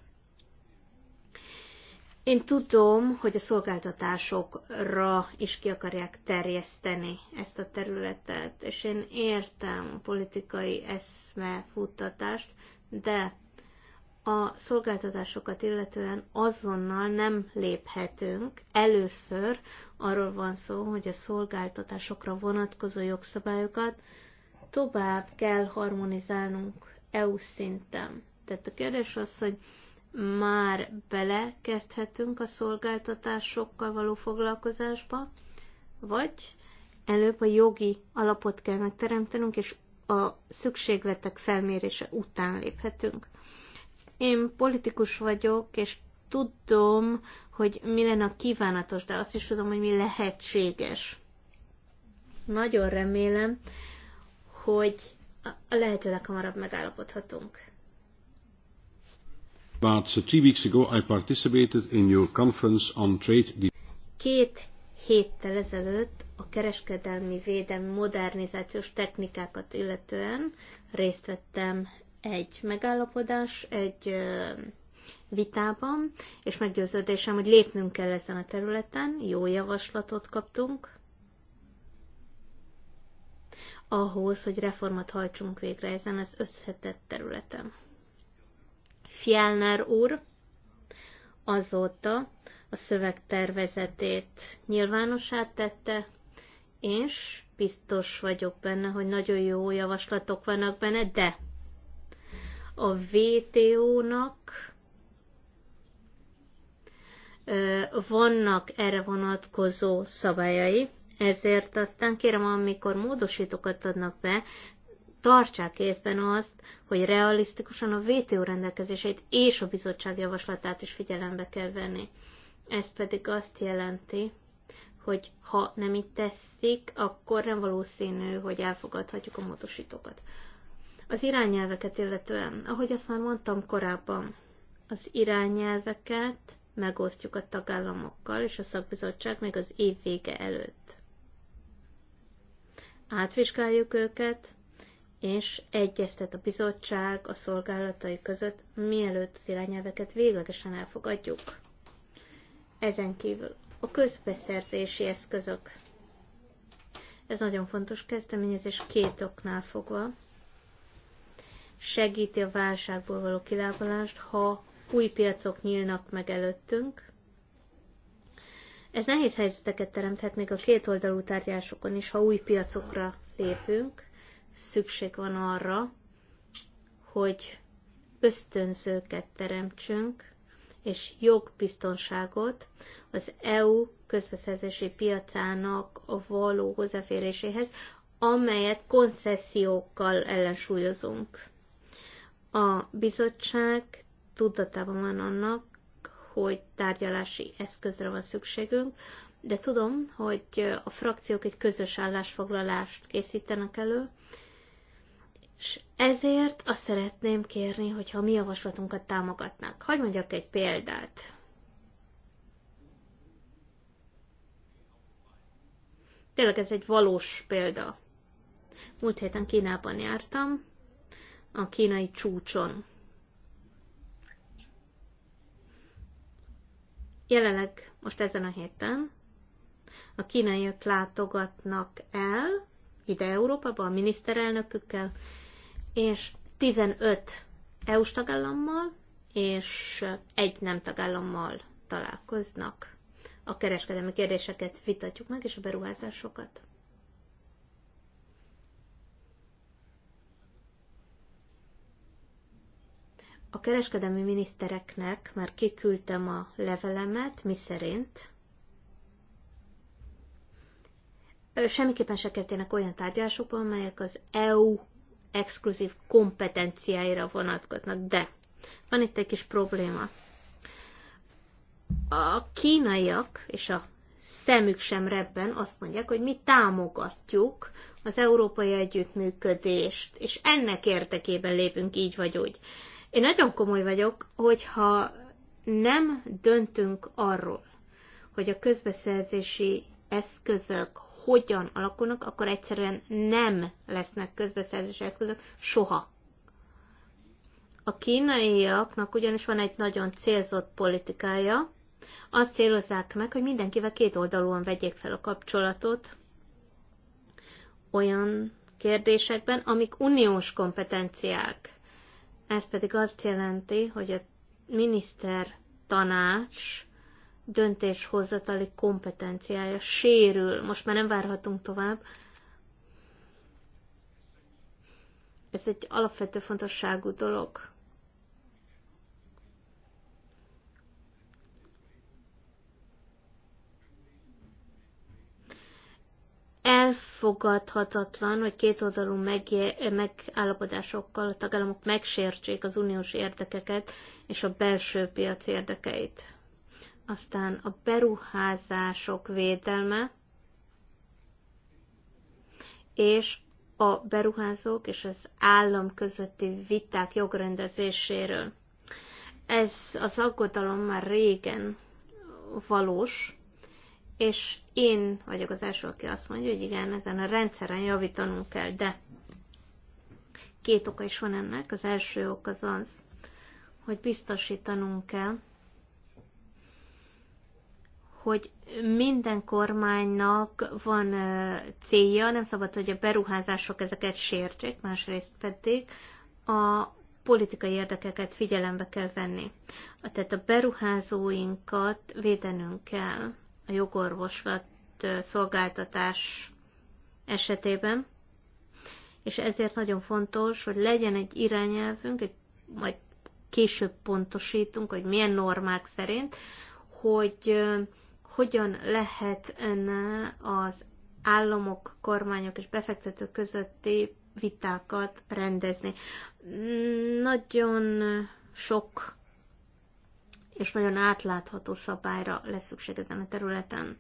Én tudom, hogy a szolgáltatásokra is ki akarják terjeszteni ezt a területet, és én értem a politikai eszmefuttatást, de a szolgáltatásokat illetően azonnal nem léphetünk. Először arról van szó, hogy a szolgáltatásokra vonatkozó jogszabályokat tovább kell harmonizálnunk EU szinten. Tehát a kérdés az, hogy már belekezdhetünk a szolgáltatásokkal való foglalkozásba, vagy előbb a jogi alapot kell megteremtenünk, és a szükségletek felmérése után léphetünk. Én politikus vagyok, és tudom, hogy mi lenne a kívánatos, de azt is tudom, hogy mi lehetséges. Nagyon remélem, hogy a lehető leghamarabb megállapodhatunk three weeks ago I participated in your conference on trade... Két héttel ezelőtt a kereskedelmi védelmi modernizációs technikákat illetően részt vettem egy megállapodás, egy vitában, és meggyőződésem, hogy lépnünk kell ezen a területen, jó javaslatot kaptunk, ahhoz, hogy reformat hajtsunk végre ezen az összetett területen. Fjellner úr azóta a szövegtervezetét nyilvánossá tette, és biztos vagyok benne, hogy nagyon jó javaslatok vannak benne, de a VTO-nak vannak erre vonatkozó szabályai, ezért aztán kérem, amikor módosítókat adnak be, tartsák észben azt, hogy realisztikusan a VTO rendelkezéseit és a bizottság javaslatát is figyelembe kell venni. Ez pedig azt jelenti, hogy ha nem így teszik, akkor nem valószínű, hogy elfogadhatjuk a módosítókat. Az irányelveket illetően, ahogy azt már mondtam korábban, az irányelveket megosztjuk a tagállamokkal és a szakbizottság még az év vége előtt. Átvizsgáljuk őket, és egyeztet a bizottság a szolgálatai között, mielőtt az irányelveket véglegesen elfogadjuk. Ezen kívül a közbeszerzési eszközök. Ez nagyon fontos kezdeményezés két oknál fogva. Segíti a válságból való kilábalást, ha új piacok nyílnak meg előttünk. Ez nehéz helyzeteket teremthet még a kétoldalú tárgyásokon is, ha új piacokra lépünk szükség van arra, hogy ösztönzőket teremtsünk, és jogbiztonságot az EU közbeszerzési piacának a való hozzáféréséhez, amelyet koncesziókkal ellensúlyozunk. A bizottság tudatában van annak, hogy tárgyalási eszközre van szükségünk, de tudom, hogy a frakciók egy közös állásfoglalást készítenek elő, és ezért azt szeretném kérni, hogyha a mi javaslatunkat támogatnak. Hagy mondjak egy példát. Tényleg ez egy valós példa. Múlt héten Kínában jártam, a kínai csúcson. Jelenleg most ezen a héten a kínaiak látogatnak el ide Európába a miniszterelnökükkel, és 15 EU-s tagállammal és egy nem tagállammal találkoznak. A kereskedelmi kérdéseket vitatjuk meg, és a beruházásokat. A kereskedelmi minisztereknek már kiküldtem a levelemet, miszerint semmiképpen se kezdjenek olyan tárgyalásokba, amelyek az EU exkluzív kompetenciáira vonatkoznak. De van itt egy kis probléma. A kínaiak és a szemük sem rebben azt mondják, hogy mi támogatjuk az európai együttműködést, és ennek érdekében lépünk így vagy úgy. Én nagyon komoly vagyok, hogyha nem döntünk arról, hogy a közbeszerzési eszközök hogyan alakulnak, akkor egyszerűen nem lesznek közbeszerzési eszközök soha. A kínaiaknak ugyanis van egy nagyon célzott politikája, azt célozzák meg, hogy mindenkivel két oldalúan vegyék fel a kapcsolatot olyan kérdésekben, amik uniós kompetenciák. Ez pedig azt jelenti, hogy a miniszter tanács döntéshozatali kompetenciája sérül. Most már nem várhatunk tovább. Ez egy alapvető fontosságú dolog. elfogadhatatlan, hogy kétoldalú megállapodásokkal a tagállamok megsértsék az uniós érdekeket és a belső piac érdekeit. Aztán a beruházások védelme, és a beruházók és az állam közötti viták jogrendezéséről. Ez az aggodalom már régen valós, és én vagyok az első, aki azt mondja, hogy igen, ezen a rendszeren javítanunk kell, de két oka is van ennek. Az első ok az az, hogy biztosítanunk kell, hogy minden kormánynak van célja, nem szabad, hogy a beruházások ezeket sértsék, másrészt pedig a politikai érdekeket figyelembe kell venni. Tehát a beruházóinkat védenünk kell a jogorvoslat szolgáltatás esetében, és ezért nagyon fontos, hogy legyen egy irányelvünk, egy, majd később pontosítunk, hogy milyen normák szerint, hogy hogyan lehet enne az államok, kormányok és befektetők közötti vitákat rendezni. Nagyon sok és nagyon átlátható szabályra lesz szükség ezen a területen.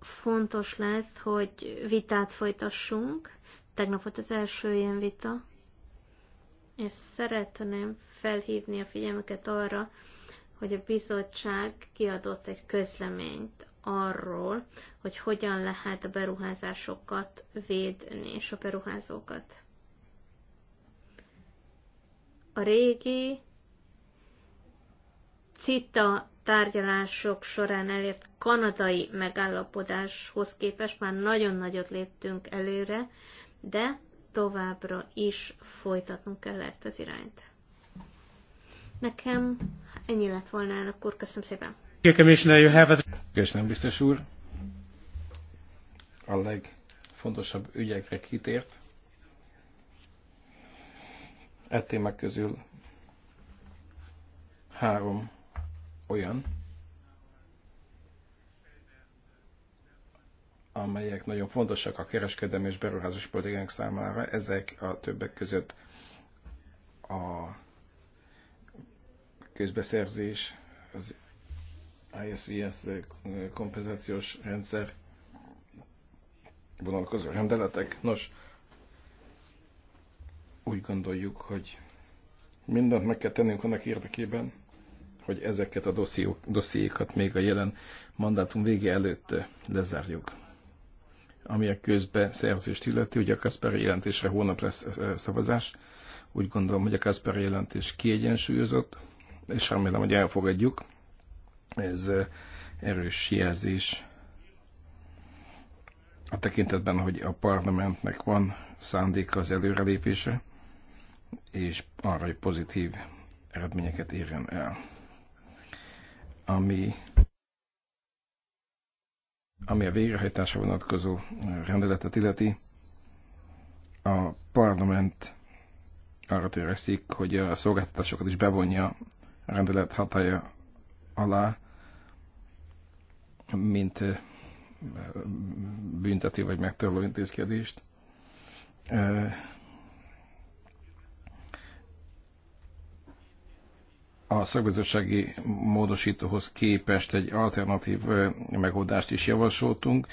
Fontos lesz, hogy vitát folytassunk. Tegnap volt az első ilyen vita, és szeretném felhívni a figyelmeket arra, hogy a bizottság kiadott egy közleményt arról, hogy hogyan lehet a beruházásokat védni és a beruházókat. A régi CITA tárgyalások során elért kanadai megállapodáshoz képest már nagyon nagyot léptünk előre, de továbbra is folytatnunk kell ezt az irányt. Nekem Ennyi lett volna el, akkor köszönöm szépen. Köszönöm, biztos úr. A legfontosabb ügyekre kitért. E témák közül három olyan, amelyek nagyon fontosak a kereskedelmi és beruházás politikánk számára. Ezek a többek között a közbeszerzés, az ISVS eh, kompenzációs rendszer vonalkozó rendeletek. Nos, úgy gondoljuk, hogy mindent meg kell tennünk annak érdekében, hogy ezeket a dossziékat még a jelen mandátum vége előtt eh, lezárjuk. Ami a közbe szerzést illeti, ugye a Kasperi jelentésre hónap lesz eh, szavazás. Úgy gondolom, hogy a Kasperi jelentés kiegyensúlyozott, és remélem, hogy elfogadjuk. Ez erős jelzés a tekintetben, hogy a parlamentnek van szándéka az előrelépése, és arra, hogy pozitív eredményeket érjen el. Ami, ami a végrehajtásra vonatkozó rendeletet illeti, a parlament arra törekszik, hogy a szolgáltatásokat is bevonja rendelet hatája alá, mint büntető vagy megtörlő intézkedést. A szakbizottsági módosítóhoz képest egy alternatív megoldást is javasoltunk,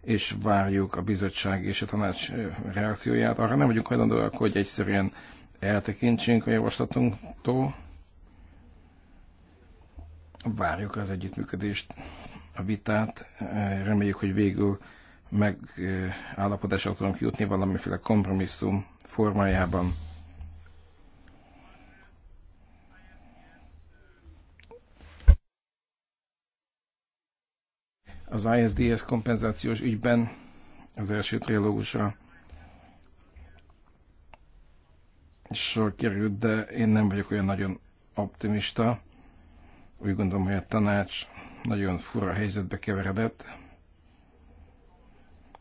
és várjuk a bizottság és a tanács reakcióját. Arra nem vagyunk hajlandóak, hogy egyszerűen eltekintsünk a javaslatunktól, Várjuk az együttműködést, a vitát. Reméljük, hogy végül megállapodásra tudunk jutni valamiféle kompromisszum formájában. Az ISDS kompenzációs ügyben az első trilógusra sor került, de én nem vagyok olyan nagyon optimista úgy gondolom, hogy a tanács nagyon fura helyzetbe keveredett,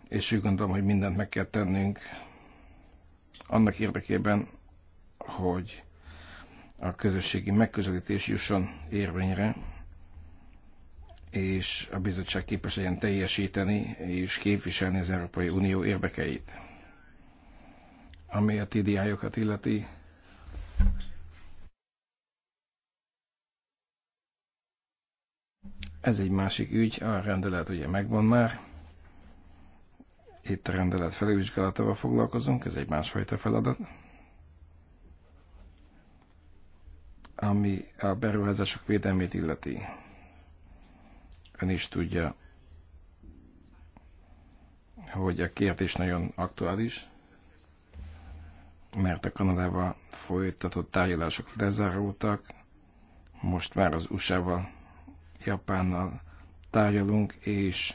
és úgy gondolom, hogy mindent meg kell tennünk annak érdekében, hogy a közösségi megközelítés jusson érvényre, és a bizottság képes legyen teljesíteni és képviselni az Európai Unió érdekeit. Ami a TDI-okat illeti, Ez egy másik ügy, a rendelet ugye megvan már. Itt a rendelet felülvizsgálatával foglalkozunk, ez egy másfajta feladat. Ami a beruházások védelmét illeti. Ön is tudja, hogy a kérdés nagyon aktuális, mert a Kanadával folytatott tárgyalások lezárultak, most már az USA-val Japánnal tárgyalunk, és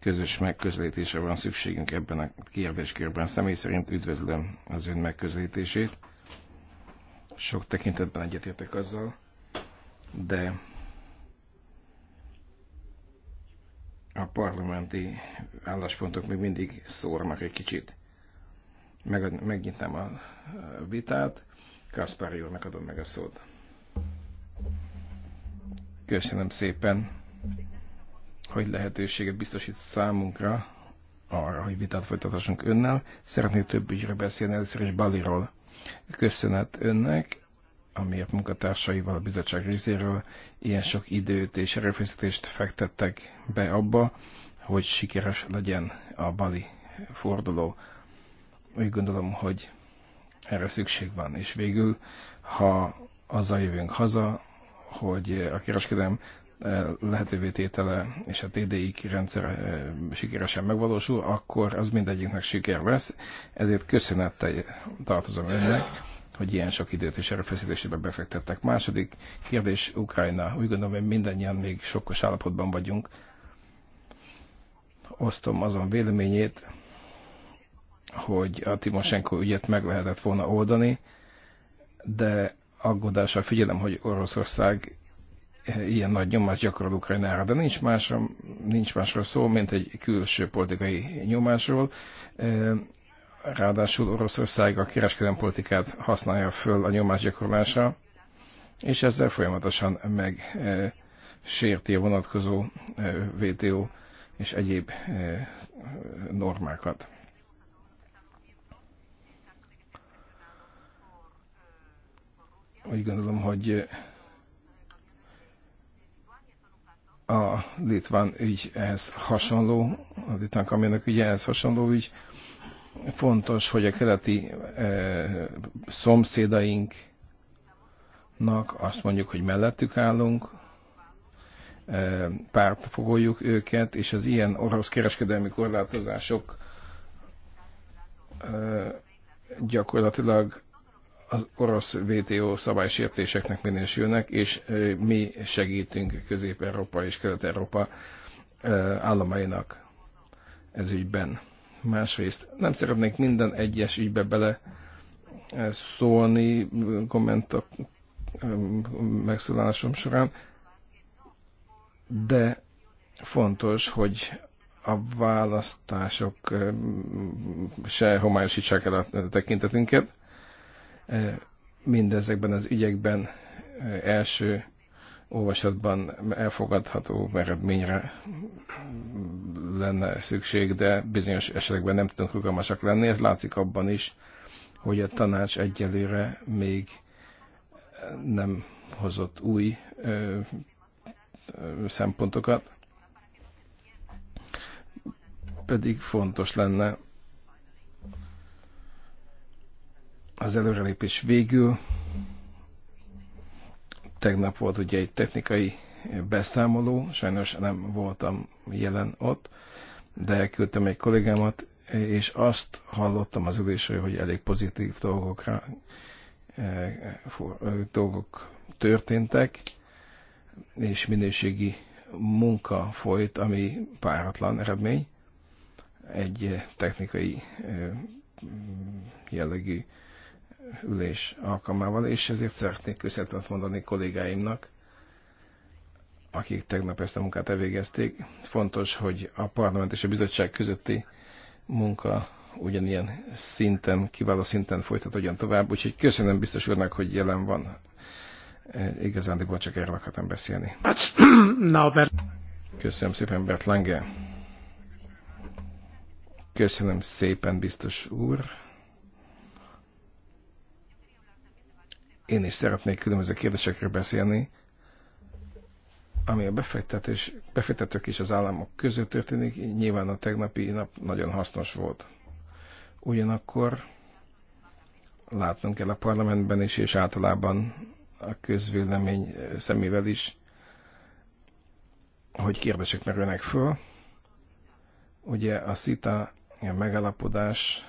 közös megközelítése van szükségünk ebben a kérdéskörben. Személy szerint üdvözlöm az ön megközelítését. Sok tekintetben egyetértek azzal, de a parlamenti álláspontok még mindig szórnak egy kicsit. Meg, megnyitnám a vitát, Kaspari úrnak adom meg a szót. Köszönöm szépen, hogy lehetőséget biztosít számunkra arra, hogy vitát folytathassunk önnel. Szeretnék több ügyről beszélni, először is Baliról. Köszönet önnek, amiért munkatársaival a bizottság részéről ilyen sok időt és erőfeszítést fektettek be abba, hogy sikeres legyen a Bali forduló. Úgy gondolom, hogy erre szükség van. És végül, ha azzal jövünk haza, hogy a kereskedelem eh, lehetővé tétele és a TDI rendszer eh, sikeresen megvalósul, akkor az mindegyiknek siker lesz. Ezért köszönettel tartozom önnek, hogy ilyen sok időt és erőfeszítésébe befektettek. Második kérdés Ukrajna. Úgy gondolom, hogy mindannyian még sokkos állapotban vagyunk. Osztom azon véleményét, hogy a Timoshenko ügyet meg lehetett volna oldani, de aggodással figyelem, hogy Oroszország eh, ilyen nagy nyomást gyakorol Ukrajnára, de nincs, másra, nincs másról szó, mint egy külső politikai nyomásról. Eh, ráadásul Oroszország a kereskedelmi politikát használja föl a nyomás gyakorlásra, és ezzel folyamatosan megsérti eh, a vonatkozó WTO és egyéb normákat. úgy gondolom, hogy a litván ügy ehhez hasonló, a litván kamionok ügy ehhez hasonló ügy. Fontos, hogy a keleti e, szomszédainknak azt mondjuk, hogy mellettük állunk, e, eh, párt fogoljuk őket, és az ilyen orosz kereskedelmi korlátozások e, gyakorlatilag az orosz VTO szabálysértéseknek minősülnek, és mi segítünk Közép-Európa és Kelet-Európa államainak ez ügyben. Másrészt nem szeretnék minden egyes ügybe bele szólni kommentok megszólalásom során, de fontos, hogy a választások se homályosítsák el a tekintetünket mindezekben az ügyekben első olvasatban elfogadható eredményre lenne szükség, de bizonyos esetekben nem tudunk rugalmasak lenni. Ez látszik abban is, hogy a tanács egyelőre még nem hozott új ö, ö, szempontokat, pedig fontos lenne az előrelépés végül. Tegnap volt ugye egy technikai beszámoló, sajnos nem voltam jelen ott, de elküldtem egy kollégámat, és azt hallottam az ülésről, hogy elég pozitív dolgokra, eh, eh, dolgok történtek, és minőségi munka folyt, ami páratlan eredmény egy technikai eh, jellegű ülés alkalmával, és ezért szeretnék köszönetet mondani kollégáimnak, akik tegnap ezt a munkát elvégezték. Fontos, hogy a parlament és a bizottság közötti munka ugyanilyen szinten, kiváló szinten folytatódjon tovább, úgyhogy köszönöm biztos úrnak, hogy jelen van. E, Igazán hogy csak erről akartam beszélni. Köszönöm szépen, Bert Lange. Köszönöm szépen, biztos úr. Én is szeretnék különböző kérdésekről beszélni, ami a befektetés, befektetők és az államok között történik, nyilván a tegnapi nap nagyon hasznos volt. Ugyanakkor látnunk kell a parlamentben is, és általában a közvélemény szemével is, hogy kérdések merülnek föl. Ugye a szita a megalapodás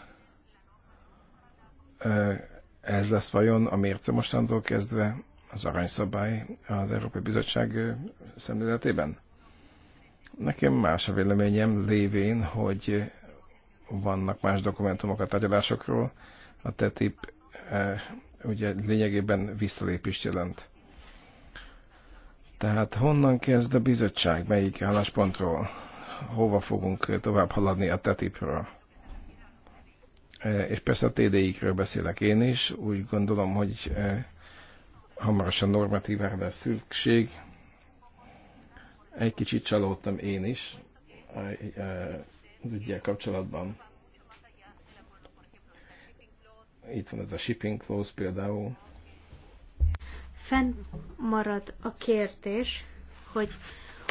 ez lesz vajon a mérce mostantól kezdve az aranyszabály az Európai Bizottság szemléletében? Nekem más a véleményem lévén, hogy vannak más dokumentumok a tárgyalásokról. A TTIP ugye lényegében visszalépést jelent. Tehát honnan kezd a bizottság, melyik álláspontról, hova fogunk tovább haladni a TTIP-ről? Eh, és persze a TDI-kről beszélek én is, úgy gondolom, hogy eh, hamarosan normatívára lesz szükség. Egy kicsit csalódtam én is eh, az ügyel kapcsolatban. Itt van ez a shipping clause például. Fenn marad a kérdés, hogy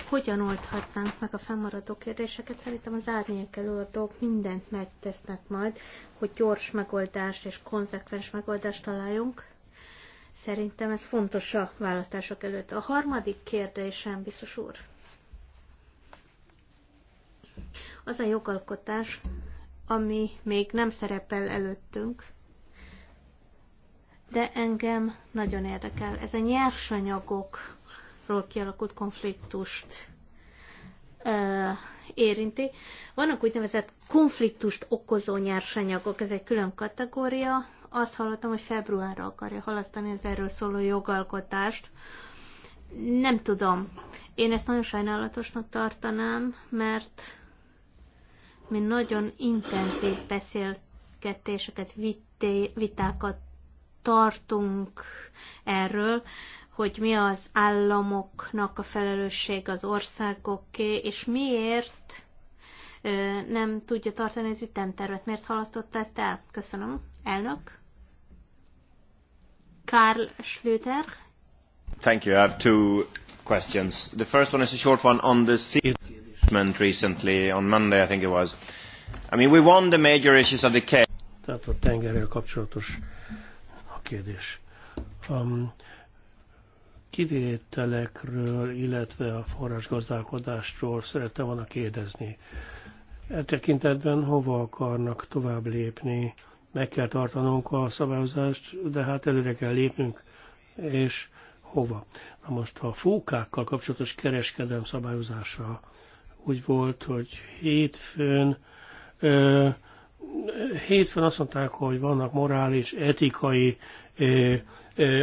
hogyan oldhatnánk meg a fennmaradó kérdéseket. Szerintem az árnyék előadók mindent megtesznek majd, hogy gyors megoldást és konzekvens megoldást találjunk. Szerintem ez fontos a választások előtt. A harmadik kérdésem, biztos úr. Az a jogalkotás, ami még nem szerepel előttünk, de engem nagyon érdekel. Ez a nyersanyagok ról kialakult konfliktust érinti. Vannak úgynevezett konfliktust okozó nyersanyagok, ez egy külön kategória. Azt hallottam, hogy februárra akarja halasztani az erről szóló jogalkotást. Nem tudom. Én ezt nagyon sajnálatosnak tartanám, mert mi nagyon intenzív beszélgetéseket, vitákat tartunk erről hogy mi az államoknak a felelősség, az országoké, és miért nem tudja tartani az ütemtervet. Miért halasztotta ezt el? Köszönöm. Elnök. Karl Schlüter. Thank you. I have two questions. The first one is a short one on the settlement recently, on Monday I think it was. I mean, we won the major issues of the case. Tehát a tengerrel kapcsolatos a kérdés. Um, kivételekről, illetve a forrásgazdálkodásról szerette volna kérdezni. E tekintetben hova akarnak tovább lépni? Meg kell tartanunk a szabályozást, de hát előre kell lépnünk, és hova? Na most a fókákkal kapcsolatos kereskedelm szabályozása úgy volt, hogy hétfőn ö, hétfőn azt mondták, hogy vannak morális, etikai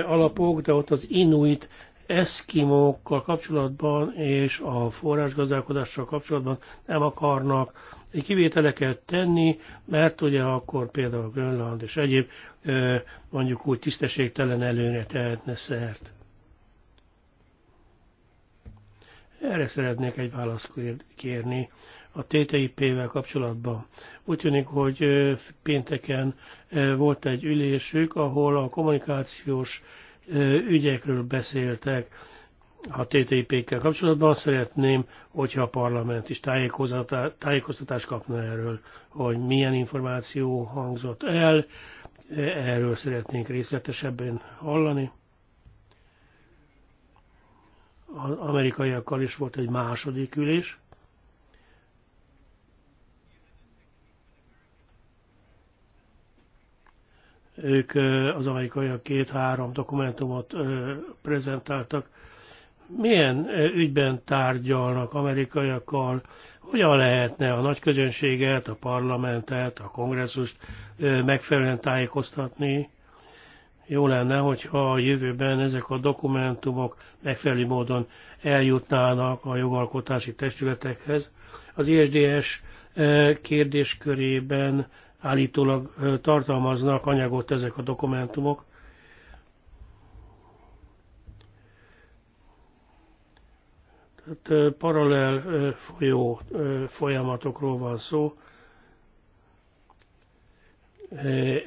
alapok, de ott az inuit eszkimókkal kapcsolatban és a forrásgazdálkodással kapcsolatban nem akarnak kivételeket tenni, mert ugye akkor például Grönland és egyéb mondjuk úgy tisztességtelen előre tehetne szert. Erre szeretnék egy választ kérni a TTIP-vel kapcsolatban. Úgy tűnik, hogy pénteken volt egy ülésük, ahol a kommunikációs ügyekről beszéltek a TTIP-kkel kapcsolatban. Szeretném, hogyha a parlament is tájékoztatást kapna erről, hogy milyen információ hangzott el, erről szeretnénk részletesebben hallani az amerikaiakkal is volt egy második ülés, Ők az amerikaiak két-három dokumentumot prezentáltak. Milyen ügyben tárgyalnak amerikaiakkal, hogyan lehetne a nagy közönséget, a parlamentet, a kongresszust megfelelően tájékoztatni. Jó lenne, hogyha a jövőben ezek a dokumentumok megfelelő módon eljutnának a jogalkotási testületekhez. Az ISDS kérdéskörében állítólag tartalmaznak anyagot ezek a dokumentumok. Tehát paralel folyó folyamatokról van szó,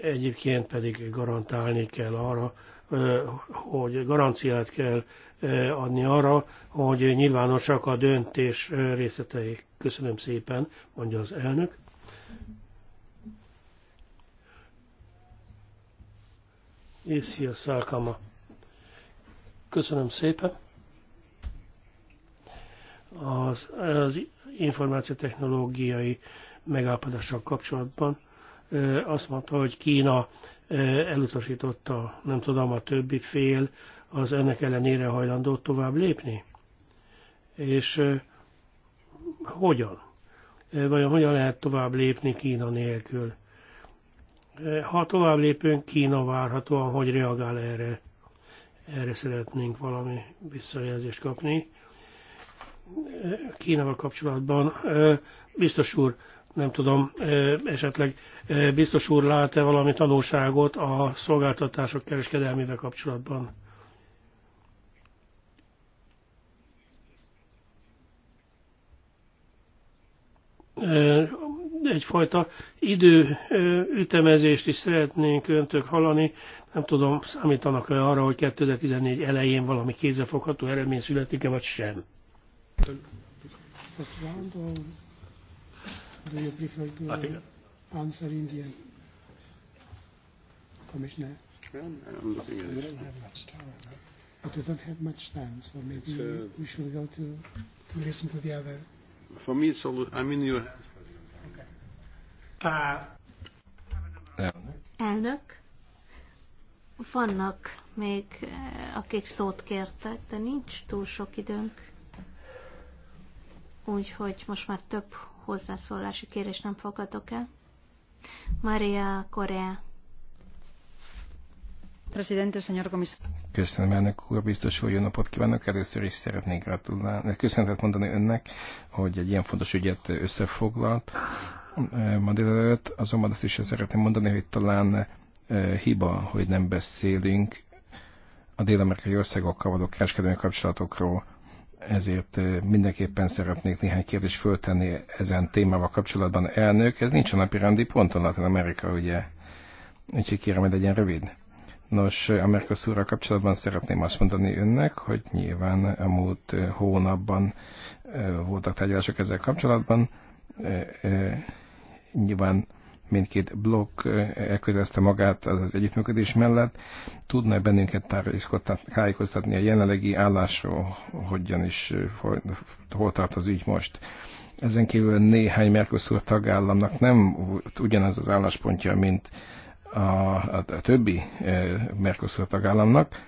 egyébként pedig garantálni kell arra, hogy garanciát kell adni arra, hogy nyilvánosak a döntés részletei. Köszönöm szépen, mondja az elnök. Észia Szálkama. Köszönöm szépen. Az, az információtechnológiai megállapodással kapcsolatban azt mondta, hogy Kína elutasította, nem tudom, a többi fél az ennek ellenére hajlandó tovább lépni? És hogyan? Vajon hogyan lehet tovább lépni Kína nélkül? Ha tovább lépünk, Kína várhatóan, hogy reagál erre. Erre szeretnénk valami visszajelzést kapni. Kínával kapcsolatban biztos úr, nem tudom, esetleg biztos úr lát-e valami tanulságot a szolgáltatások kereskedelmével kapcsolatban? egyfajta időütemezést is szeretnénk öntök hallani. Nem tudom, számítanak-e arra, hogy 2014 elején valami kézzelfogható eredmény születik-e, vagy sem? Hát hát Do I But we don't have much time, so maybe uh, we should go to, to listen to the other. For me, it's all, I mean, you Elnök. Elnök. Vannak még, eh, akik szót kértek, de nincs túl sok időnk. Úgyhogy most már több hozzászólási kérés nem fogadok el. Maria Korea. Presidente, señor comisario. Köszönöm, elnök úr, biztos hogy jó napot kívánok. Először is szeretnék gratulálni. Köszönetet mondani önnek, hogy egy ilyen fontos ügyet összefoglalt eh, ma délelőtt. Azonban azt is szeretném mondani, hogy talán eh, hiba, hogy nem beszélünk a dél-amerikai országokkal való kereskedelmi kapcsolatokról. Ezért eh, mindenképpen szeretnék néhány kérdést föltenni ezen témával kapcsolatban. Elnök, ez nincs a napi rendi ponton Latin Amerika, ugye? Úgyhogy kérem, hogy legyen rövid. Nos, a Mercosurral kapcsolatban szeretném azt mondani önnek, hogy nyilván a múlt eh, hónapban eh, voltak tárgyalások ezzel kapcsolatban. Eh, nyilván mindkét blokk elkötelezte magát az együttműködés mellett. Tudna bennünket tájékoztatni a jelenlegi állásról, hogyan is, hol tart az ügy most. Ezen kívül néhány Mercosur tagállamnak nem ugyanaz az álláspontja, mint a, a, a többi e, Mercosur tagállamnak,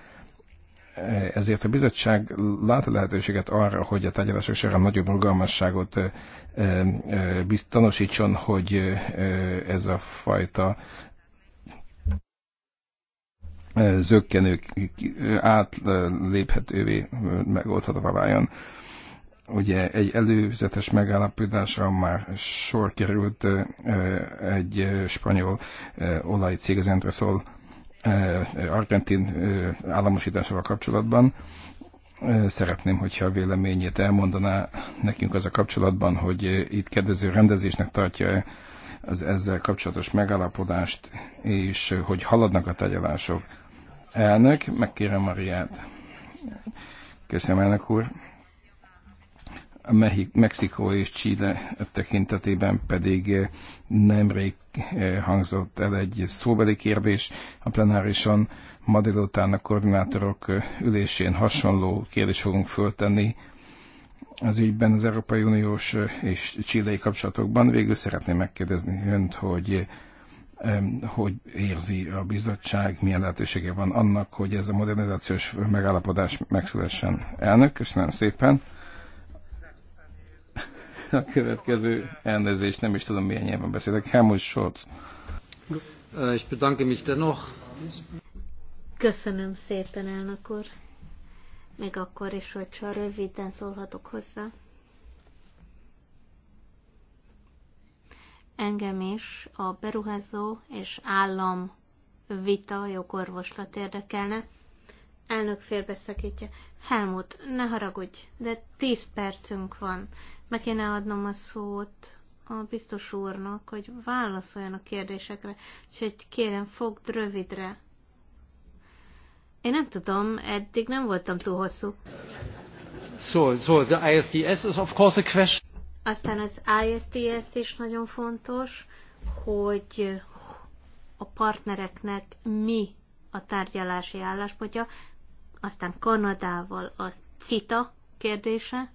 e, ezért a bizottság lát a lehetőséget arra, hogy a tárgyalások során nagyobb rugalmasságot e, biztosítson, hogy ez a fajta zöggenők átléphetővé megoldhatóvá váljon. Ugye egy előzetes megállapodásra már sor került egy spanyol olajcég, az Entresol argentin államosításával kapcsolatban. Szeretném, hogyha a véleményét elmondaná nekünk az a kapcsolatban, hogy itt kedvező rendezésnek tartja az ezzel kapcsolatos megállapodást, és hogy haladnak a tegyelások. Elnök, megkérem Mariát. Köszönöm, elnök úr. Mexikó és Chile tekintetében pedig eh, nemrég eh, hangzott el egy szóbeli kérdés a plenárison. Ma délután a koordinátorok eh, ülésén hasonló kérdést fogunk föltenni az ügyben az Európai Uniós és Csillai kapcsolatokban. Végül szeretném megkérdezni önt, hogy hogy érzi a bizottság, milyen lehetősége van annak, hogy ez a modernizációs megállapodás megszülessen. Elnök, köszönöm szépen! a következő elnézés, nem is tudom milyen nyelven beszélek. Helmut Scholz. Ich bedanke mich dennoch. Köszönöm szépen, elnök úr. Még akkor is, hogy csak röviden szólhatok hozzá. Engem is a beruházó és állam vita jogorvoslat érdekelne. Elnök félbeszakítja. Helmut, ne haragudj, de tíz percünk van meg kéne adnom a szót a biztos úrnak, hogy válaszoljon a kérdésekre, úgyhogy kérem, fogd rövidre. Én nem tudom, eddig nem voltam túl hosszú. So, so the ISDS is of course a question. Aztán az ISDS is nagyon fontos, hogy a partnereknek mi a tárgyalási álláspontja, aztán Kanadával a CITA kérdése,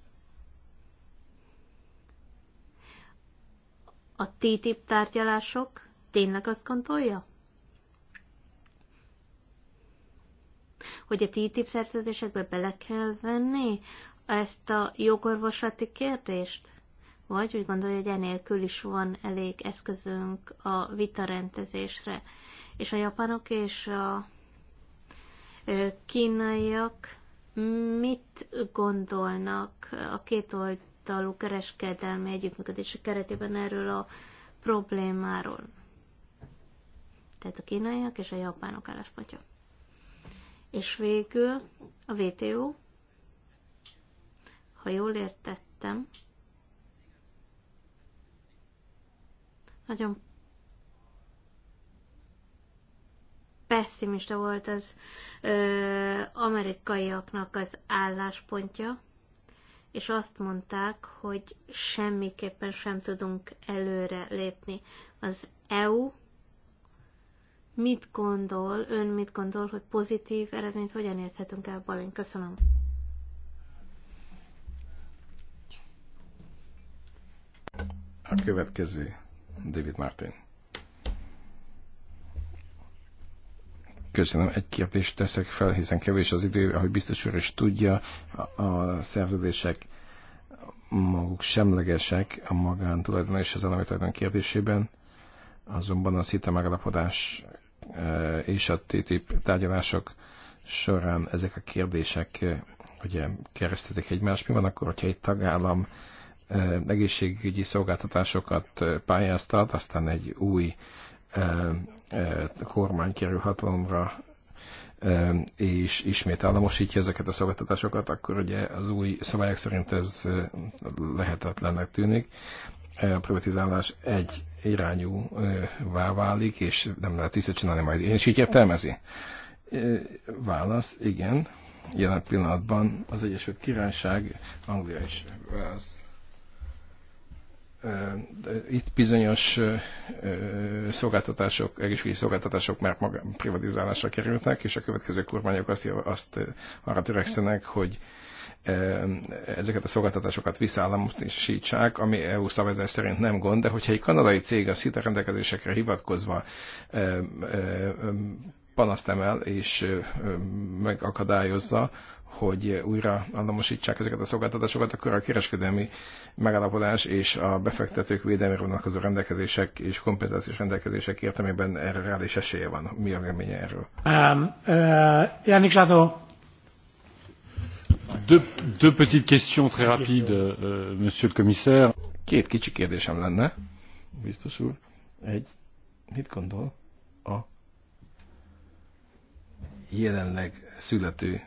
A TTIP tárgyalások tényleg azt gondolja? Hogy a TTIP szerződésekbe bele kell venni ezt a jogorvoslati kérdést? Vagy úgy gondolja, hogy enélkül is van elég eszközünk a vitarendezésre. És a japánok és a kínaiak mit gondolnak a két oldal általú kereskedelmi együttműködése keretében erről a problémáról. Tehát a kínaiak és a japánok álláspontja. És végül a WTO, ha jól értettem, nagyon pessimista volt az ö, amerikaiaknak az álláspontja, és azt mondták, hogy semmiképpen sem tudunk előre lépni. Az EU mit gondol, ön mit gondol, hogy pozitív eredményt hogyan érthetünk el, Balin? Köszönöm. A következő David Martin. Köszönöm, egy kérdést teszek fel, hiszen kevés az idő, ahogy biztos úr is tudja, a szerződések maguk semlegesek a magántulajdon és az állami tulajdon kérdésében, azonban a szinte megalapodás eh, és a TTIP tárgyalások során ezek a kérdések eh, ugye keresztezik egymást. Mi van akkor, hogyha egy tagállam eh, egészségügyi szolgáltatásokat pályáztat, aztán egy új kormány kerül hatalomra, és ismét államosítja ezeket a szolgáltatásokat, akkor ugye az új szabályok szerint ez lehetetlennek tűnik. A privatizálás egy irányúvá válik, és nem lehet tisztet csinálni majd. Én is így értelmezi. Válasz, igen. Jelen pillanatban az Egyesült Királyság, Anglia és Wales itt bizonyos szolgáltatások, egészségügyi szolgáltatások már maga privatizálásra kerültek, és a következő kormányok azt, azt arra törekszenek, hogy ezeket a szolgáltatásokat visszaállamosítsák, ami EU szabályzás szerint nem gond, de hogyha egy kanadai cég a szinte rendelkezésekre hivatkozva panaszt emel és megakadályozza hogy újra államosítsák ezeket a szolgáltatásokat, akkor a kereskedelmi megállapodás és a befektetők védelmi vonatkozó rendelkezések és kompenzációs rendelkezések értelmében erre reális esélye van. Mi a véleménye erről? Um, uh, Jánik Zsadó. De, de petites question très rapide, euh, monsieur le commissaire. Két kicsi kérdésem lenne, biztos úr. Egy, mit gondol a jelenleg születő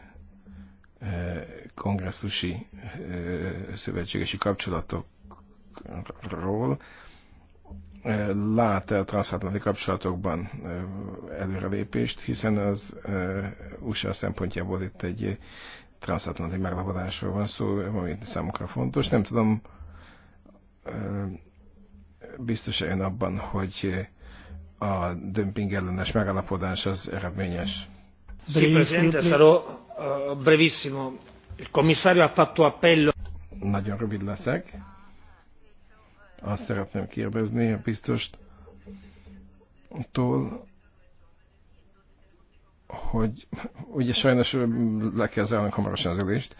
kongresszusi szövetségesi kapcsolatokról. Lát-e a transatlanti kapcsolatokban előrelépést, hiszen az USA szempontjából itt egy transzatlanti meglapodásról van szó, ami számukra fontos. Nem tudom, biztos én abban, hogy a dömping ellenes megállapodás az eredményes. Sí, Eh, Nagyon rövid leszek. Azt szeretném kérdezni a biztostól, hogy ugye sajnos le kell zárnunk hamarosan az ülést,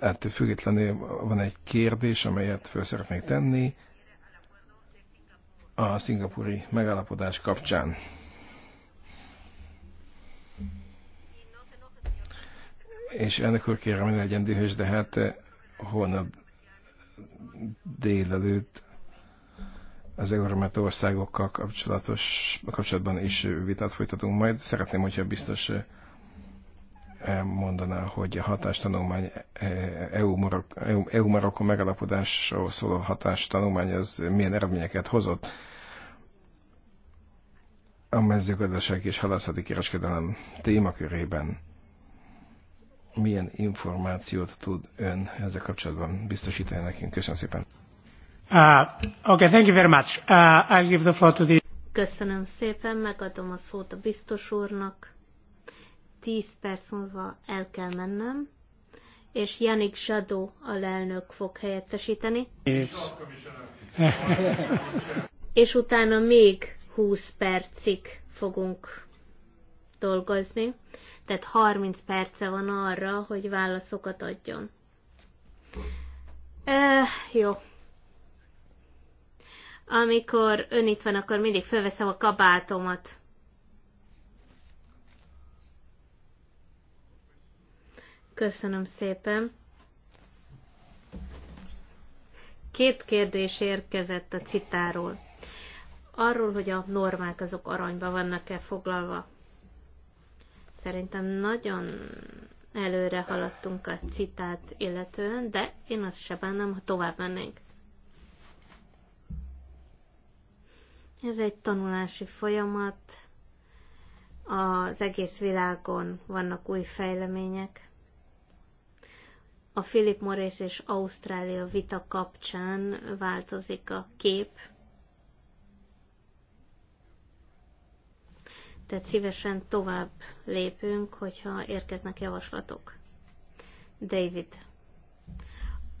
ettől függetlenül van egy kérdés, amelyet föl szeretnék tenni a szingapúri megállapodás kapcsán. És ennek úr kérem, hogy legyen dühös, de hát eh, holnap délelőtt az Euromet országokkal kapcsolatos, kapcsolatban is vitát folytatunk majd. Szeretném, hogyha biztos eh, mondaná, hogy a hatástanulmány eh, EU-Marokko megalapodásról szóló hatástanulmány az milyen eredményeket hozott a mezőgazdaság és halászati kereskedelem témakörében milyen információt tud ön ezzel kapcsolatban biztosítani nekünk. Köszönöm szépen. Uh, okay, thank you very much. Uh, I'll give the floor to the... Köszönöm szépen, megadom a szót a biztos úrnak. Tíz perc múlva el kell mennem, és Janik Zsadó lelnök fog helyettesíteni. és utána még 20 percig fogunk dolgozni, tehát 30 perce van arra, hogy válaszokat adjon. Öh, jó. Amikor ön itt van, akkor mindig felveszem a kabátomat. Köszönöm szépen. Két kérdés érkezett a citáról. Arról, hogy a normák azok aranyba vannak-e foglalva. Szerintem nagyon előre haladtunk a citát illetően, de én azt se bánom, ha tovább mennénk. Ez egy tanulási folyamat, az egész világon vannak új fejlemények. A Philip Morris és Ausztrália vita kapcsán változik a kép, Tehát szívesen tovább lépünk, hogyha érkeznek javaslatok. David.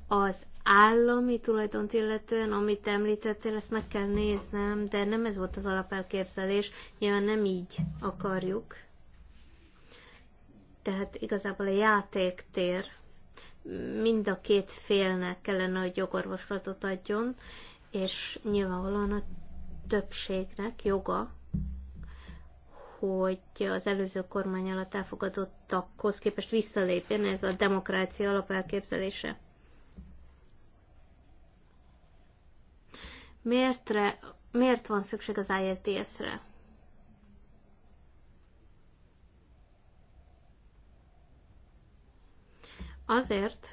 Az állami tulajdont illetően, amit említettél, ezt meg kell néznem, de nem ez volt az alapelképzelés, nyilván nem így akarjuk. Tehát igazából a játéktér mind a két félnek kellene, hogy jogorvoslatot adjon, és nyilvánvalóan a többségnek joga hogy az előző kormány alatt elfogadottakhoz képest visszalépjen, ez a demokrácia alapelképzelése. Miért, re, miért van szükség az ISDS-re? Azért,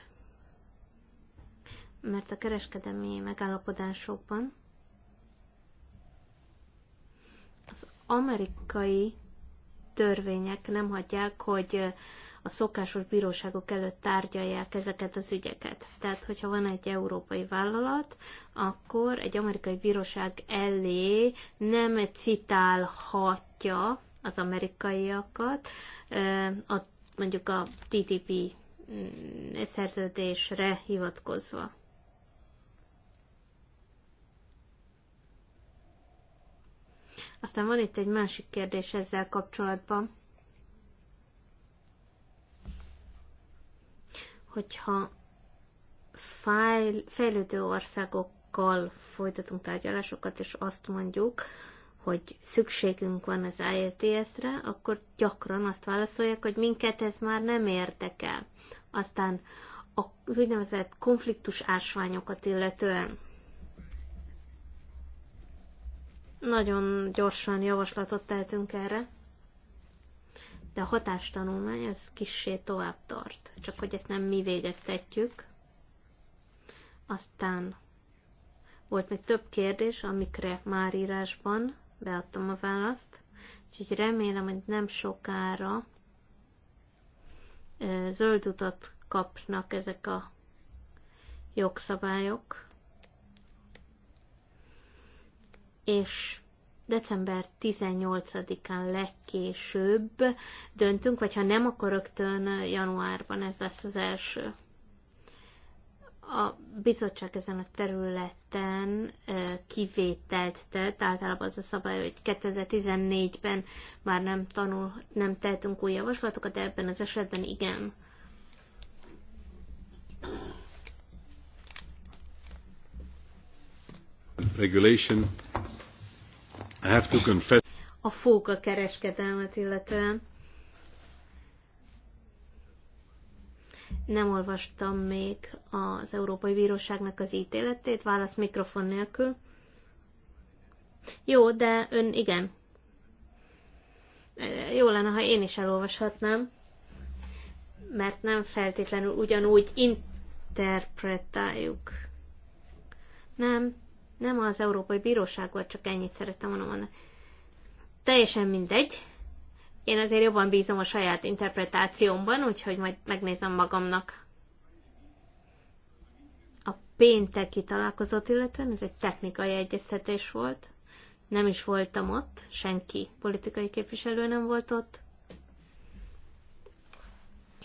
mert a kereskedelmi megállapodásokban amerikai törvények nem hagyják, hogy a szokásos bíróságok előtt tárgyalják ezeket az ügyeket. Tehát, hogyha van egy európai vállalat, akkor egy amerikai bíróság elé nem citálhatja az amerikaiakat a, mondjuk a TTP mm, szerződésre hivatkozva. Aztán van itt egy másik kérdés ezzel kapcsolatban, hogyha fájl, fejlődő országokkal folytatunk tárgyalásokat, és azt mondjuk, hogy szükségünk van az ISDS-re, akkor gyakran azt válaszolják, hogy minket ez már nem érdekel. Aztán az úgynevezett konfliktus ásványokat illetően Nagyon gyorsan javaslatot tehetünk erre, de a hatástanulmány az kissé tovább tart, csak hogy ezt nem mi végeztetjük. Aztán volt még több kérdés, amikre már írásban beadtam a választ, úgyhogy remélem, hogy nem sokára zöld utat kapnak ezek a jogszabályok, és december 18-án legkésőbb döntünk, vagy ha nem, akkor rögtön januárban ez lesz az első. A bizottság ezen a területen kivételt tett, általában az a szabály, hogy 2014-ben már nem, tanul, nem tehetünk új javaslatokat, de ebben az esetben igen. Regulation Hát, A fóka kereskedelmet illetően. Nem olvastam még az Európai Bíróságnak az ítéletét, válasz mikrofon nélkül. Jó, de ön igen. Jó lenne, ha én is elolvashatnám, mert nem feltétlenül ugyanúgy interpretáljuk. Nem, nem az Európai Bíróság volt, csak ennyit szerettem volna mondani. Teljesen mindegy. Én azért jobban bízom a saját interpretációmban, úgyhogy majd megnézem magamnak a pénteki találkozót, illetően ez egy technikai egyeztetés volt. Nem is voltam ott, senki politikai képviselő nem volt ott.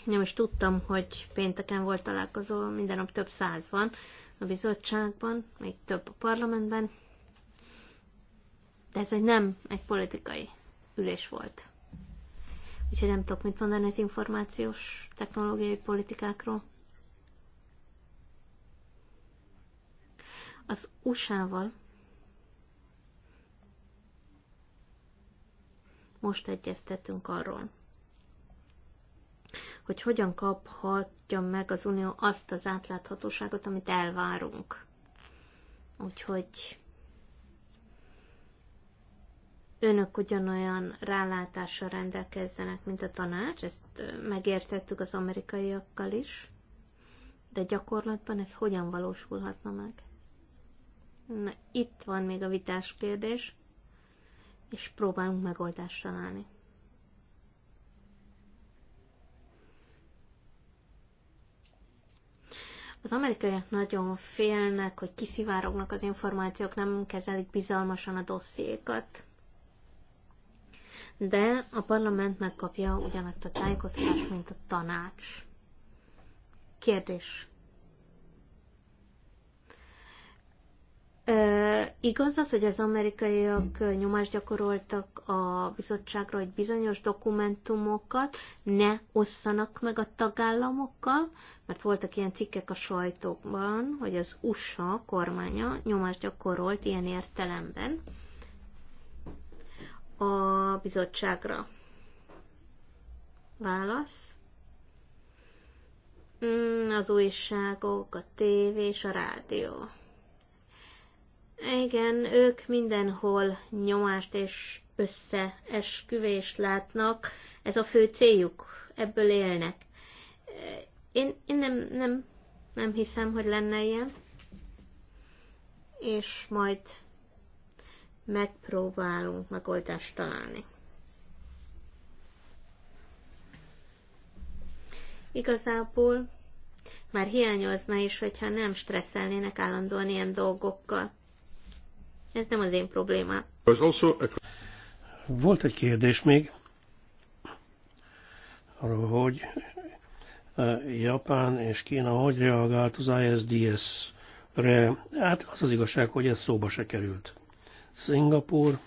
Nem is tudtam, hogy pénteken volt találkozó, minden nap több száz van, a bizottságban, még több a parlamentben, de ez egy nem egy politikai ülés volt. Úgyhogy nem tudok mit mondani az információs technológiai politikákról. Az USA-val most egyeztetünk arról, hogy hogyan kaphatja meg az Unió azt az átláthatóságot, amit elvárunk. Úgyhogy önök ugyanolyan rálátással rendelkezzenek, mint a tanács, ezt megértettük az amerikaiakkal is, de gyakorlatban ez hogyan valósulhatna meg? Na, itt van még a vitás kérdés, és próbálunk megoldást találni. Az amerikaiak nagyon félnek, hogy kiszivárognak az információk, nem kezelik bizalmasan a dossziékat. De a parlament megkapja ugyanazt a tájékoztatást, mint a tanács. Kérdés. E, igaz az, hogy az amerikaiak nyomást gyakoroltak a bizottságra, hogy bizonyos dokumentumokat ne osszanak meg a tagállamokkal, mert voltak ilyen cikkek a sajtókban, hogy az USA kormánya nyomást gyakorolt ilyen értelemben a bizottságra. Válasz? Mm, az újságok, a tévé és a rádió. Igen, ők mindenhol nyomást és összeesküvést látnak, ez a fő céljuk, ebből élnek. Én, én nem, nem, nem hiszem, hogy lenne ilyen. És majd megpróbálunk megoldást találni. Igazából már hiányozna is, hogyha nem stresszelnének állandóan ilyen dolgokkal. Ez nem az én problémám. Volt egy kérdés még arról, hogy eh, Japán és Kína hogy reagált az ISDS-re. Hát az az igazság, hogy ez szóba se került. Szingapur,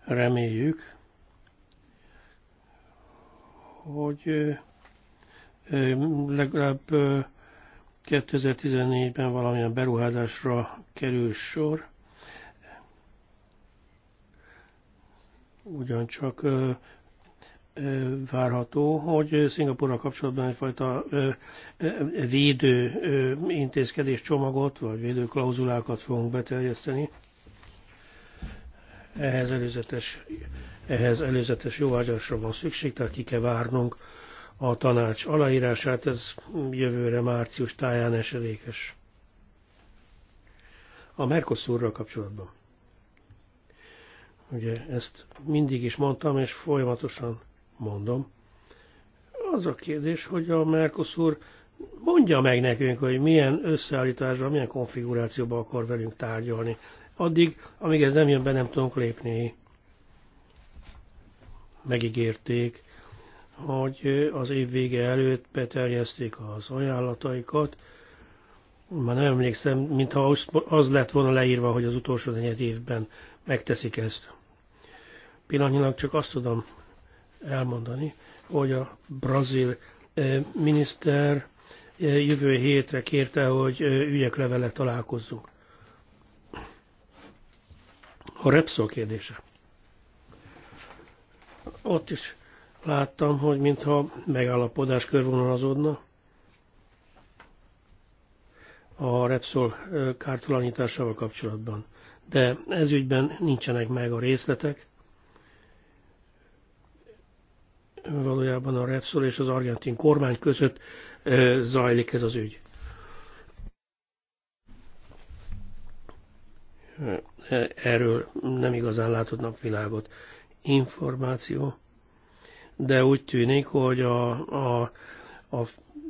reméljük, hogy eh, eh, legalább 2014-ben valamilyen beruházásra kerül sor, ugyancsak várható, hogy Szingapurra kapcsolatban egyfajta védő intézkedés csomagot, vagy klauzulákat fogunk beterjeszteni. Ehhez előzetes, ehhez előzetes jóvágyásra van szükség, tehát ki kell várnunk a tanács aláírását, ez jövőre március táján esedékes. A Mercosurral kapcsolatban. Ugye ezt mindig is mondtam, és folyamatosan mondom. Az a kérdés, hogy a Mercosur mondja meg nekünk, hogy milyen összeállításban, milyen konfigurációban akar velünk tárgyalni. Addig, amíg ez nem jön be, nem tudunk lépni. Megígérték, hogy az év vége előtt beterjeszték az ajánlataikat. Már nem emlékszem, mintha az lett volna leírva, hogy az utolsó negyed évben megteszik ezt. Pillanatnyilag csak azt tudom elmondani, hogy a brazil eh, miniszter eh, jövő hétre kérte, hogy eh, ügyek levele találkozzunk. A repszó kérdése. Ott is Láttam, hogy mintha megállapodás körvonalazódna. A Repsol kártalanításával kapcsolatban. De ez ügyben nincsenek meg a részletek. Valójában a Repsol és az argentin kormány között zajlik ez az ügy. erről nem igazán látod napvilágot. Információ de úgy tűnik, hogy a, a, a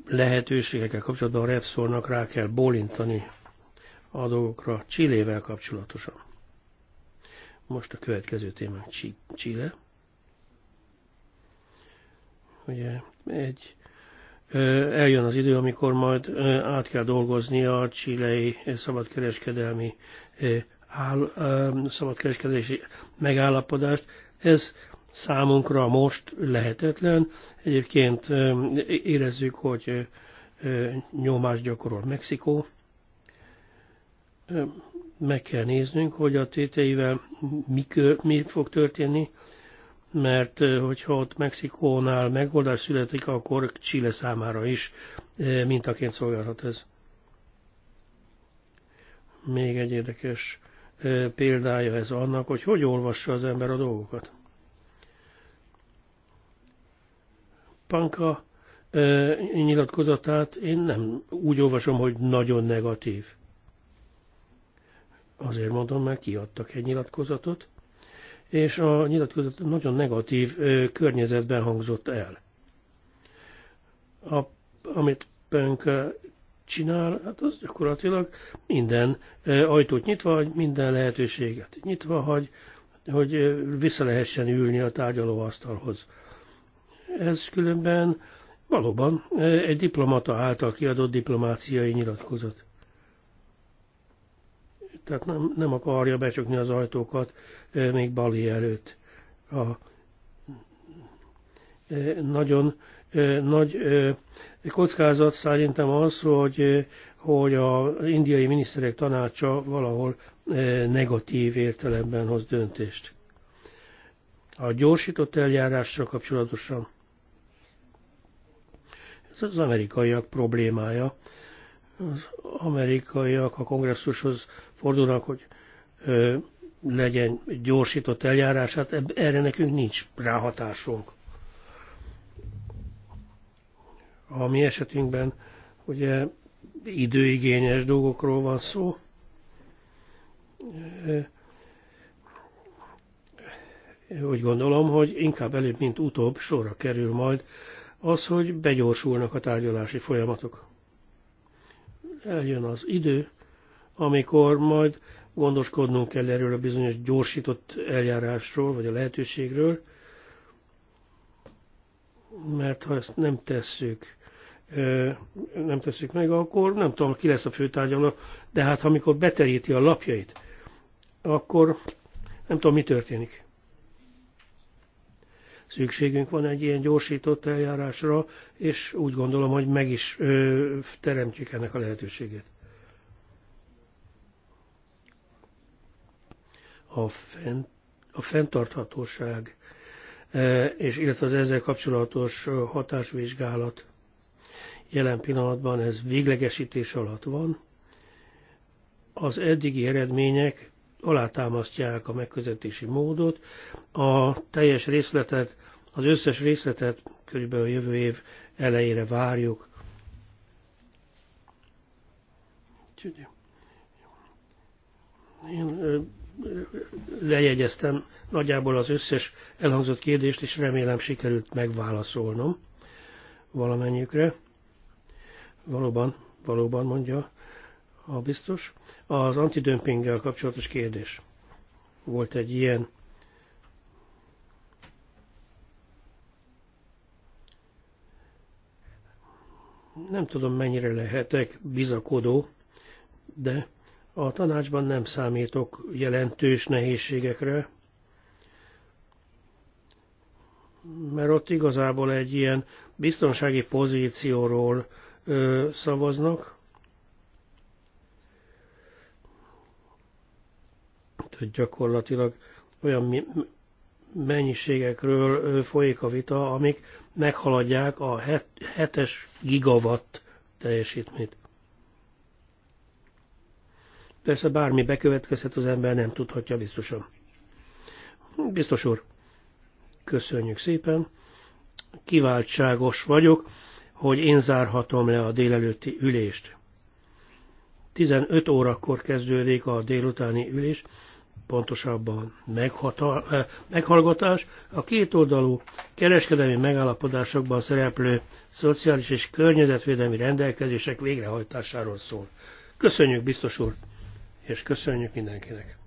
lehetőségekkel kapcsolatban a Repsolnak rá kell bólintani a dolgokra Csillével kapcsolatosan. Most a következő témánk Csille. Ugye egy eljön az idő, amikor majd át kell dolgozni a csilei szabadkereskedelmi áll, szabadkereskedési megállapodást. Ez számunkra most lehetetlen. Egyébként érezzük, hogy nyomást gyakorol Mexikó. Meg kell néznünk, hogy a tételével mi, mi fog történni, mert hogyha ott Mexikónál megoldás születik, akkor Chile számára is mintaként szolgálhat ez. Még egy érdekes példája ez annak, hogy hogy olvassa az ember a dolgokat. Panka nyilatkozatát én nem úgy olvasom, hogy nagyon negatív. Azért mondom, mert kiadtak egy nyilatkozatot, és a nyilatkozat nagyon negatív környezetben hangzott el. A, amit Panka csinál, hát az gyakorlatilag minden ajtót nyitva, minden lehetőséget nyitva hogy hogy vissza lehessen ülni a tárgyalóasztalhoz. Ez különben valóban e, egy diplomata által kiadott diplomáciai nyilatkozat. Tehát nem, nem akarja becsukni az ajtókat e, még Bali előtt. A e, nagyon nagy kockázat szerintem az, hogy, hogy az indiai miniszterek tanácsa valahol negatív értelemben hoz döntést. A gyorsított eljárásra kapcsolatosan ez hát az amerikaiak problémája. Az amerikaiak a kongresszushoz fordulnak, hogy ö, legyen gyorsított eljárás, hát erre nekünk nincs ráhatásunk. A mi esetünkben ugye időigényes dolgokról van szó. Úgy gondolom, hogy inkább előbb, mint utóbb sorra kerül majd az, hogy begyorsulnak a tárgyalási folyamatok. Eljön az idő, amikor majd gondoskodnunk kell erről a bizonyos gyorsított eljárásról, vagy a lehetőségről, mert ha ezt nem tesszük, nem tesszük meg, akkor nem tudom, ki lesz a főtárgyaló. de hát amikor beteríti a lapjait, akkor nem tudom, mi történik. Szükségünk van egy ilyen gyorsított eljárásra, és úgy gondolom, hogy meg is ö, teremtjük ennek a lehetőségét. A, fent, a fenntarthatóság, és illetve az ezzel kapcsolatos hatásvizsgálat jelen pillanatban ez véglegesítés alatt van. Az eddigi eredmények alátámasztják a megközelítési módot. A teljes részletet, az összes részletet körülbelül a jövő év elejére várjuk. Én lejegyeztem nagyjából az összes elhangzott kérdést, és remélem sikerült megválaszolnom valamennyiükre. Valóban, valóban mondja a biztos. Az antidömpinggel kapcsolatos kérdés. Volt egy ilyen. Nem tudom, mennyire lehetek bizakodó, de a tanácsban nem számítok jelentős nehézségekre, mert ott igazából egy ilyen biztonsági pozícióról ö, szavaznak, hogy gyakorlatilag olyan mennyiségekről folyik a vita, amik meghaladják a 7-es gigawatt teljesítményt. Persze bármi bekövetkezhet, az ember nem tudhatja biztosan. Biztos úr, köszönjük szépen. Kiváltságos vagyok, hogy én zárhatom le a délelőtti ülést. 15 órakor kezdődik a délutáni ülés, pontosabban eh, meghallgatás, a kétoldalú kereskedelmi megállapodásokban szereplő szociális és környezetvédelmi rendelkezések végrehajtásáról szól. Köszönjük, biztos úr, és köszönjük mindenkinek!